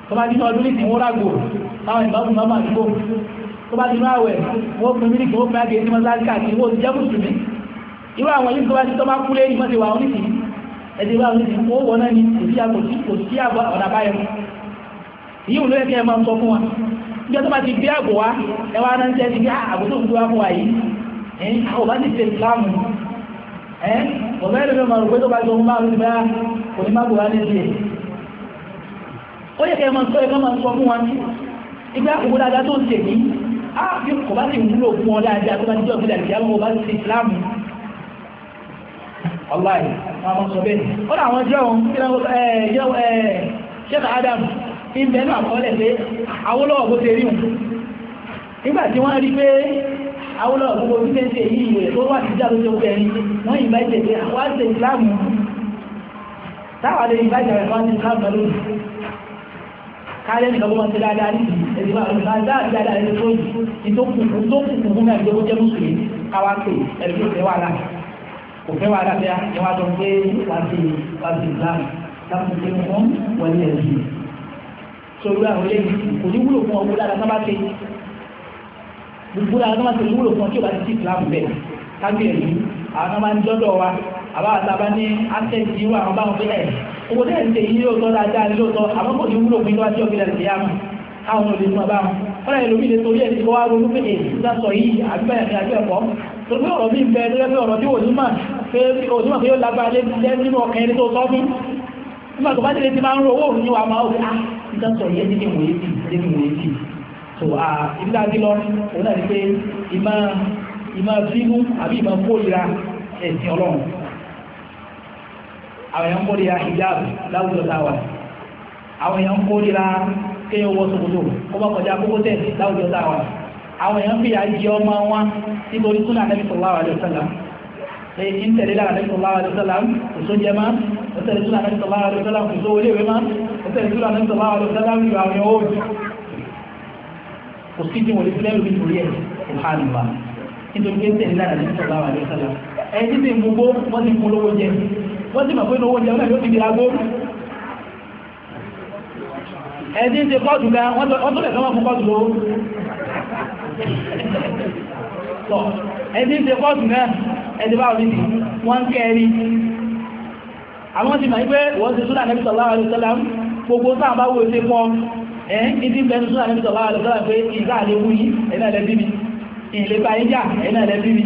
tó bá dínú ọdún nìsín wọ́n rágò táwọn ìbámu máa máa dúgbò tó bá dínú àwẹ̀ wọ́n pin mílíkì wọ́n pin àgẹ̀ẹ́sì máa sáré káàkiri wọ́n ti jẹ́ mùsùlùmí irú àwọn yìí tó bá ti tọ́ bá kú lé ìmọ̀ ti wà wọn nìsín ẹ̀dẹ̀ wà wọn nìsín wọ́n wọ náà ni kò sí àbọ̀ ọ̀nà báyọ̀ yìí wọ́n ló yẹ kí ẹ máa sọ fún wa ìjọ tó bá ti gbé àgbò wá ẹ wá náà ń tẹ́sí bí àgbò tó ń gbé wá fún wa yìí ẹ̀yìn àwọn bá ti ṣe ìsìláàmù ẹ̀ ọ̀bẹ́ ẹ̀rọ mi máa rò pé tó bá jọ ń bá àwọn ìgbà kò ní má gbò wá ní tiẹ̀ ó yẹ kẹ́ máa sọ ẹ̀kọ́ máa sọ fún wa ní ìgbà àkókò dáadáa tó ń tè ní áàfin kò bá sì wúlò fún ọ dáadáa tó bá jíjọ́ ìgbìlẹ̀ àti àwọn ọba ti ìsìláàmù ọláì wọn máa sọ bẹ́ẹ̀ ó dà àwọn jẹun ṣẹ́ka Adam ní bẹ́ẹ̀nù àkọọ́lẹ̀ pé Awólọ́wọ̀ bó ṣe rí wọn nígbà tí wọ́n rí pé Awólọ́wọ̀ gbogbo bí ṣe ń ṣe yí ìwé tó wà sí ìjà lóṣèlú ẹ̀rin wọ́n yìí bá ìṣẹ̀lẹ̀ àwọn àṣẹ ìsìláàmù táwọn àlejò ìbájà rẹ̀ wọ́n ti ìsìláàmù lọ́lọ́dún kárẹ́ nìkan tó máa ń ṣe dáadáa ní ẹ̀sìn máa ń bá dáadáa dáadáa ẹni tó yìí tó kù tó kù kù fún mẹ́rin tó jẹ́ mùsùlùmí káwá pè ẹni tó fẹ́ wàhálà kò fẹ́ wàhálà bí i wá jọ pé wàá ti wàá ti ìlànà láti ṣe fún wọlé ẹ̀sìn sórí àwọn eléyìí kò ní wúlò fún ọkùnrin dáadáa sábà ṣe gbogbo dáadáa sábà ṣe wúlò fún ọkùnrin tí ò bá ti ti ìlànà bẹ́ẹ̀ kábíyèsí àwọn náà máa ń dọ́dọ̀ wa àbá àtàbá ní access yìí wà wọn bá wọn fi ẹ̀ owó tẹ̀ ń tẹ̀ yìí lóòótọ́ dáadáa ní lóòótọ́ àmọ́ kò ní wúlò fún iná tí ọ̀gbìn ẹ̀sìn yàmù káwọn olè fún ọba wọn fọlá ìlú mi lè torí ẹ̀sìn kó wá ronú pé èyí sísá sọ yìí àbíbáyà ní àjọ ẹ̀kọ́ torí pé ọ̀rọ̀ mi bẹ lórí ọ̀rọ̀ tí onímọ̀ pé onímọ̀ pé yóò lágbára lé nínú ọkàn ẹni ẹ̀sìn ọlọ́run àwọn èèyàn ń kórira hijab láwùjọ táwa àwọn èèyàn ń kórira kéèyàn wọ ṣòkòtò kó bá kọjá kókó tẹ̀ láwùjọ táwa àwọn èèyàn fìyà jẹ ọmọ wọn nítorí súnà Ànábì sallallahu alaihi wasallam èyí ń tẹ̀lé lára Ànábì sallallahu alaihi wasallam kò só jẹ máa ó tẹ̀lé súnà Ànábì sallallahu alaihi wasallam kò só wọlé ìwé máa ó tẹ̀lé súnà Ànábì sallallahu alaihi wasallam ìlú àwọn èèyàn òòrùn kò sí ń tẹ̀lé lára Ànábì sallallahu alaihi wasallam ẹ̀ wọ́n sì mọ̀ pé owó jẹun náà yóò ti di agbó ẹ̀dí ṣe kọ́ọ̀tù ga wọ́n tó lẹ̀ sọ́mọ́ fún kọ́ọ̀tù lówó tọ̀ ẹ̀dí ṣe kọ́ọ̀tù náà ẹ̀dí bá orí wọ́n kẹ́ẹ̀rí àwọn ti máa ń pé wọ́n ti súnà nẹ́bí sallallahu alaihi wasallam gbogbo sáà bá wo ṣe pọ́ ẹ́ ìdí bẹnu súnà nẹ́bí sallallahu alaihi wasallam pé ìgbà àlewú yìí ẹ̀nà ẹ̀lẹ́bí mi ìlẹ́bàá ẹjà ẹ̀nà ẹ̀lẹ́bí mi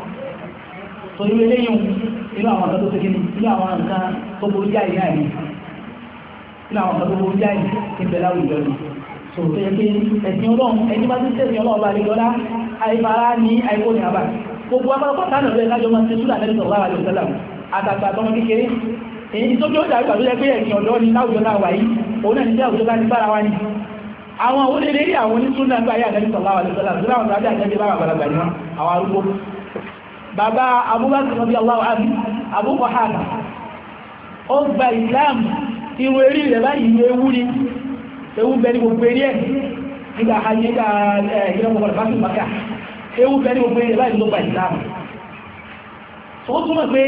tó irú eléyìn inú àwọn nǹkan tó ṣe kíni inú àwọn nǹkan tó burú jáì náà ni inú àwọn nǹkan tó burú jáì ní bẹ̀rẹ̀ àwùjọ ni so tó yẹ pé ẹ̀sìn ọlọ́run ẹni bá ti tẹ̀sìn ọlọ́run bá lè lọ́lá àìfara ní àìkó ní àbá gbogbo apárápátá náà lọ́yẹ kájọ máa ti súlà lẹ́nu sọ̀rọ̀ àwọn àlùsálà àtàgbà tọmọ kékeré èyí tó bí ó dàrú àlùyẹ pé ẹ̀sìn ọ̀dọ́ ni láwùjọ náà wà yìí òun náà ní bí àwùjọ bá ní bára wa ni àwọn òun lè rí àwọn onísúnà gbáyé àdẹ́bí sọ̀rọ̀ àwọn àlùsálà bàbá abúbákì rọ́bí aláwọ̀ àbí abúkọ̀ hàn ó gba islam irun eré rẹ̀ báyìí ewu ni ewu bẹ̀rẹ̀ gbogbo eré ẹ̀ nígbà ayé ká ìrẹ́ mọ̀kànlá bá fi maka ewu bẹ̀rẹ̀ gbogbo eré báyìí ló gba islam tó túnmọ̀ pé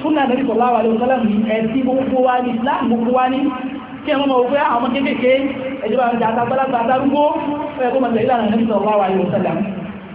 súnà nàbí sallallahu alaihi wasallam ẹ̀sìn gbogbo wa ní islam gbogbo wa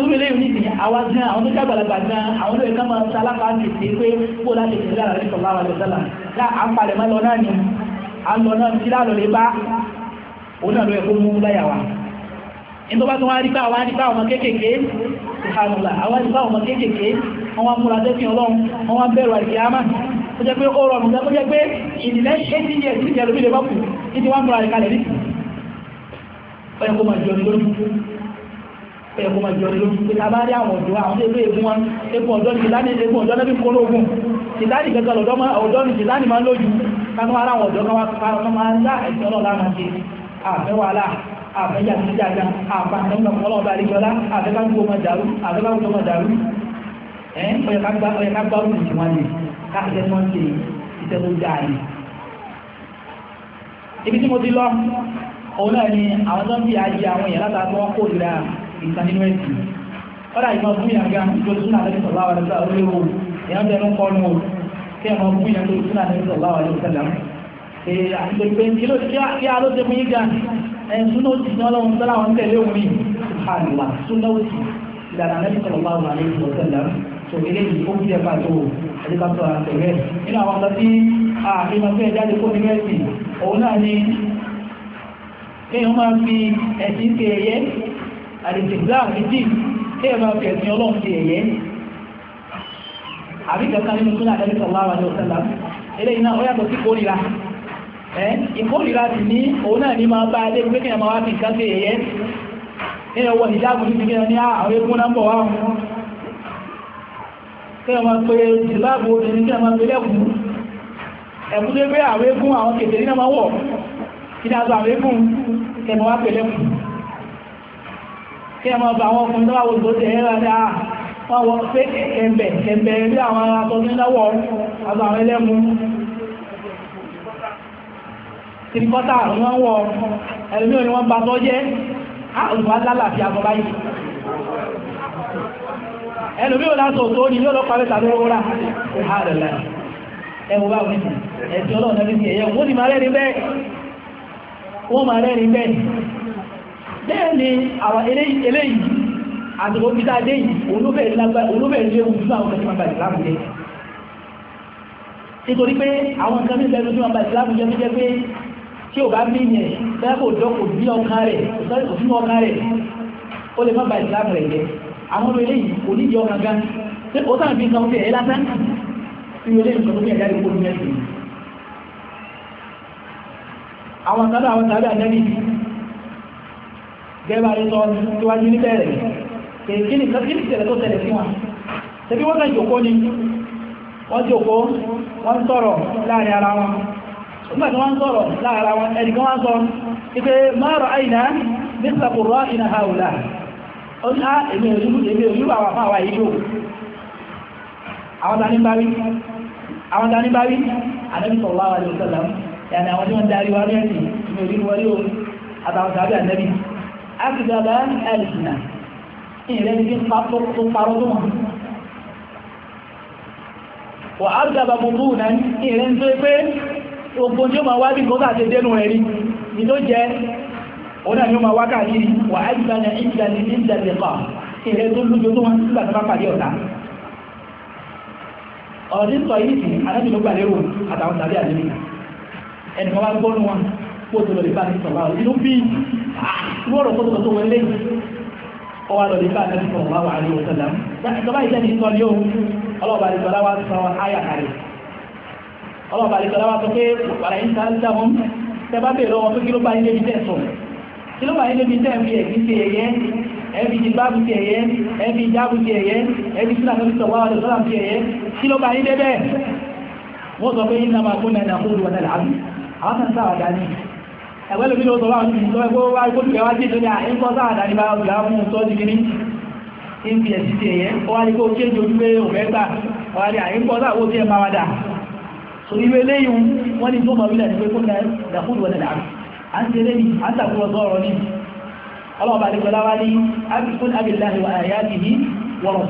torí ilé yìí nìyí àwa gan àwọn tó jágbàlagbà gan àwọn olóyè kan máa sálákà tètè pé kó láti tẹ̀lé àlàyé sọ̀rọ̀ àwọn àlẹ́sọ̀lá dá à ń palẹ̀ máa lọ náà ni à ń lọ náà tí láàlọ́ lè bá òun náà ló yẹ kó mú láyà wa nítorí wọn tó wá rí bá wa rí bá ọmọ kéékèèké ìhànùlà àwa rí bá ọmọ kéékèèké wọn wá múra tẹ́sìn ọlọ́run wọn wá bẹ̀rù àríkìámà ó jẹ́ pé ó rọrùn ó jẹ́ pé ìdílé eighty years ti jẹ́ lóbi lè bọ́ kù ní ti wá múra àríkàlẹ̀ ní. ó yẹ kó máa jọ ní lójú ẹ̀yẹ kó máa jọ ní lójú pé a bá rí àwọn ọ̀dọ́ àwọn ilé egun wọn egun ọ̀dọ́ ní ìlànà egun ọ̀dọ́ lẹ́bí kó lóògùn ìlànà gẹ́gẹ́ lọ́dọ́ ọ̀dọ́ ní ìlànà máa ń lójú kánú ara àwọn ọ̀dọ́ kan máa ń dá ẹ̀sìn ọlọ́ọ̀lá máa ṣe àfẹ́wàlá àfẹ́yà sí dáadáa àfààní ọ̀nà ọlọ́ọ̀bá àríkọlá àfẹ́kágbó máa dàrú àfẹ́kágbó máa dàrú ẹ̀ ọ̀yẹ̀ká gbá òkú tí wọ́n lè káàkiri wọ́n ṣe iṣẹ́ tó dáa ni. ibi tí mo ti lọ òun náà ni àwọn tó ń fi àyè àwọn èèyàn látàkọ́ kó ìlera ìta nínú ẹ̀sìn kọ́dà ìmọ̀ fún ìyàgá ìjọ súnà lẹ́yìn sọ̀rọ̀ àwọn ẹ̀sọ́ àwọn olówó èèyàn bẹ̀rẹ̀ ń kọ́nu o kí ẹ̀mọ fún ìyàgá ìjọ súnà lẹ́yìn sọ̀rọ̀ àwọn ẹ̀sọ́ sẹ́lẹ̀ àti pé kí a ló ṣe fún yíga ẹ̀sùn náà ti yan lọ́wọ́ sọ́lá wọn tẹ̀lé òun yìí àlùwà súnà òsì ìlànà lẹ́yìn sọ̀rọ̀ àwọn ẹ̀sọ́ sẹ́lẹ̀ tó eléyìí ó fi ẹ̀fà tó ẹ̀díkàtọ̀ àtẹ̀rẹ́ nínú àwọn ọ̀sán tí àfihàn fẹ́ jáde kó nínú ẹ̀sìn òun náà ni kéèyàn máa fi ẹ̀sìn kéèyẹ àdìsígbà àdìsí tí ẹ máa fẹ̀ sí ọlọ́run ti ẹ̀yẹ àbí kankan nínú súnà àdàbí sọláwà ní ọ̀sẹ̀ làbí eléyìí náà ó yàtọ̀ sí kórìíra ẹ ìkórìíra sì ní òun náà ní máa bá adé pé kí ẹ máa wá fi nǹkan sí ẹ̀yẹ ní ẹwọ ìdáàbò ní ìgbìyànjú ní àwọn eégún náà ń bọ̀ wá wọn kí ẹ máa pe ìdìláàbò obìnrin kí ẹ máa pe lẹ́kùn ẹ̀kú tó gbé àwọn eégún àwọn kèfèrí náà máa wọ̀ kí ní aṣọ àwọn eégún kí kí ẹ máa bá àwọn ọkùnrin tó bá wo ìgbóṣe ẹ dáadáa wọ́n wọ pé kẹ̀mbẹ̀ kẹ̀mbẹ̀ bí àwọn aṣọ tó ń dáwọ̀ àbọ̀ àwọn ẹlẹ́mu tìrìkọ́tà wọ́n wọ ẹlòmíràn ni wọ́n bá tọ́ jẹ́ á òṣùwà lálàáfíà bọ́ báyìí ẹlòmíràn láti òtó ni yóò lọ pàwẹ́ tàbí owó rà ó hà rẹ̀ lẹ́yìn ẹwọ báwọn ẹ̀sìn ọlọ́run náà ti ẹ̀yẹ wọ́n ti máa rẹ́rin bẹ́ẹ̀ wọ́n máa rẹ́rin bẹ́ẹ̀ bẹ́ẹ̀ ni àwọn eléyìí àtìkò bí dáadé yìí olóbẹ̀ẹ́ léwu fún àwọn kẹsìmọ̀ bá ìsìlámù jẹ́ nítorí pé àwọn nǹkan mìíràn lójú ọba ìsìlámù jẹ́ jẹ́ pé tí ò bá mí yẹn bẹ́ẹ̀ kò dọ́kò bí ọkàn rẹ̀ òfin ọkàn rẹ̀ ó lè má ba ìsìlámù rẹ̀ jẹ́ àwọn olóyè yìí kò ní ìyọ́ gangan tí ó sáà fi nǹkan fi ẹ̀yẹ́ lásán tí olóyè yìí sọ̀rọ̀ ẹ̀yà ìkó ní ẹ̀sìn àwọn kan náà àwọn tàbí àjẹ́bí gẹ́gbà rí sọ síwájú ní bẹ̀rẹ̀ kìí kìí tẹ̀lẹ̀ tó tẹ̀lẹ̀ sí wọn tẹ́bí wọ́n kàn jòkó ni wọ́n jòkó wọ́n ń sọ̀rọ̀ láàrin ara wọn nígbà tí wọ́n ń sọ̀rọ̀ láàrin ara wọn ẹnìkan wọ́n sọ ipe márọ̀ àìná ní sàkùrọ̀ ìnà haùlà ó ní á ah, èmi òyìnbó àwọn afáwà yìí yóò àwọn tani bá wí àwọn tani bá wí ànábì sallallahu alaihi wasallam yàní àwọn tí wọ́n darí wa ní o àtàwọn tàbí ànábì àgbàdà àlìsìnà ìrẹ́ni na tó parọ́ tó wọn wà àgbàdà gbogbo náà ìrẹ́ni tó pé gbogbo tí ó ma wá bí kó tàbí dénú rẹ̀ rí ni tó jẹ́ ọ̀nà ni ó ma wá ọ ọ sọ yìí àtàwọn tàbí wá gbọ́nù wọn kó tó lọ lè bá sọ̀rọ̀ inú bíi ìwọ́rọ̀ kó tó tó wọn lé ọwọ́ àlọ́ nípa àti ẹ̀sìn ọ̀rọ̀ wà ní ọ̀sẹ̀ lám ìjọba ìjẹ́ ní sọ ní o ọlọ́ọ̀bà àlejòlá wa sọ àyà kalẹ̀ ọlọ́ọ̀bà àlejòlá wa sọ pé wàrà yín sá ń dá wọn tẹ bá bèèrè wọn pé kí ló bá ilé ibi sọ kí ló bá ilé ibi tẹ̀ fi ẹ̀gbí ti ẹ̀yẹ ẹ̀fi jìbáàbù ti ẹ̀yẹ ti ẹ̀yẹ ẹ̀fi sílà tó ti ti ẹ̀yẹ kí ló bá ilé bẹ́ẹ̀ wọ́n sọ pé ẹ̀wẹ́ lómi ló sọ báwọn ti sọ ẹgbẹ́ wá ikú tìkẹ́ wá sí ìtọ́jà ẹ̀ńkọ́ sáà dání bá ọ̀gá fún sọ́ di kiri ń fi ẹ̀sì ti ẹ̀yẹ tó ní ọlọ́ọ̀bà ní pẹ̀lá wá ní abikun abilahi wa ayatihi fẹ́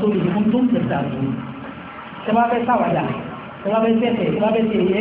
sáwàdà tẹ́lá fẹ́ tẹ́tẹ̀ tẹ́lá fẹ́ tẹ́yẹ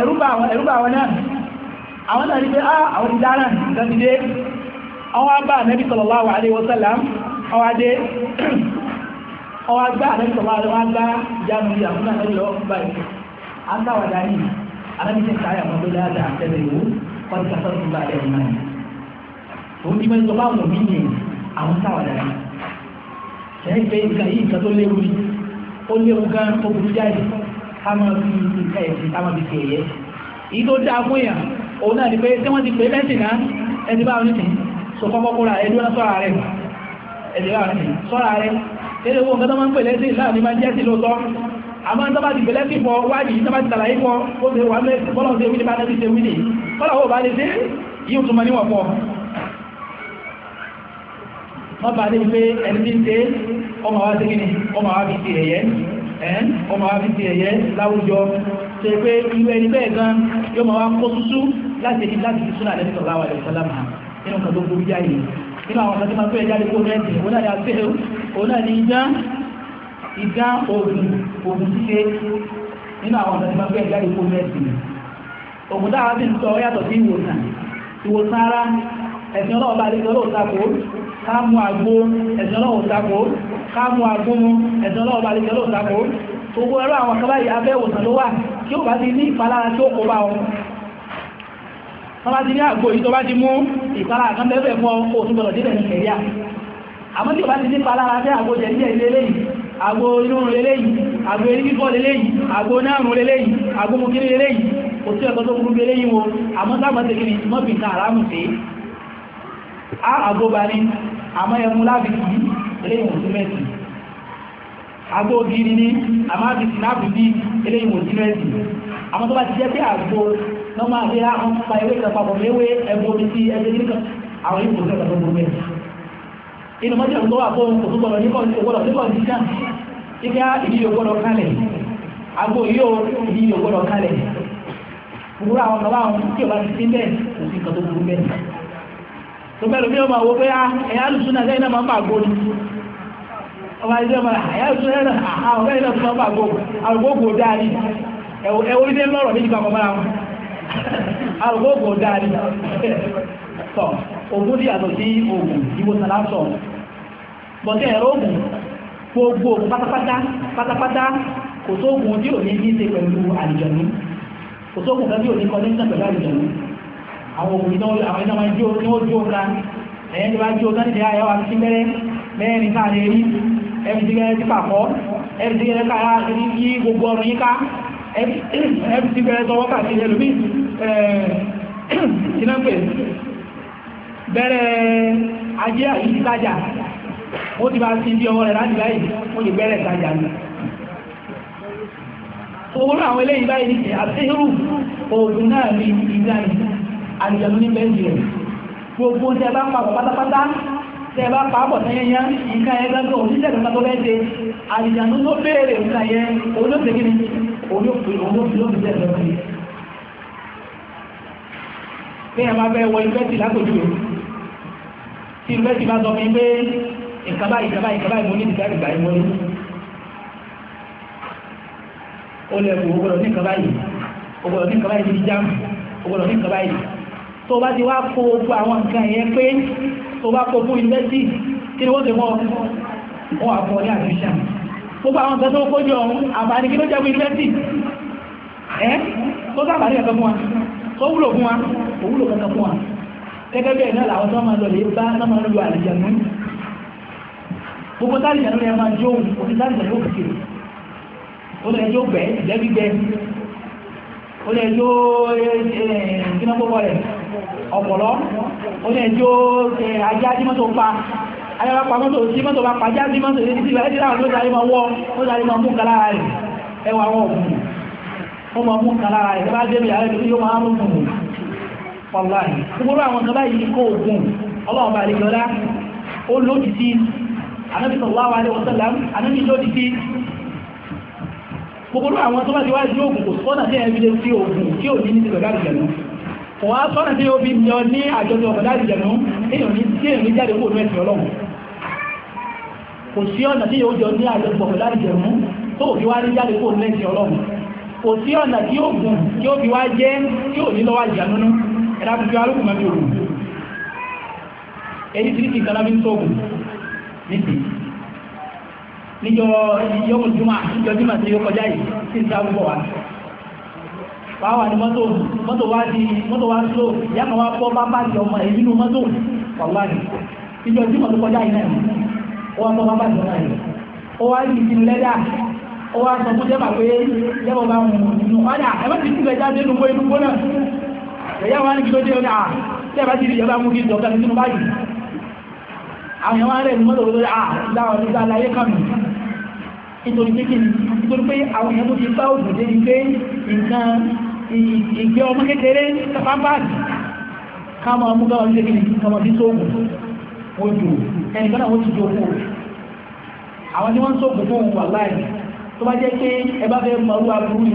ẹ̀rúbà àwọn náà àwọn náà rí pé ah, àwọn ti dára ìdánidé àwọn agbá ànẹ́bí sallallahu alaihi wasallam àwọn adé àwọn agbá ànẹ́bí sallallahu alaihi wasallam agbá ìjánu ìyà fún ànẹ́bí lọ báyìí agbáwàdá yìí ànẹ́bí ti sáyà mọ́ tó dáadáa tẹ́lẹ̀ ìwò kọ́ni kásán tó bá ẹ̀rù náà ká máa fi nǹkan ẹ̀sìn ká máa fi ṣe ẹ̀yẹ èyí tó dáa fún èèyàn òun náà ni pé tí wọ́n ti pè lẹ́sìn náà ẹni bá wọn nìsín so kọ́kọ́ kóra ẹni wọn sọ́ra rẹ̀ ẹni bá wọn nìsín sọ́ra rẹ̀ eré owó nǹkan tó máa ń pè lẹ́sìn láàrin máa ń jẹ́ sí lóòótọ́ àmọ́ tó bá ti pèlẹ́ sí fọ wáyìí tó bá ti tàlàyé fọ ó ṣe wà mẹ́sì bọ́lá ṣe wí ní bá ṣe wí ní kọ́lá ó bá lè ṣe yíò tún máa níwọ̀n fọ wọ́n bá dé pé ẹni tí ń ṣe ọmọ wa ṣe kí ni ọmọ wa fi ṣe ẹ̀yẹ ọmọ wa fi ti ẹ̀yẹ láwùjọ ṣe pé irú ẹni bẹ́ẹ̀ gan yóò máa wá kó tútú láti ẹni láti fi súnà lẹ́nu sọ̀rọ̀ àwọn ẹ̀sọ́ nínú kan tó jáde nínú àwọn máa fẹ́ jáde kó náà náà nínú àwọn máa fẹ́ jáde kó ń sọ yàtọ̀ sí káàmù àgbó ẹ̀sìn ọlọ́wọ̀ tako káàmù àgbómú ẹ̀sìn ọlọ́wọ̀ bá lè jẹ́ lọ́wọ́ tako gbogbo ẹ̀rọ àwọn akẹ́bá yìí abẹ́ ìwòsàn ló wà tí ó bá ti ní ìpalára tí ó kó bá wọn tó bá ti ní àgbò yìí tó bá ti mú ìpalára kan bẹ́ẹ̀ fún ọ òtún gbọdọ̀ débẹ̀ ní kẹ̀ríà àmọ́ tí ó bá ti ní ìpalára bẹ́ àgbò jẹ̀ díẹ̀ ilé lẹ́yìn àgbò inú lélẹ́yìn àgbò erí kíkọ́ lélẹ́yìn àgbò náàrùn lélẹ́yìn àgbò mú kiri lélẹ́yìn kò sí ẹ̀kọ́ tó burú bí eléyìn wọn àmọ́ sáàmọ́ tẹ́kiri àmọ́ ẹmu láti kì í eléyìí wò sí mẹ́sì àgbo gidi ni àmọ́ àti sinapu bí eléyìí wò sí mẹ́sì àmọ́ tó bá ti jẹ́ pé àgbo náà máa fi hàn pa ewé kan papọ̀ méwé ẹmu omi sí ẹgbẹ́ nìkan àwọn ìbò sí ẹ̀ka tó gbogbo ẹ̀ inú mọ́tò ìwọ̀n tó wà fún òkú gbọ́dọ̀ nípa òwúrọ̀ nípa òdìjà ibi ìdíyẹ gbọ́dọ̀ kalẹ̀ àgbo yóò ìdíyẹ gbọ́dọ̀ kalẹ̀ gbogbo àwọn ọmọ báwọn tí ò bá ti sí bẹ́ẹ̀ kò sí nǹkan tó burú bẹ́ẹ̀ tọ́pẹ́lú bí ọmọ àwọn pé ah, ẹ̀yà alùsùn náà lẹ́yìn náà máa gbó ní ọmọ ilé ọmọ ah, ẹ̀yà alùsùn náà àwọn ẹ̀yà alùsùn náà máa gbó àrùgbógbò dáa ní ẹ̀wọ́ ilé lọ́rọ̀ méjì papọ̀ mọ́ra wọn àrùgbógbò ti yàtọ̀ sí ẹ̀rọ gbogbo pátápátá pátápátá àwọn òkùnrin tó àwọn ẹ̀dá máa jó ní ó jó ká ẹ̀yẹ́ ti bá jó ká nídìí ayọ́ wa sí mẹ́rẹ́ mẹ́rin ká lè rí ẹ̀rí ti gẹ́rẹ́ ti pàkọ́ ẹ̀rí ti gẹ́rẹ́ ká yí gbogbo ọrùn yín ká ẹ̀rí ti gẹ́rẹ́ sọ wọ́kà sí ẹlòmí ìnáfẹ́ bẹ̀rẹ̀ ajé àyíkí tájà ó ti bá sí bí ọwọ́ rẹ̀ láti báyìí ó lè bẹ̀rẹ̀ tájà ní owó àwọn eléyìí báyìí ní àti irú oògùn náà ní ìdáyìí àlùjànnú ní bẹ́ẹ̀ jẹ́ gbogbo tẹ bá pa bọ̀ pátápátá tẹ bá pa bọ̀ tẹ́yẹnyá nǹkan yẹn gbàgbọ́ oníṣẹ́ ìgbà tó bẹ́ẹ̀ ṣe àlùjànnú tó béèrè nǹkan yẹn olóògbé kí ni olóògbé olóògbé bẹ́ẹ̀ lọ sí. bẹ́ẹ̀ máa bẹ́ẹ̀ wọ yunifásitì lágbòjú rẹ̀ tí yunifásitì bá sọ mi pé ìkàbá ìkàbá ìkàbá ìmọ̀ ní ìgbà ìgbà ìmọ̀ ní ó lẹ̀ kó o gbọ́dọ̀ ní ìkàbá yìí o gbọ́dọ̀ ní ìkàbá tó bá ti wá kó gbogbo àwọn nǹkan yẹn pé tó bá kó fún yunifásitì kí ni wọ́n ti wọ́n wọ́n àpọ̀ ní àdúṣà gbogbo àwọn nǹkan tó kó jọ àǹfààní kí ló jẹ́ fún yunifásitì ẹ́ tó sábàárí ẹ̀kọ́ fún wa tó wúlò fún wa kò wúlò kankan fún wa gẹ́gẹ́ bí ẹ̀nà làwọn tó máa lọ lè onye ejo jó kínákókó rẹ̀ ajá tí pa ayára pa mọ́tò tí mọ́tò bá pàjá tí mọ́tò ti láti láwọn tó sáré máa ó sáré máa mú nǹkan lára rẹ̀ ẹwà àwọn òkùnkùn ó máa mú lára rẹ̀ máa mú gbogbo àwọn kó ogun ọlọ́ọ̀bà ó lòdì sí gbogbo àwọn tó bá ti wá sí oògùn kò sọ́nà tí ẹbí lè fi oògùn tí ò ní ní ìgbẹ̀dá ìjẹ̀nú kò wá sọ́nà tí ó bí yọ ní àjọjọ ọ̀gbẹ̀dá ìjẹ̀nú èèyàn ní tí èèyàn ní jáde kó mẹ́sìn ọlọ́run kò sí ọ̀nà tí yóò jọ ní àjọjọ ọ̀gbẹ̀dá ìjẹ̀nú tó fi wá ní jáde kó mẹ́sìn ọlọ́run kò sí ọ̀nà tí ó gùn tí ó fi wá jẹ́ tí ò ní lọ́wọ́ ìjànúnú ẹ̀dá tuntun alùpùpù mẹ́fì òògùn èyí tí kì í kanábí ń sóògùn nísìnyí níjọ́ yọmọ juma níjọ́ juma tí ó kọjá yìí sí ìta púpọ̀ wa wàá wà ní mọ́tò mọ́tò wá di mọ́tò wá slow ìyá kan wá bọ́ bábá ọmọ èyí nínú mọ́tò wàhálà ni níjọ́ juma tó kọjá yìí náà ó wá bọ́ bábá ti ọmọ yìí ó wá yìí sínú lẹ́dà ó wá sọ fún jẹ́bà pé jẹ́bà bá mú inú ọ̀dà ẹ̀fọ́ ti sílẹ̀ jáde nínú inú gbó ẹ̀yà wa ní kí ló dé ọ̀dà jẹ́bà ti di ìjọba mú kí ìjọba sínú àwọn èèyàn rẹ̀ ní mọ́tò nítorí pé kí ni nítorí pé àwọn èèyàn tó ti bá òògùn dé ni pé nǹkan ìgbẹ́ ọmọ kékeré sábàbàdì ká máa mú gáwọn ilé kí ni ká máa fi sóògùn wọ́n jù ẹnì kan náà wọ́n ti jọ fún un àwọn tí wọ́n ń sóògùn fún òun wà láì tó bá jẹ́ pé ẹ bá fẹ́ mọ̀rú aburú ni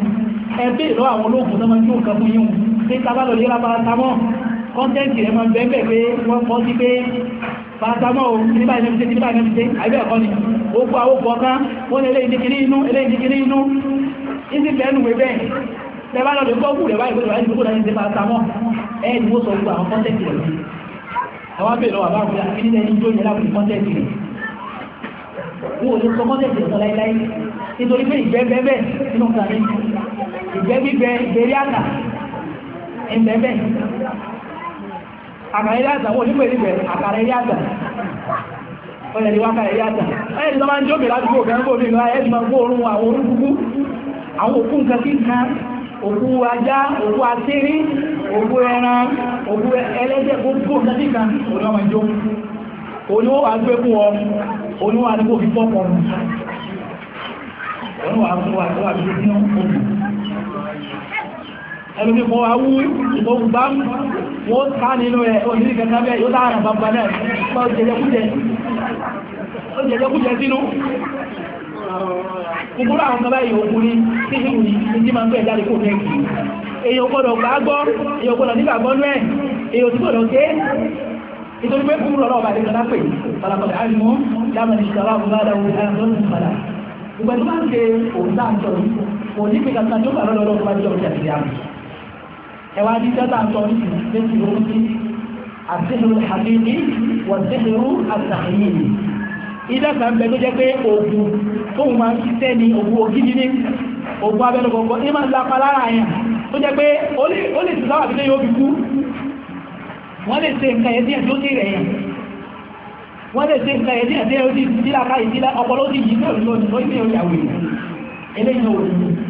ẹ bèèrè lọ àwọn olóògùn náà máa ń jó nǹkan fún yín pé tábàlọ̀ yẹra paratamọ́ kọ́ńtẹ́ǹtì rẹ̀ máa bẹ́ẹ̀ bẹ́ẹ̀ pé wọ́n kọ́ sí pé paracetamol o kìnìbà ẹ̀nà ìṣe kìnìbà ẹ̀nà ìṣe àìbẹ̀ ẹ̀kọ́ ni ó gbọ́ àwọn ọ̀kan wọ́n lè léyìn kìnì inú eléyìn kìnì inú ìsì fẹ́ẹ̀nù wẹ́ bẹ́ẹ̀ lẹ́bàá lọ́dọ̀ gọ́ọ̀gù rẹ̀ báyìí gbọ́dọ̀ láti gbogbo láti ṣe paracetamol ẹ̀ ni ó sọ gbogbo àwọn kọ́ńtẹ́ẹ̀tì rẹ̀ àwọn abẹ́ lọ àbá àkúrẹ́ àti nílẹ̀ ìjọ yẹn láti kọ́ńtẹ́ẹ̀tì rẹ̀ wọn ò lè sọ kọ́ńtẹ́ẹ̀tì rẹ̀ sọ láíláí nítorí pé ìgbẹ́ bẹ́ẹ̀ bẹ́ẹ̀ nínú kàmí ìgbẹ́ gbígbẹ́ ìgbẹ́rí àkà ìgbẹ́ bẹ́ẹ̀ àkàrà ilé àtà wọ́n nípa ìrìnbẹ̀ àkàrà ilé àtà ọ̀yẹ̀ ni wá àkàrà ilé àtà ẹ̀yẹ̀ tí wọ́n máa ń jó mi ládùúgbò kan kó mi lọ ẹ̀ àwọn òkú ajá òkú atírí òkú ẹran òkú ẹlẹ́dẹ̀ gbogbo nǹkan kan òní wọ́n máa jó gbé fún ọ òní wọ́n wá pọ̀ òní wọ́n wá fún wa ẹnu bí wọ́n awú ìbọn gbá wọ́n ká nínú ẹ̀ onílì kẹta bẹ́ẹ̀ yóò dáhàrà bàbá náà pa òjẹ̀jẹ̀kújẹ sínú kúkúrú àwọn kan báyìí òkùnrin tí ìhùn yìí tí máa ń pẹ̀ jáde kó mẹ́kì èyàn gbọ́dọ̀ gbàgbọ́ èyàn gbọ́dọ̀ nígbàgbọ́ nú ẹ̀ èyàn tí gbọ́dọ̀ ké nítorí pé kúrú lọ́wọ́ bàdé kan lápè pàlàpàlà àìmọ́ dámà ní ìṣàlá àwọn bá dáwọn ìlànà tó ń padà ìgbà tó bá ń ṣe òun náà sọ̀rọ̀ òun ní pé kàtàkì ó bà lọ́dọ̀ ọlọ́run bá jọ ìjà ẹwà ní tẹ́tà sọ ní méjì lórí sí àtìhìrù àbíní wàtìhìrù àtàyìnì ilé kan bẹ tó jẹ́ pé oògùn tóun máa ń ṣiṣẹ́ ní oògùn ògidì ní oògùn abẹ́nu kọ̀ọ̀kan ní máa ń lapa lára yẹn tó jẹ́ pé ó lè sì láwà bí lẹ́yìn ó fi kú wọ́n lè ṣe nǹkan ẹ̀dí ẹ̀dí ó sì rẹ̀ yẹn wọ́n lè ṣe nǹkan ẹ̀dí ẹ̀dí ó sì díláka ìdílá ọpọlọ ó sì yí ní òyìnbó ìdílé ìyàwó eléyìí ò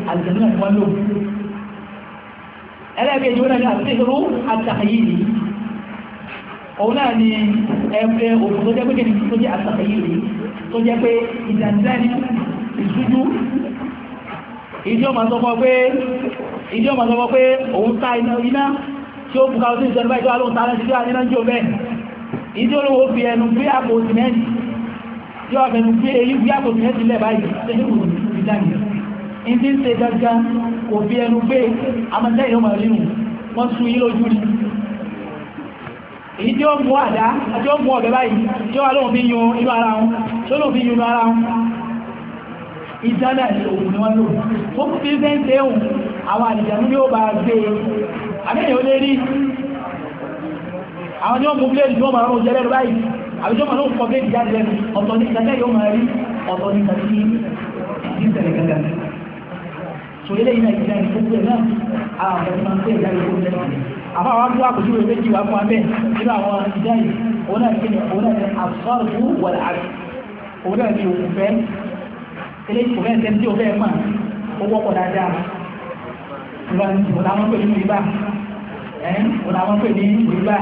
àlùjẹ̀dúnà ni wọ́n lò ẹlẹ́gbẹ̀ẹ́jì wọ́n náà àtìrú àtàkàyìí òun náà ni ẹgbẹ́ òkú tó jẹ́ pé kìnnìkì tó jẹ́ àtàkàyìí tó jẹ́ pé ìdàndínlẹ́ni ìṣújú ìjọba sọ pé òun ta iná tí ó bùkà sí ìṣẹ́lú báyìí tó alóhun tààrẹ sí ìjọba nínú jò bẹ́ẹ̀ ìdí olówó fi ẹnu gbé àpò òsìmẹ́ntì tí ó fẹ́nu gbé eyín gbé àpò òsìmẹ́ntì lẹ́ báyìí ndị ń ṣe gẹ́gẹ́ kò fi ẹnu gbé amọ́tẹ́ ìlú màrínù wọ́n sun yí lójú ni èyí tí ó mú àdá àti ó mú ọ̀bẹ̀ báyìí tí ó wà lóhun fi yun inú ara wọn tí ó lóhun fi yun inú ara wọn ìdáná ní òun ni wọ́n lò ó fi fẹ́ ń tẹ́hùn àwọn àdìjànú ni ó bá gbé e. àbẹ́yìn ó lé rí àwọn ni ó mú bílẹ̀ rún jẹ́lẹ́rú báyìí ọ̀tọ̀ ní ìdájẹ́ yóò máa rí ọ̀tọ̀ ní ìdájẹ́ tó ilé iná ìgbìlẹ̀ ìgbìlẹ̀ ìgbìlẹ̀ náà àwọn ọ̀dọ́ máa ń pè ìdáyé tó lẹ́nu àmọ́ àwọn tó àkójú rẹ̀ méjì wá fún wa bẹ́ẹ̀ nínú àwọn ìdáyé òun náà kíni òun náà ní àsọ́ọ̀rù wà láàrú òun náà ní òkú fẹ́ ilé ìkó fẹ́ tẹ́ tí ó fẹ́ mọ̀ ó wọ́pọ̀ dáadáa òun làwọn pè ní ìbá òun làwọn pè ní ìbá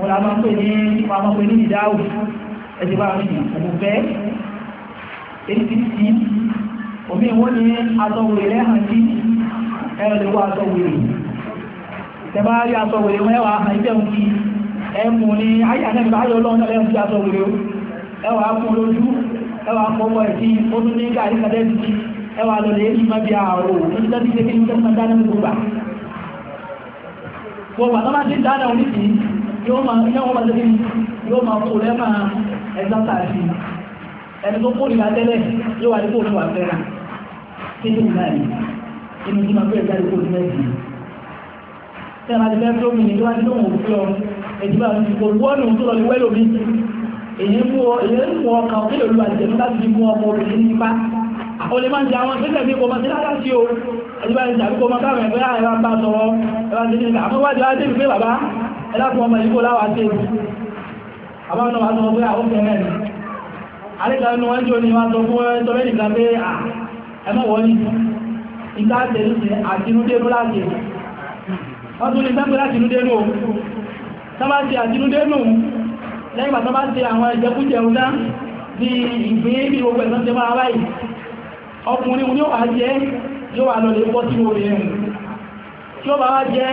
òun làwọn pè ní àwọn pè ní ìdáwò ẹ̀sìn bá wọn ní òkú fẹ́ èyí ti òbí wọ́n ní atọ́wèrè lẹ́hàn sí ẹ̀rọ̀lẹ́wọ́ atọ́wèrè tẹbá rí atọ́wèrè mẹ́wà àìjẹun kí ẹmù ní ayàtẹ́gbà ayọ́ lọ́nà lẹ́hàn sí atọ́wèrè ẹwà fún lójú ẹwà pọ́pọ́ ẹ̀sí ó tún ní gàrí kàdẹ́sì ẹwà lọ́lẹ̀ èyí má bí ààrò ẹni tó kó ìlà tẹ́lẹ̀ yóò wà ní kó òṣùwà fẹ́ràn kíndìnrín náà ni inú tí máa fẹ́ jáde kó ní ẹ̀sìn a máa ti fẹ́ tó mi ní tó bá ti lóhùn òfin lọ èyí bá ti kò wọ́n nù tó lọ ní wẹ́lò mi èyí mú ọ èyí ń mú ọkàn òkè lòlú àti ẹ̀mí láti fi mú ọmọ obìnrin nípa àwọn olè máa ń jẹ o èyí bá ti tàbí kó máa bá rẹ̀ bóyá ẹ̀rọ bá sọ̀rọ̀ ẹ̀rọ ti ní àmọ́ wájú wá débi pé bàbá ẹ lákùn ọmọ ìdíkò láwà sí ewu àbá wọn náà wá sọ pé àwọn ẹmọ́ wọ́n ní ìta tẹ̀lú sí àtinúdénú láti wọ́n tún ní sẹ́pẹ̀ láti inúdénú o sọ́bá ti àtinúdénú lẹ́gbà sọ́bá ti àwọn ìjẹkújẹ ọ̀dá bí ìgbìyàn bí gbogbo ẹ̀sán ti máa ráì ọkùnrin ní ó wà jẹ́ yóò wà lọ lè pọ́ sínú obìnrin tí ó bá wá jẹ́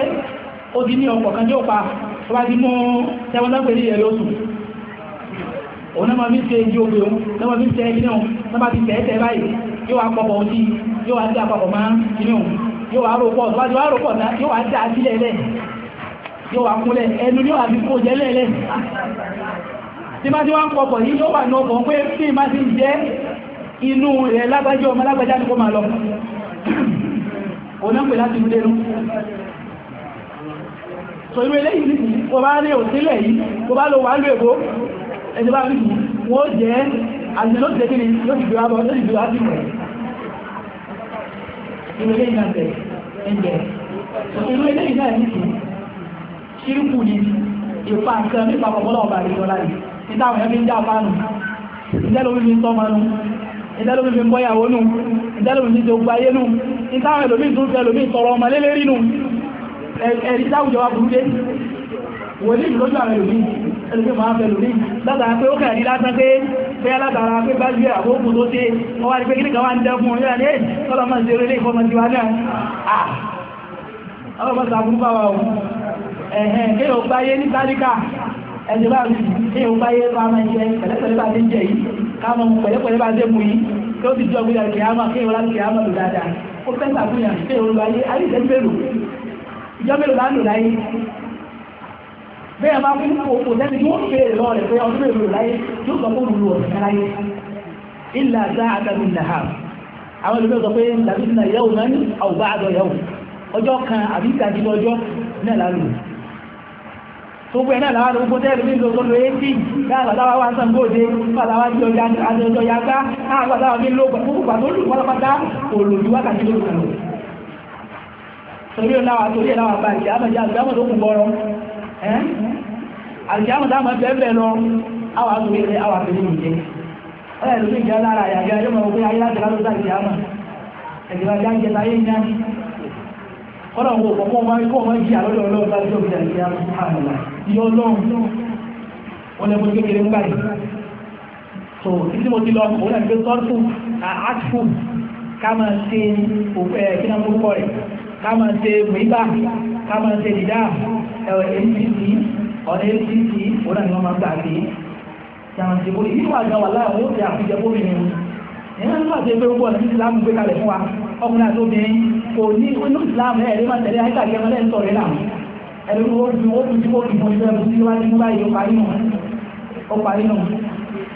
ó ti ní ọkọ̀ kan tí ó pa tó bá ti mú tẹ́wọ́n ní ẹ̀rẹ́ oṣù òun náà máa fi ń ṣe ibi obìnrin náà máa fi ń ṣe ẹgbẹ́ náà máa fi tẹ́ẹ̀tẹ́ báyìí yóò wá pọ̀pọ̀ sí yóò wá dé àpapọ̀ máa inú yóò wá rọpọ̀ tó bá ti wá rọpọ̀ náà yóò wá dá sílẹ̀ lẹ̀ yóò wá kúnlẹ̀ ẹnu yóò wá fi kó jẹ́ lẹ́lẹ̀ tí bá ti wá ń pọ̀pọ̀ yìí yóò wà ní ọkọ̀ pé tí má ti jẹ́ inú rẹ̀ lágbájá ọmọ lágbájá ní kó máa lọ òun náà pè láti rú dénú so irú eléyìí nìkú kó bá rí òsílẹ̀ yìí kó bá lọ wà lóògbó ẹ̀sẹ̀ bá rí wọ́n jẹ́ àti ló ti tẹ́kí ni ló ti gbéra bọ́ ló ti gbéra sí mọ̀ ìlú ilé ìgbà tẹ̀ ẹ̀jẹ̀ ìlú ilé ìgbà yẹn nìkú ṣírùkù ni ìfà nǹkan nípa pọ̀pọ̀lọ̀ ọba àdìsọ́lá yìí níta àwọn ẹbí ń dá apá nù ìdẹ́lómi fi ń tọ́mọ nù ìdẹ́lómi fi ń bọ́yàwó nù ìdẹ́lómi fi ń jogbo ayé nù níta àwọn ẹlòmíì tún fẹ́ ẹlòmíì tọrọ ọmọ lélẹ́rí nù ẹ̀rí táwùjọ wa burú dé wọ́n lè lójú àwọn ẹlòmí ẹlòmí máa ń fẹlòmí látara pé ó kẹ̀rẹ̀ ní lásán pé pé látara pé bá jẹ́ àkókò tó ṣe wọ́n wá ní pé kíníkà wá ń dẹ́kun ọ̀yọ́ ní ọlọ́mọ ṣe orílẹ̀ ìfọ́mọ ti wá náà ọlọ́mọ ṣàkún bá wa o ẹ̀hẹ̀n kí o gbáyé ní tálíkà ẹ̀jẹ̀ bá rí kí o gbáyé máa máa jẹ pẹ̀lẹ́pẹ̀lẹ́ bá ti jẹ yìí káàmọ̀ pẹ̀lẹ́pẹ̀lẹ́ bá dé mu yìí kí ó ti jọ gbé lò dáadáa bẹ́ẹ̀ bá fún òkú lẹ́ni tí wọ́n fèrè lọ rẹ̀ pé ọdún èrò láyé tí ó sọ fún olùlù ọ̀sẹ̀ láyé ilà dá àtàbí nàá àwọn olùgbé sọ pé tàbí nà yẹ̀wò náà ní àwùbá àdọ̀ yẹ̀wò ọjọ́ kan àbí ìtàjì lọ́jọ́ náà lálù gbogbo ẹ̀ náà làwọn gbogbo tẹ́lẹ̀ mi lọ́tọ́ lọ éjì láàbàdáwà wà àlùjáàmù táwọn ọmọ bẹ́ẹ̀ lọ àwọn àgbè ilé àwọn àgbè ilé ìjẹ ọ̀rẹ́ ìlú lára àyàgbé ayé ogun ayé láti ndị láti àmà ẹ̀sìn máa jáde kọ́nà wo kọ̀kọ́ wọn kọ́ wọn jí àlọ́dọ̀ ọlọ́run ndị ká máa ṣe mìíbà ká máa ṣe dìdá ẹ̀wẹ̀ mcc ọ̀nà mcc òun náà ni wọ́n máa ń gbà sí jàǹtì kò yí wà gan wà láàrin ó ti àfijẹ́ bómi ni ìyẹn nípa ṣe pé gbogbo ọ̀nà tí Islam gbé kalẹ̀ fún wa ọkùnrin àti obìnrin kò ní inú Islam ẹ̀rí máa tẹ̀lé ayétàgé ọmọdé ń sọ̀rọ̀ náà ẹ̀rí ó fi ó fi ó fi fún ìfẹ́ sí wájú ní báyìí ó parí nù ó parí nù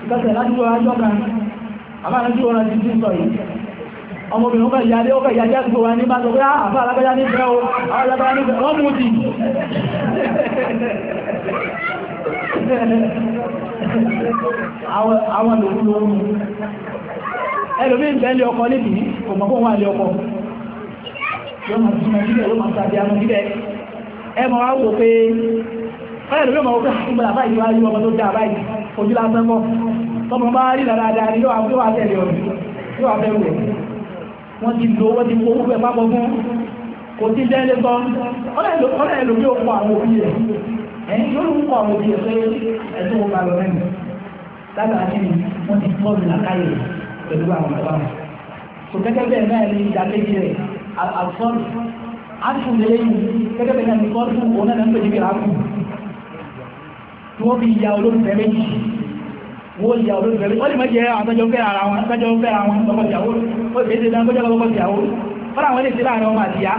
ìgbésẹ̀ láti wọ́n ajọ́ kan àbá ọmọbìnrin ọkọ̀ ìyáde ọkọ̀ ìyáde àtúgbò wa ní bá sọ pé ah, àfà alágbájá ní ìfẹ́ o alágbájá ní ìfẹ́ wọ́n mú ti àwọn lòun lòun ẹlòmí ìfẹ́ lé ọkọ̀ níbi kò mọ̀ fún wa ọkọ̀ yóò máa túnmọ̀ síbẹ̀ wọ́n ti lo wọ́n ti kó owó ẹ̀ pápọ̀ fún kò sí dẹ́lẹ́ sọ ọ̀rẹ́ ẹlòmí ò kọ àwọn òbí rẹ̀ ẹ̀yìn yóò ń kọ àwọn òbí rẹ̀ pé ẹ̀sùn òun balọ̀ mẹ́rin lábàá kí ni wọ́n ti tọ́ mi làkàyè pẹ̀lú àwọn ọ̀gá wọn. kò gẹ́gẹ́ bẹ́ẹ̀ náà ní ìdákejì rẹ̀ àfọ́nù àtún lélẹ́yìn gẹ́gẹ́ bẹ́ẹ̀ náà ní fọ́nù òun náà ń pè ní kìláàkù tí wọ́n fi ya olólùfẹ́ méjì wọ́n yà olóògbé wọ́n lè mọ́ jẹ́ àtọ́jọ́ ń fẹ́ra wọn àtọ́jọ́ ń fẹ́ra wọn lọ́kọ̀ ìyàwó ó sì ṣe dánkọ́jọ́ lọ́kọ̀ ìyàwó wọ́n làwọn lè ṣe láàrin ọmọ àti ìyá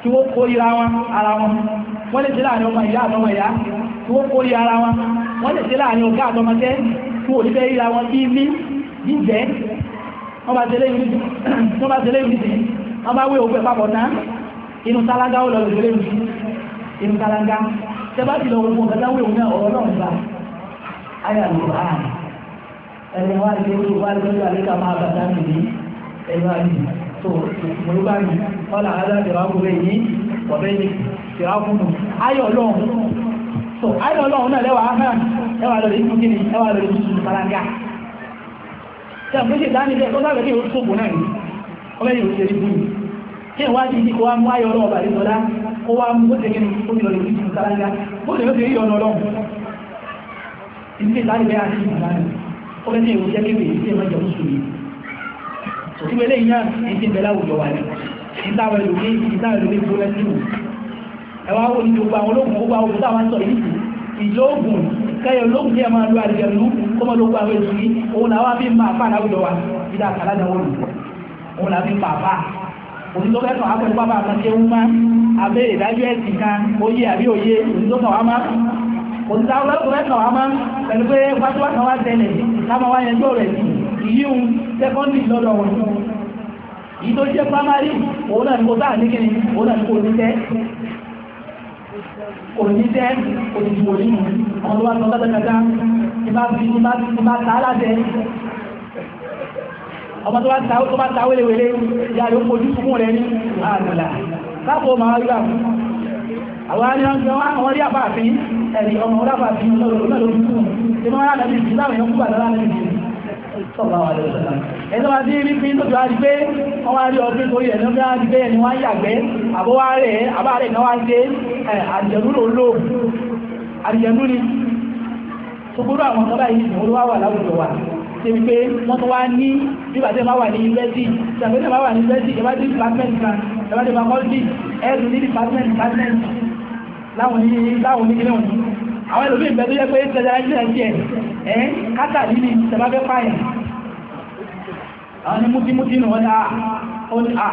tí wọ́n kó ira wọn ara wọn wọ́n lè ṣe láàrin ọmọ ìyá àtọmọ ìyá tí wọ́n kó ira ara wọn wọ́n lè ṣe láàrin ọ̀gá àtọmọṣẹ́ tí wọ́n nífẹ̀ẹ́ ríra wọn bí ilé jíjẹ́ wọ́n bá ṣe léyìn sí wọ́n bá wé òkú ẹ̀ papọ̀ tán inú tálágá ó lọ lè ṣe léyìn inú tálágá tẹ bá ti lọ gbogbo ọ̀gá táwé òun náà ọ̀rọ̀ náà ń bá àyà Qur'an ẹni wá ilé tó wá lórí àlékà máa bàtà nìyí ẹni wá yìí tó mọ̀lúbà yìí ọ̀là àdá ìrọ̀kù rẹ̀ yìí ọ̀bẹ yìí ìrọ̀kù nù ayọ̀ ọlọ́run tó ayọ̀ ọlọ́run náà lẹ́wàá hàn ẹwà lórí ikú kíni ẹwà lórí tuntun kalanga tí a fi ṣe sábẹ̀ kí o tó náà ọmọ ilé lálẹ́ àti ìmọ̀lánì ó lẹ́sẹ̀ ìwò jẹ́ kéwì ìdí ẹ̀mọ́ ìjọ mùsùlùmí òtún ilé ìyá ìdí ìbẹ̀lá òjò wà ní ìtawọ̀ ẹlòmí ìtawọ̀ ẹlòmí tó lẹ́sìn wù ẹ wá wo ìjọba àwọn ológun ó gba ogun táwa ń sọ yìí ìjọ ogun kẹyọ ológun yẹ máa lo àdìgẹ̀lú kó mọ́ ló gba àwọn èsì òun làwọn fi máa fà láwùjọ wa ìdá àkàlà náwó lù òun làwọn fi máa fà òtítọ́fẹ́ kan á pẹ̀lú bàbá àkànṣe ń má abẹ́ ìdájọ́ ẹ̀sìn kan ó yé àbí òye òtítọ́ kan wá má òtítà ọlọ́dún ẹ̀kọ́ wa máa pẹ̀lú pé wájúwá kan wá tẹ̀lẹ̀ láwọn wá yẹn gbòòrè ìyíhun sẹ́kọ́ndì lọ́dọ̀ wọn yìí tó jẹ́ pámárì òun náà ní kò táà ní kíni òun náà ní kò ní tẹ́ kò ní tẹ́ kò ní ju òní mu tó wá sọ kátàkátà ní bá fi ní bá fi ní bá ta á lájẹ ọmọ tó bá ta ó tó bá ta wéléwélé yàrá ó fojú fún rẹ ní àgbàlá káàbọ̀ máa rí àwọn arí ọjọ́ àwọn orí àpáàfin ẹ̀rí ọmọ orí àpáàfin ọlọ́run lórí fún un tí wọ́n rà lẹ́bí sí láwọn èèyàn kúgbà lára lẹ́bí sí sọ̀rọ̀ àwọn àlejò sọ̀rọ̀ ẹ̀sọ́ wa dé wípé tó ti wá di pé wọ́n wá rí ọdún torí ẹ̀ lọ́gbẹ́ wá di pé ẹni wọ́n yàgbẹ́ àbọ̀wá rẹ̀ àbáàrẹ̀ kan wá ń dé àjẹ̀lú ló lò àjẹ̀lú ni gbogbo àwọn ọ̀sán báyìí ìwọ́n wá wà láwùjọ wa ṣe wípé wọ́n tó wá ní bíbà tẹ́ máa wà ní yunifásitì ṣàgbéṣẹ́ máa wà ní yunifásitì ìwádìí department kan ìwádìí faculty ẹ̀rù ní department department láwọn ní láwọn ní kílẹ̀wọ̀n ní àwọn ẹlòmí ìgbẹ́ tó yẹ pé tẹ̀lé ilé ẹ̀jẹ̀ ẹ̀ kátà líli tẹ̀bábẹ́ pààyàn àwọn ní mútímútí nù wọ́n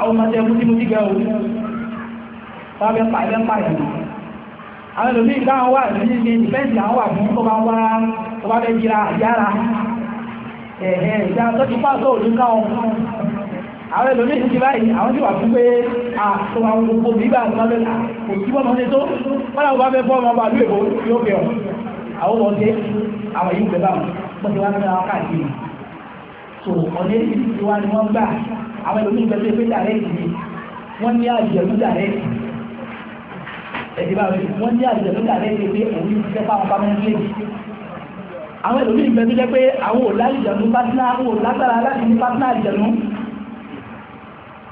ọmọdé mútímútí gẹ̀ òun tẹ̀bábẹ́ pààyàn àwọn ẹlòmí ìdáhùn wà ní ìfẹ́ǹsì àwọn wà fún tó bá wá tó bá fẹ́ yíra yára ẹ̀ẹ́ ìdá tó ti pàṣọ òdúkà ọ̀hún àwọn ẹlòmíì ti báyìí àwọn tí wà fún pé àwọn gbogbo bíbá àti máa bẹ́ẹ̀ kò sí wọ́n mọ́lẹ́ tó wọ́n làwọn bá fẹ́ fọ́ ọmọ bàálù èkó yóò fi ọ̀ àwọn wọn dé àwọn yìí gbẹ̀bà wọn ti wá ní àwọn káàkiri tó ọdẹ ti ti wá ní wọn gbà àwọn ẹlòmíì gbẹ̀bẹ̀ pé dàrẹ́kì ni wọ́n ní àjẹ̀lú dàrẹ́kì ẹ̀dìbà rẹ̀ wọ́n ní àjẹ̀lú dàrẹ́kì pé òun ti fẹ́ fáwọn pàmẹ́ńtì àwọn ẹlòmíì gbẹ̀bẹ̀ pé àwọn ò láìjẹ̀lú pátánà àwọn ò lágbára láti ní pátánà àjẹ̀lú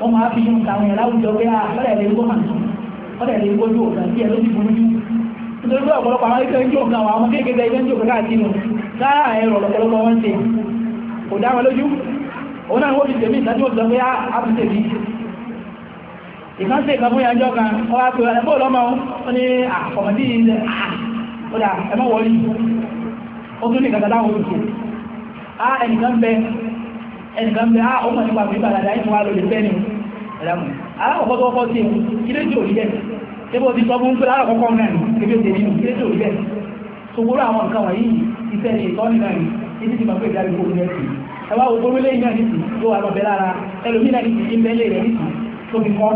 wọ́n máa fi yún kàwọn yàrá àwùjọ pé ah, ọ̀dẹ̀ lè gbọ́ màá ọ̀dẹ̀ lè gbọ́ ju ọ̀gá díẹ̀ ló ti burú jù nítorí pé ọ̀pọ̀lọpọ̀ àwọn ẹgbẹ́ ń jò àwọn kéékèèké ẹgbẹ́ ń jò àti nù lára ẹ̀rọ ọ̀pọ̀lọpọ̀ wọn ṣe kò dá wọn lójú òun náà wọ́n ti tèmi ìdájọ́ sọ pé ah, a ti tèmi ìkan ṣe ah, ẹnìkan bẹ ẹnìkan bẹ nípa pé bàdàdà ìfún wa lò fẹ́ ni ẹ̀dàmù alákọ̀ọ́kọ́ tó kọ́kọ́ sí kílé tí ò rí bẹ́ẹ̀ tébò ti sọ fún pé alákọ̀ọ́kọ́ náà níbi èdè nínú kílé tí ò rí bẹ́ẹ̀ ṣògbóró àwọn nǹkan wọ̀nyí iṣẹ́ ni ìtọ́ni náà ni títí ti máa pé ìdárí gbogbo rẹ̀ sí ẹ wá gbogbo lé iná nìsí yóò wà lọ́bẹ̀ lára ẹlòmínà nìsí ti ń bẹ́ lé rẹ̀ nìsí tó fi kọ́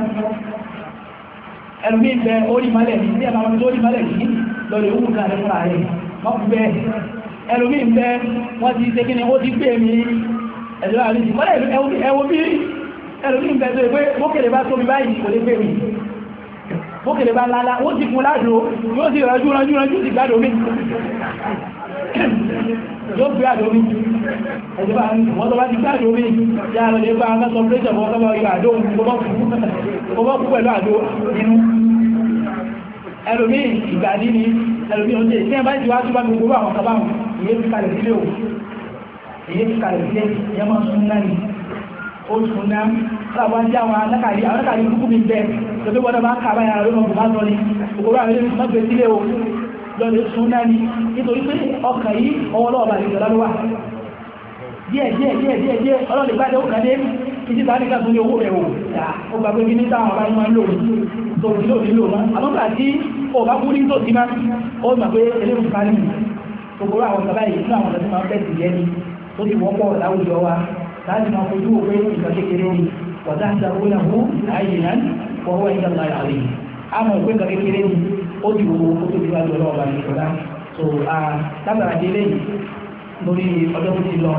ẹlòmín bẹ orí malẹ̀ ní sí ẹ̀ma tó orí malẹ̀ yìí lọ́rẹ̀ òwú kan rẹ̀ wọ́n ti ṣe kí ni ó ti gbé mi ẹ̀dọ́ àrísí kọ́lẹ̀ bí ẹlòmí ń bẹ̀rẹ̀ pé bókèlè bá tóbi báyìí kò lè pè mí bókèlè bá lálá ó ti fún ládùn yóò sì ránjú ránjú ránjú ti gbádùn mi yóò gbé àdó mi ẹ̀jẹ̀ bá wọ́n tó bá ti gbé àdó mi yá lọ lè bá mẹ́sọ pẹ́sẹ̀ fún ọkọ̀ yọ àdó gbogbo kú pẹ̀lú àdó inú ẹlòmí ìgbà nínú ẹlòmí ọjọ́ ìsìn ẹ̀bá ìdíwá tó bá gbogbo àwọn kaba ìyẹ́ fi kalẹ̀ sílé o ìyẹ́ fi kalẹ̀ sílé ìyẹ́ máa sún náà oṣù náà lábá ń jáwọn alákàrí àwọn alákàrí kúkú mi bẹ lọ́pẹ́ wọ́n bá kàbá yàrá lórí ọkùnrin bá lọ́ni òkúrò àwọn ilé mọ́gbẹ̀ sílé o lọ́lẹ̀ oṣù náà ni nítorí pé ọkàn yìí ọwọ́ lọ́ọ̀bà ìjọ lọ́wọ́ díẹ̀ díẹ̀ díẹ̀ díẹ̀ díẹ̀ ọlọ́lẹ̀ bá dẹ́wọ́ kàdé títí bá nìkan tún ní o ó gbàgbé bí ní táwọn ọba máa ń lò ní tó ní lò ní lò mọ́ àmọ́ gbà tí ó bá kú ní tó ti máa ó gbà pé eléwù ká nìyí gbogbo àwọn ọ̀sán báyìí nínú àwọn ọ̀sán tí máa ń bẹ̀ sí yẹn ni tó ti wọ́pọ̀ láwùjọ wa láti máa fojú wò pé nǹkan kékeré ni wàtá ń sàrò náà fún àyè náà wọ́n wá ìjà ńlá yàrá yìí a mọ̀ so látara délé yìí lórí ọjọ́ tó ti lọ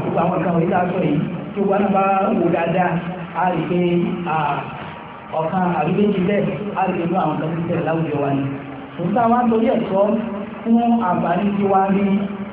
gbogbo àwọn kan wọ̀nyí tá a sọ yìí tí gbogbo àwọn bá wò dáadáa a rí pé ọ̀kan àbí méjì bẹ́ẹ̀ a rí pé inú àwọn kan ti tẹ̀lé láwùjọ wa ni tòun táwọn á torí ẹ̀ sọ fún àǹfààní tiwa ní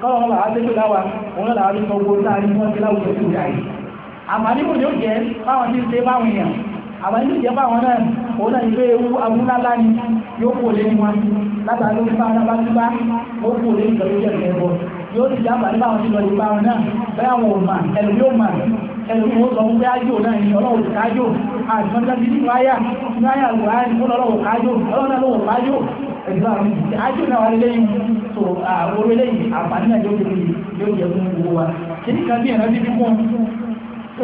kọ́lọ́ wọn làá tẹ́kọ̀ láwa òun làá rí gbogbo táàrí wọn ti láwùjọ tó dà yìí àmàlímù ni ó jẹ́ báwọn ti ń ṣe báwọn èèyàn àmàlímù jẹ́ báwọn náà òun náà ìgbé ewu abúlálá ni yóò kó lé wọn látàrí ó bá ara bá ti bá ó kó lé ìgbàlódé ẹ̀kẹ́ bọ́ yóò sì jábà nípa àwọn ìlọ ìpa wọn náà bẹ́ẹ̀ àwọn ò mà ẹ̀rù yóò mà ẹ̀rù yóò sọ wípé ájò náà ni ọlọ́wọ́ ti kájò àti wọn jáde nínú àyà nínú àyà lọ́wọ́ àyà nínú ọlọ́wọ́ kájò ọlọ́wọ́ náà lọ́wọ́ kájò ẹ̀dùn àwọn ìdíje ájò náà wà lélẹ́yìn tó àwọn olóyìn àǹfààní náà yóò fi yóò jẹ fún gbogbo wa kìíní kan bí ẹ̀rọ ti fi kún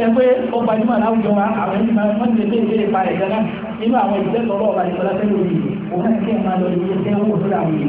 ẹgbẹ́ ọgbàjúmọ̀ láwùjọ wa àwọn ẹni máa wọ́n ti lè lè parẹ̀ gánà nínú àwọn ìgbésẹ̀ ọlọ́ọ̀bà ìgbàlá fẹ́ lórí òun náà kí ẹ máa lọ ilé iṣẹ́ owó tó dà wọ̀nyí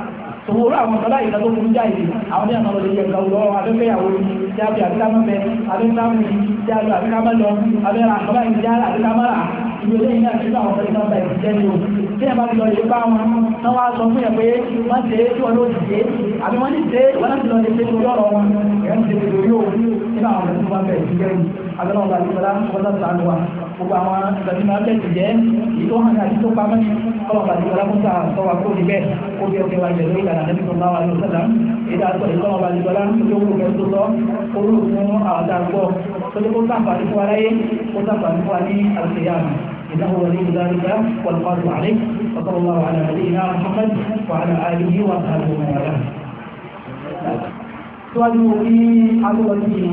tòwòrò àwọn ọ̀dọ́ láyé lọ́dún tó ń jáde àwọn ní àwọn olóyè ẹ̀ka òwúrọ̀ abẹ́fẹ́yàwó tí a fi àbíkámọ́fẹ́ abẹ́kámọ́ tí a lọ àbíkámọ́lọ abẹ́ra àkọ́bá ìdí ara àbíkámọ́ra ìlú eléyìí náà nínú àwọn ọ̀dọ́ ìgbà ìjẹ́ ni o tí ẹ bá ti lọ lè bá wọn náà wá sọ fún yẹn pé wọ́n ṣe é tí wọ́n ló ti ṣe àbí wọ́n ti ṣe wọ́n láti lọ lè ṣe lórí ọ̀rọ̀ wọn ẹ̀rọ ti ṣe lórí òun nínú àwọn ọ̀dọ́ tó bá bẹ̀rẹ̀ sí jẹ́rìí abẹ́rẹ́ ọ̀gá ìgbàlá ọ̀dọ́ tó gbogbo àwọn ìgbàdí máa bẹ̀rẹ̀ jẹ́ ìtò hàn àti tó pamọ́ ní ọlọ́run bàtí ọlákùnta sọ́wà kó níbẹ̀ ó bí ọkẹ́ wa jẹ̀ lórí ìlànà àti ìfọ̀nà àwọn àlọ́ sọ́dà ìdá sọ ìtọ́nà bàtí ọlá tó wúlò kẹ́ tó sọ olú fún àwọn àgbọ̀ tó tó kó sàǹfààní fún aráyé kó sàǹfààní fún wa ní àlùfẹ́yàmù إنه ولي ذلك والقادر عليه وصلى الله على نبينا محمد وعلى آله وصحبه وسلم. سؤال في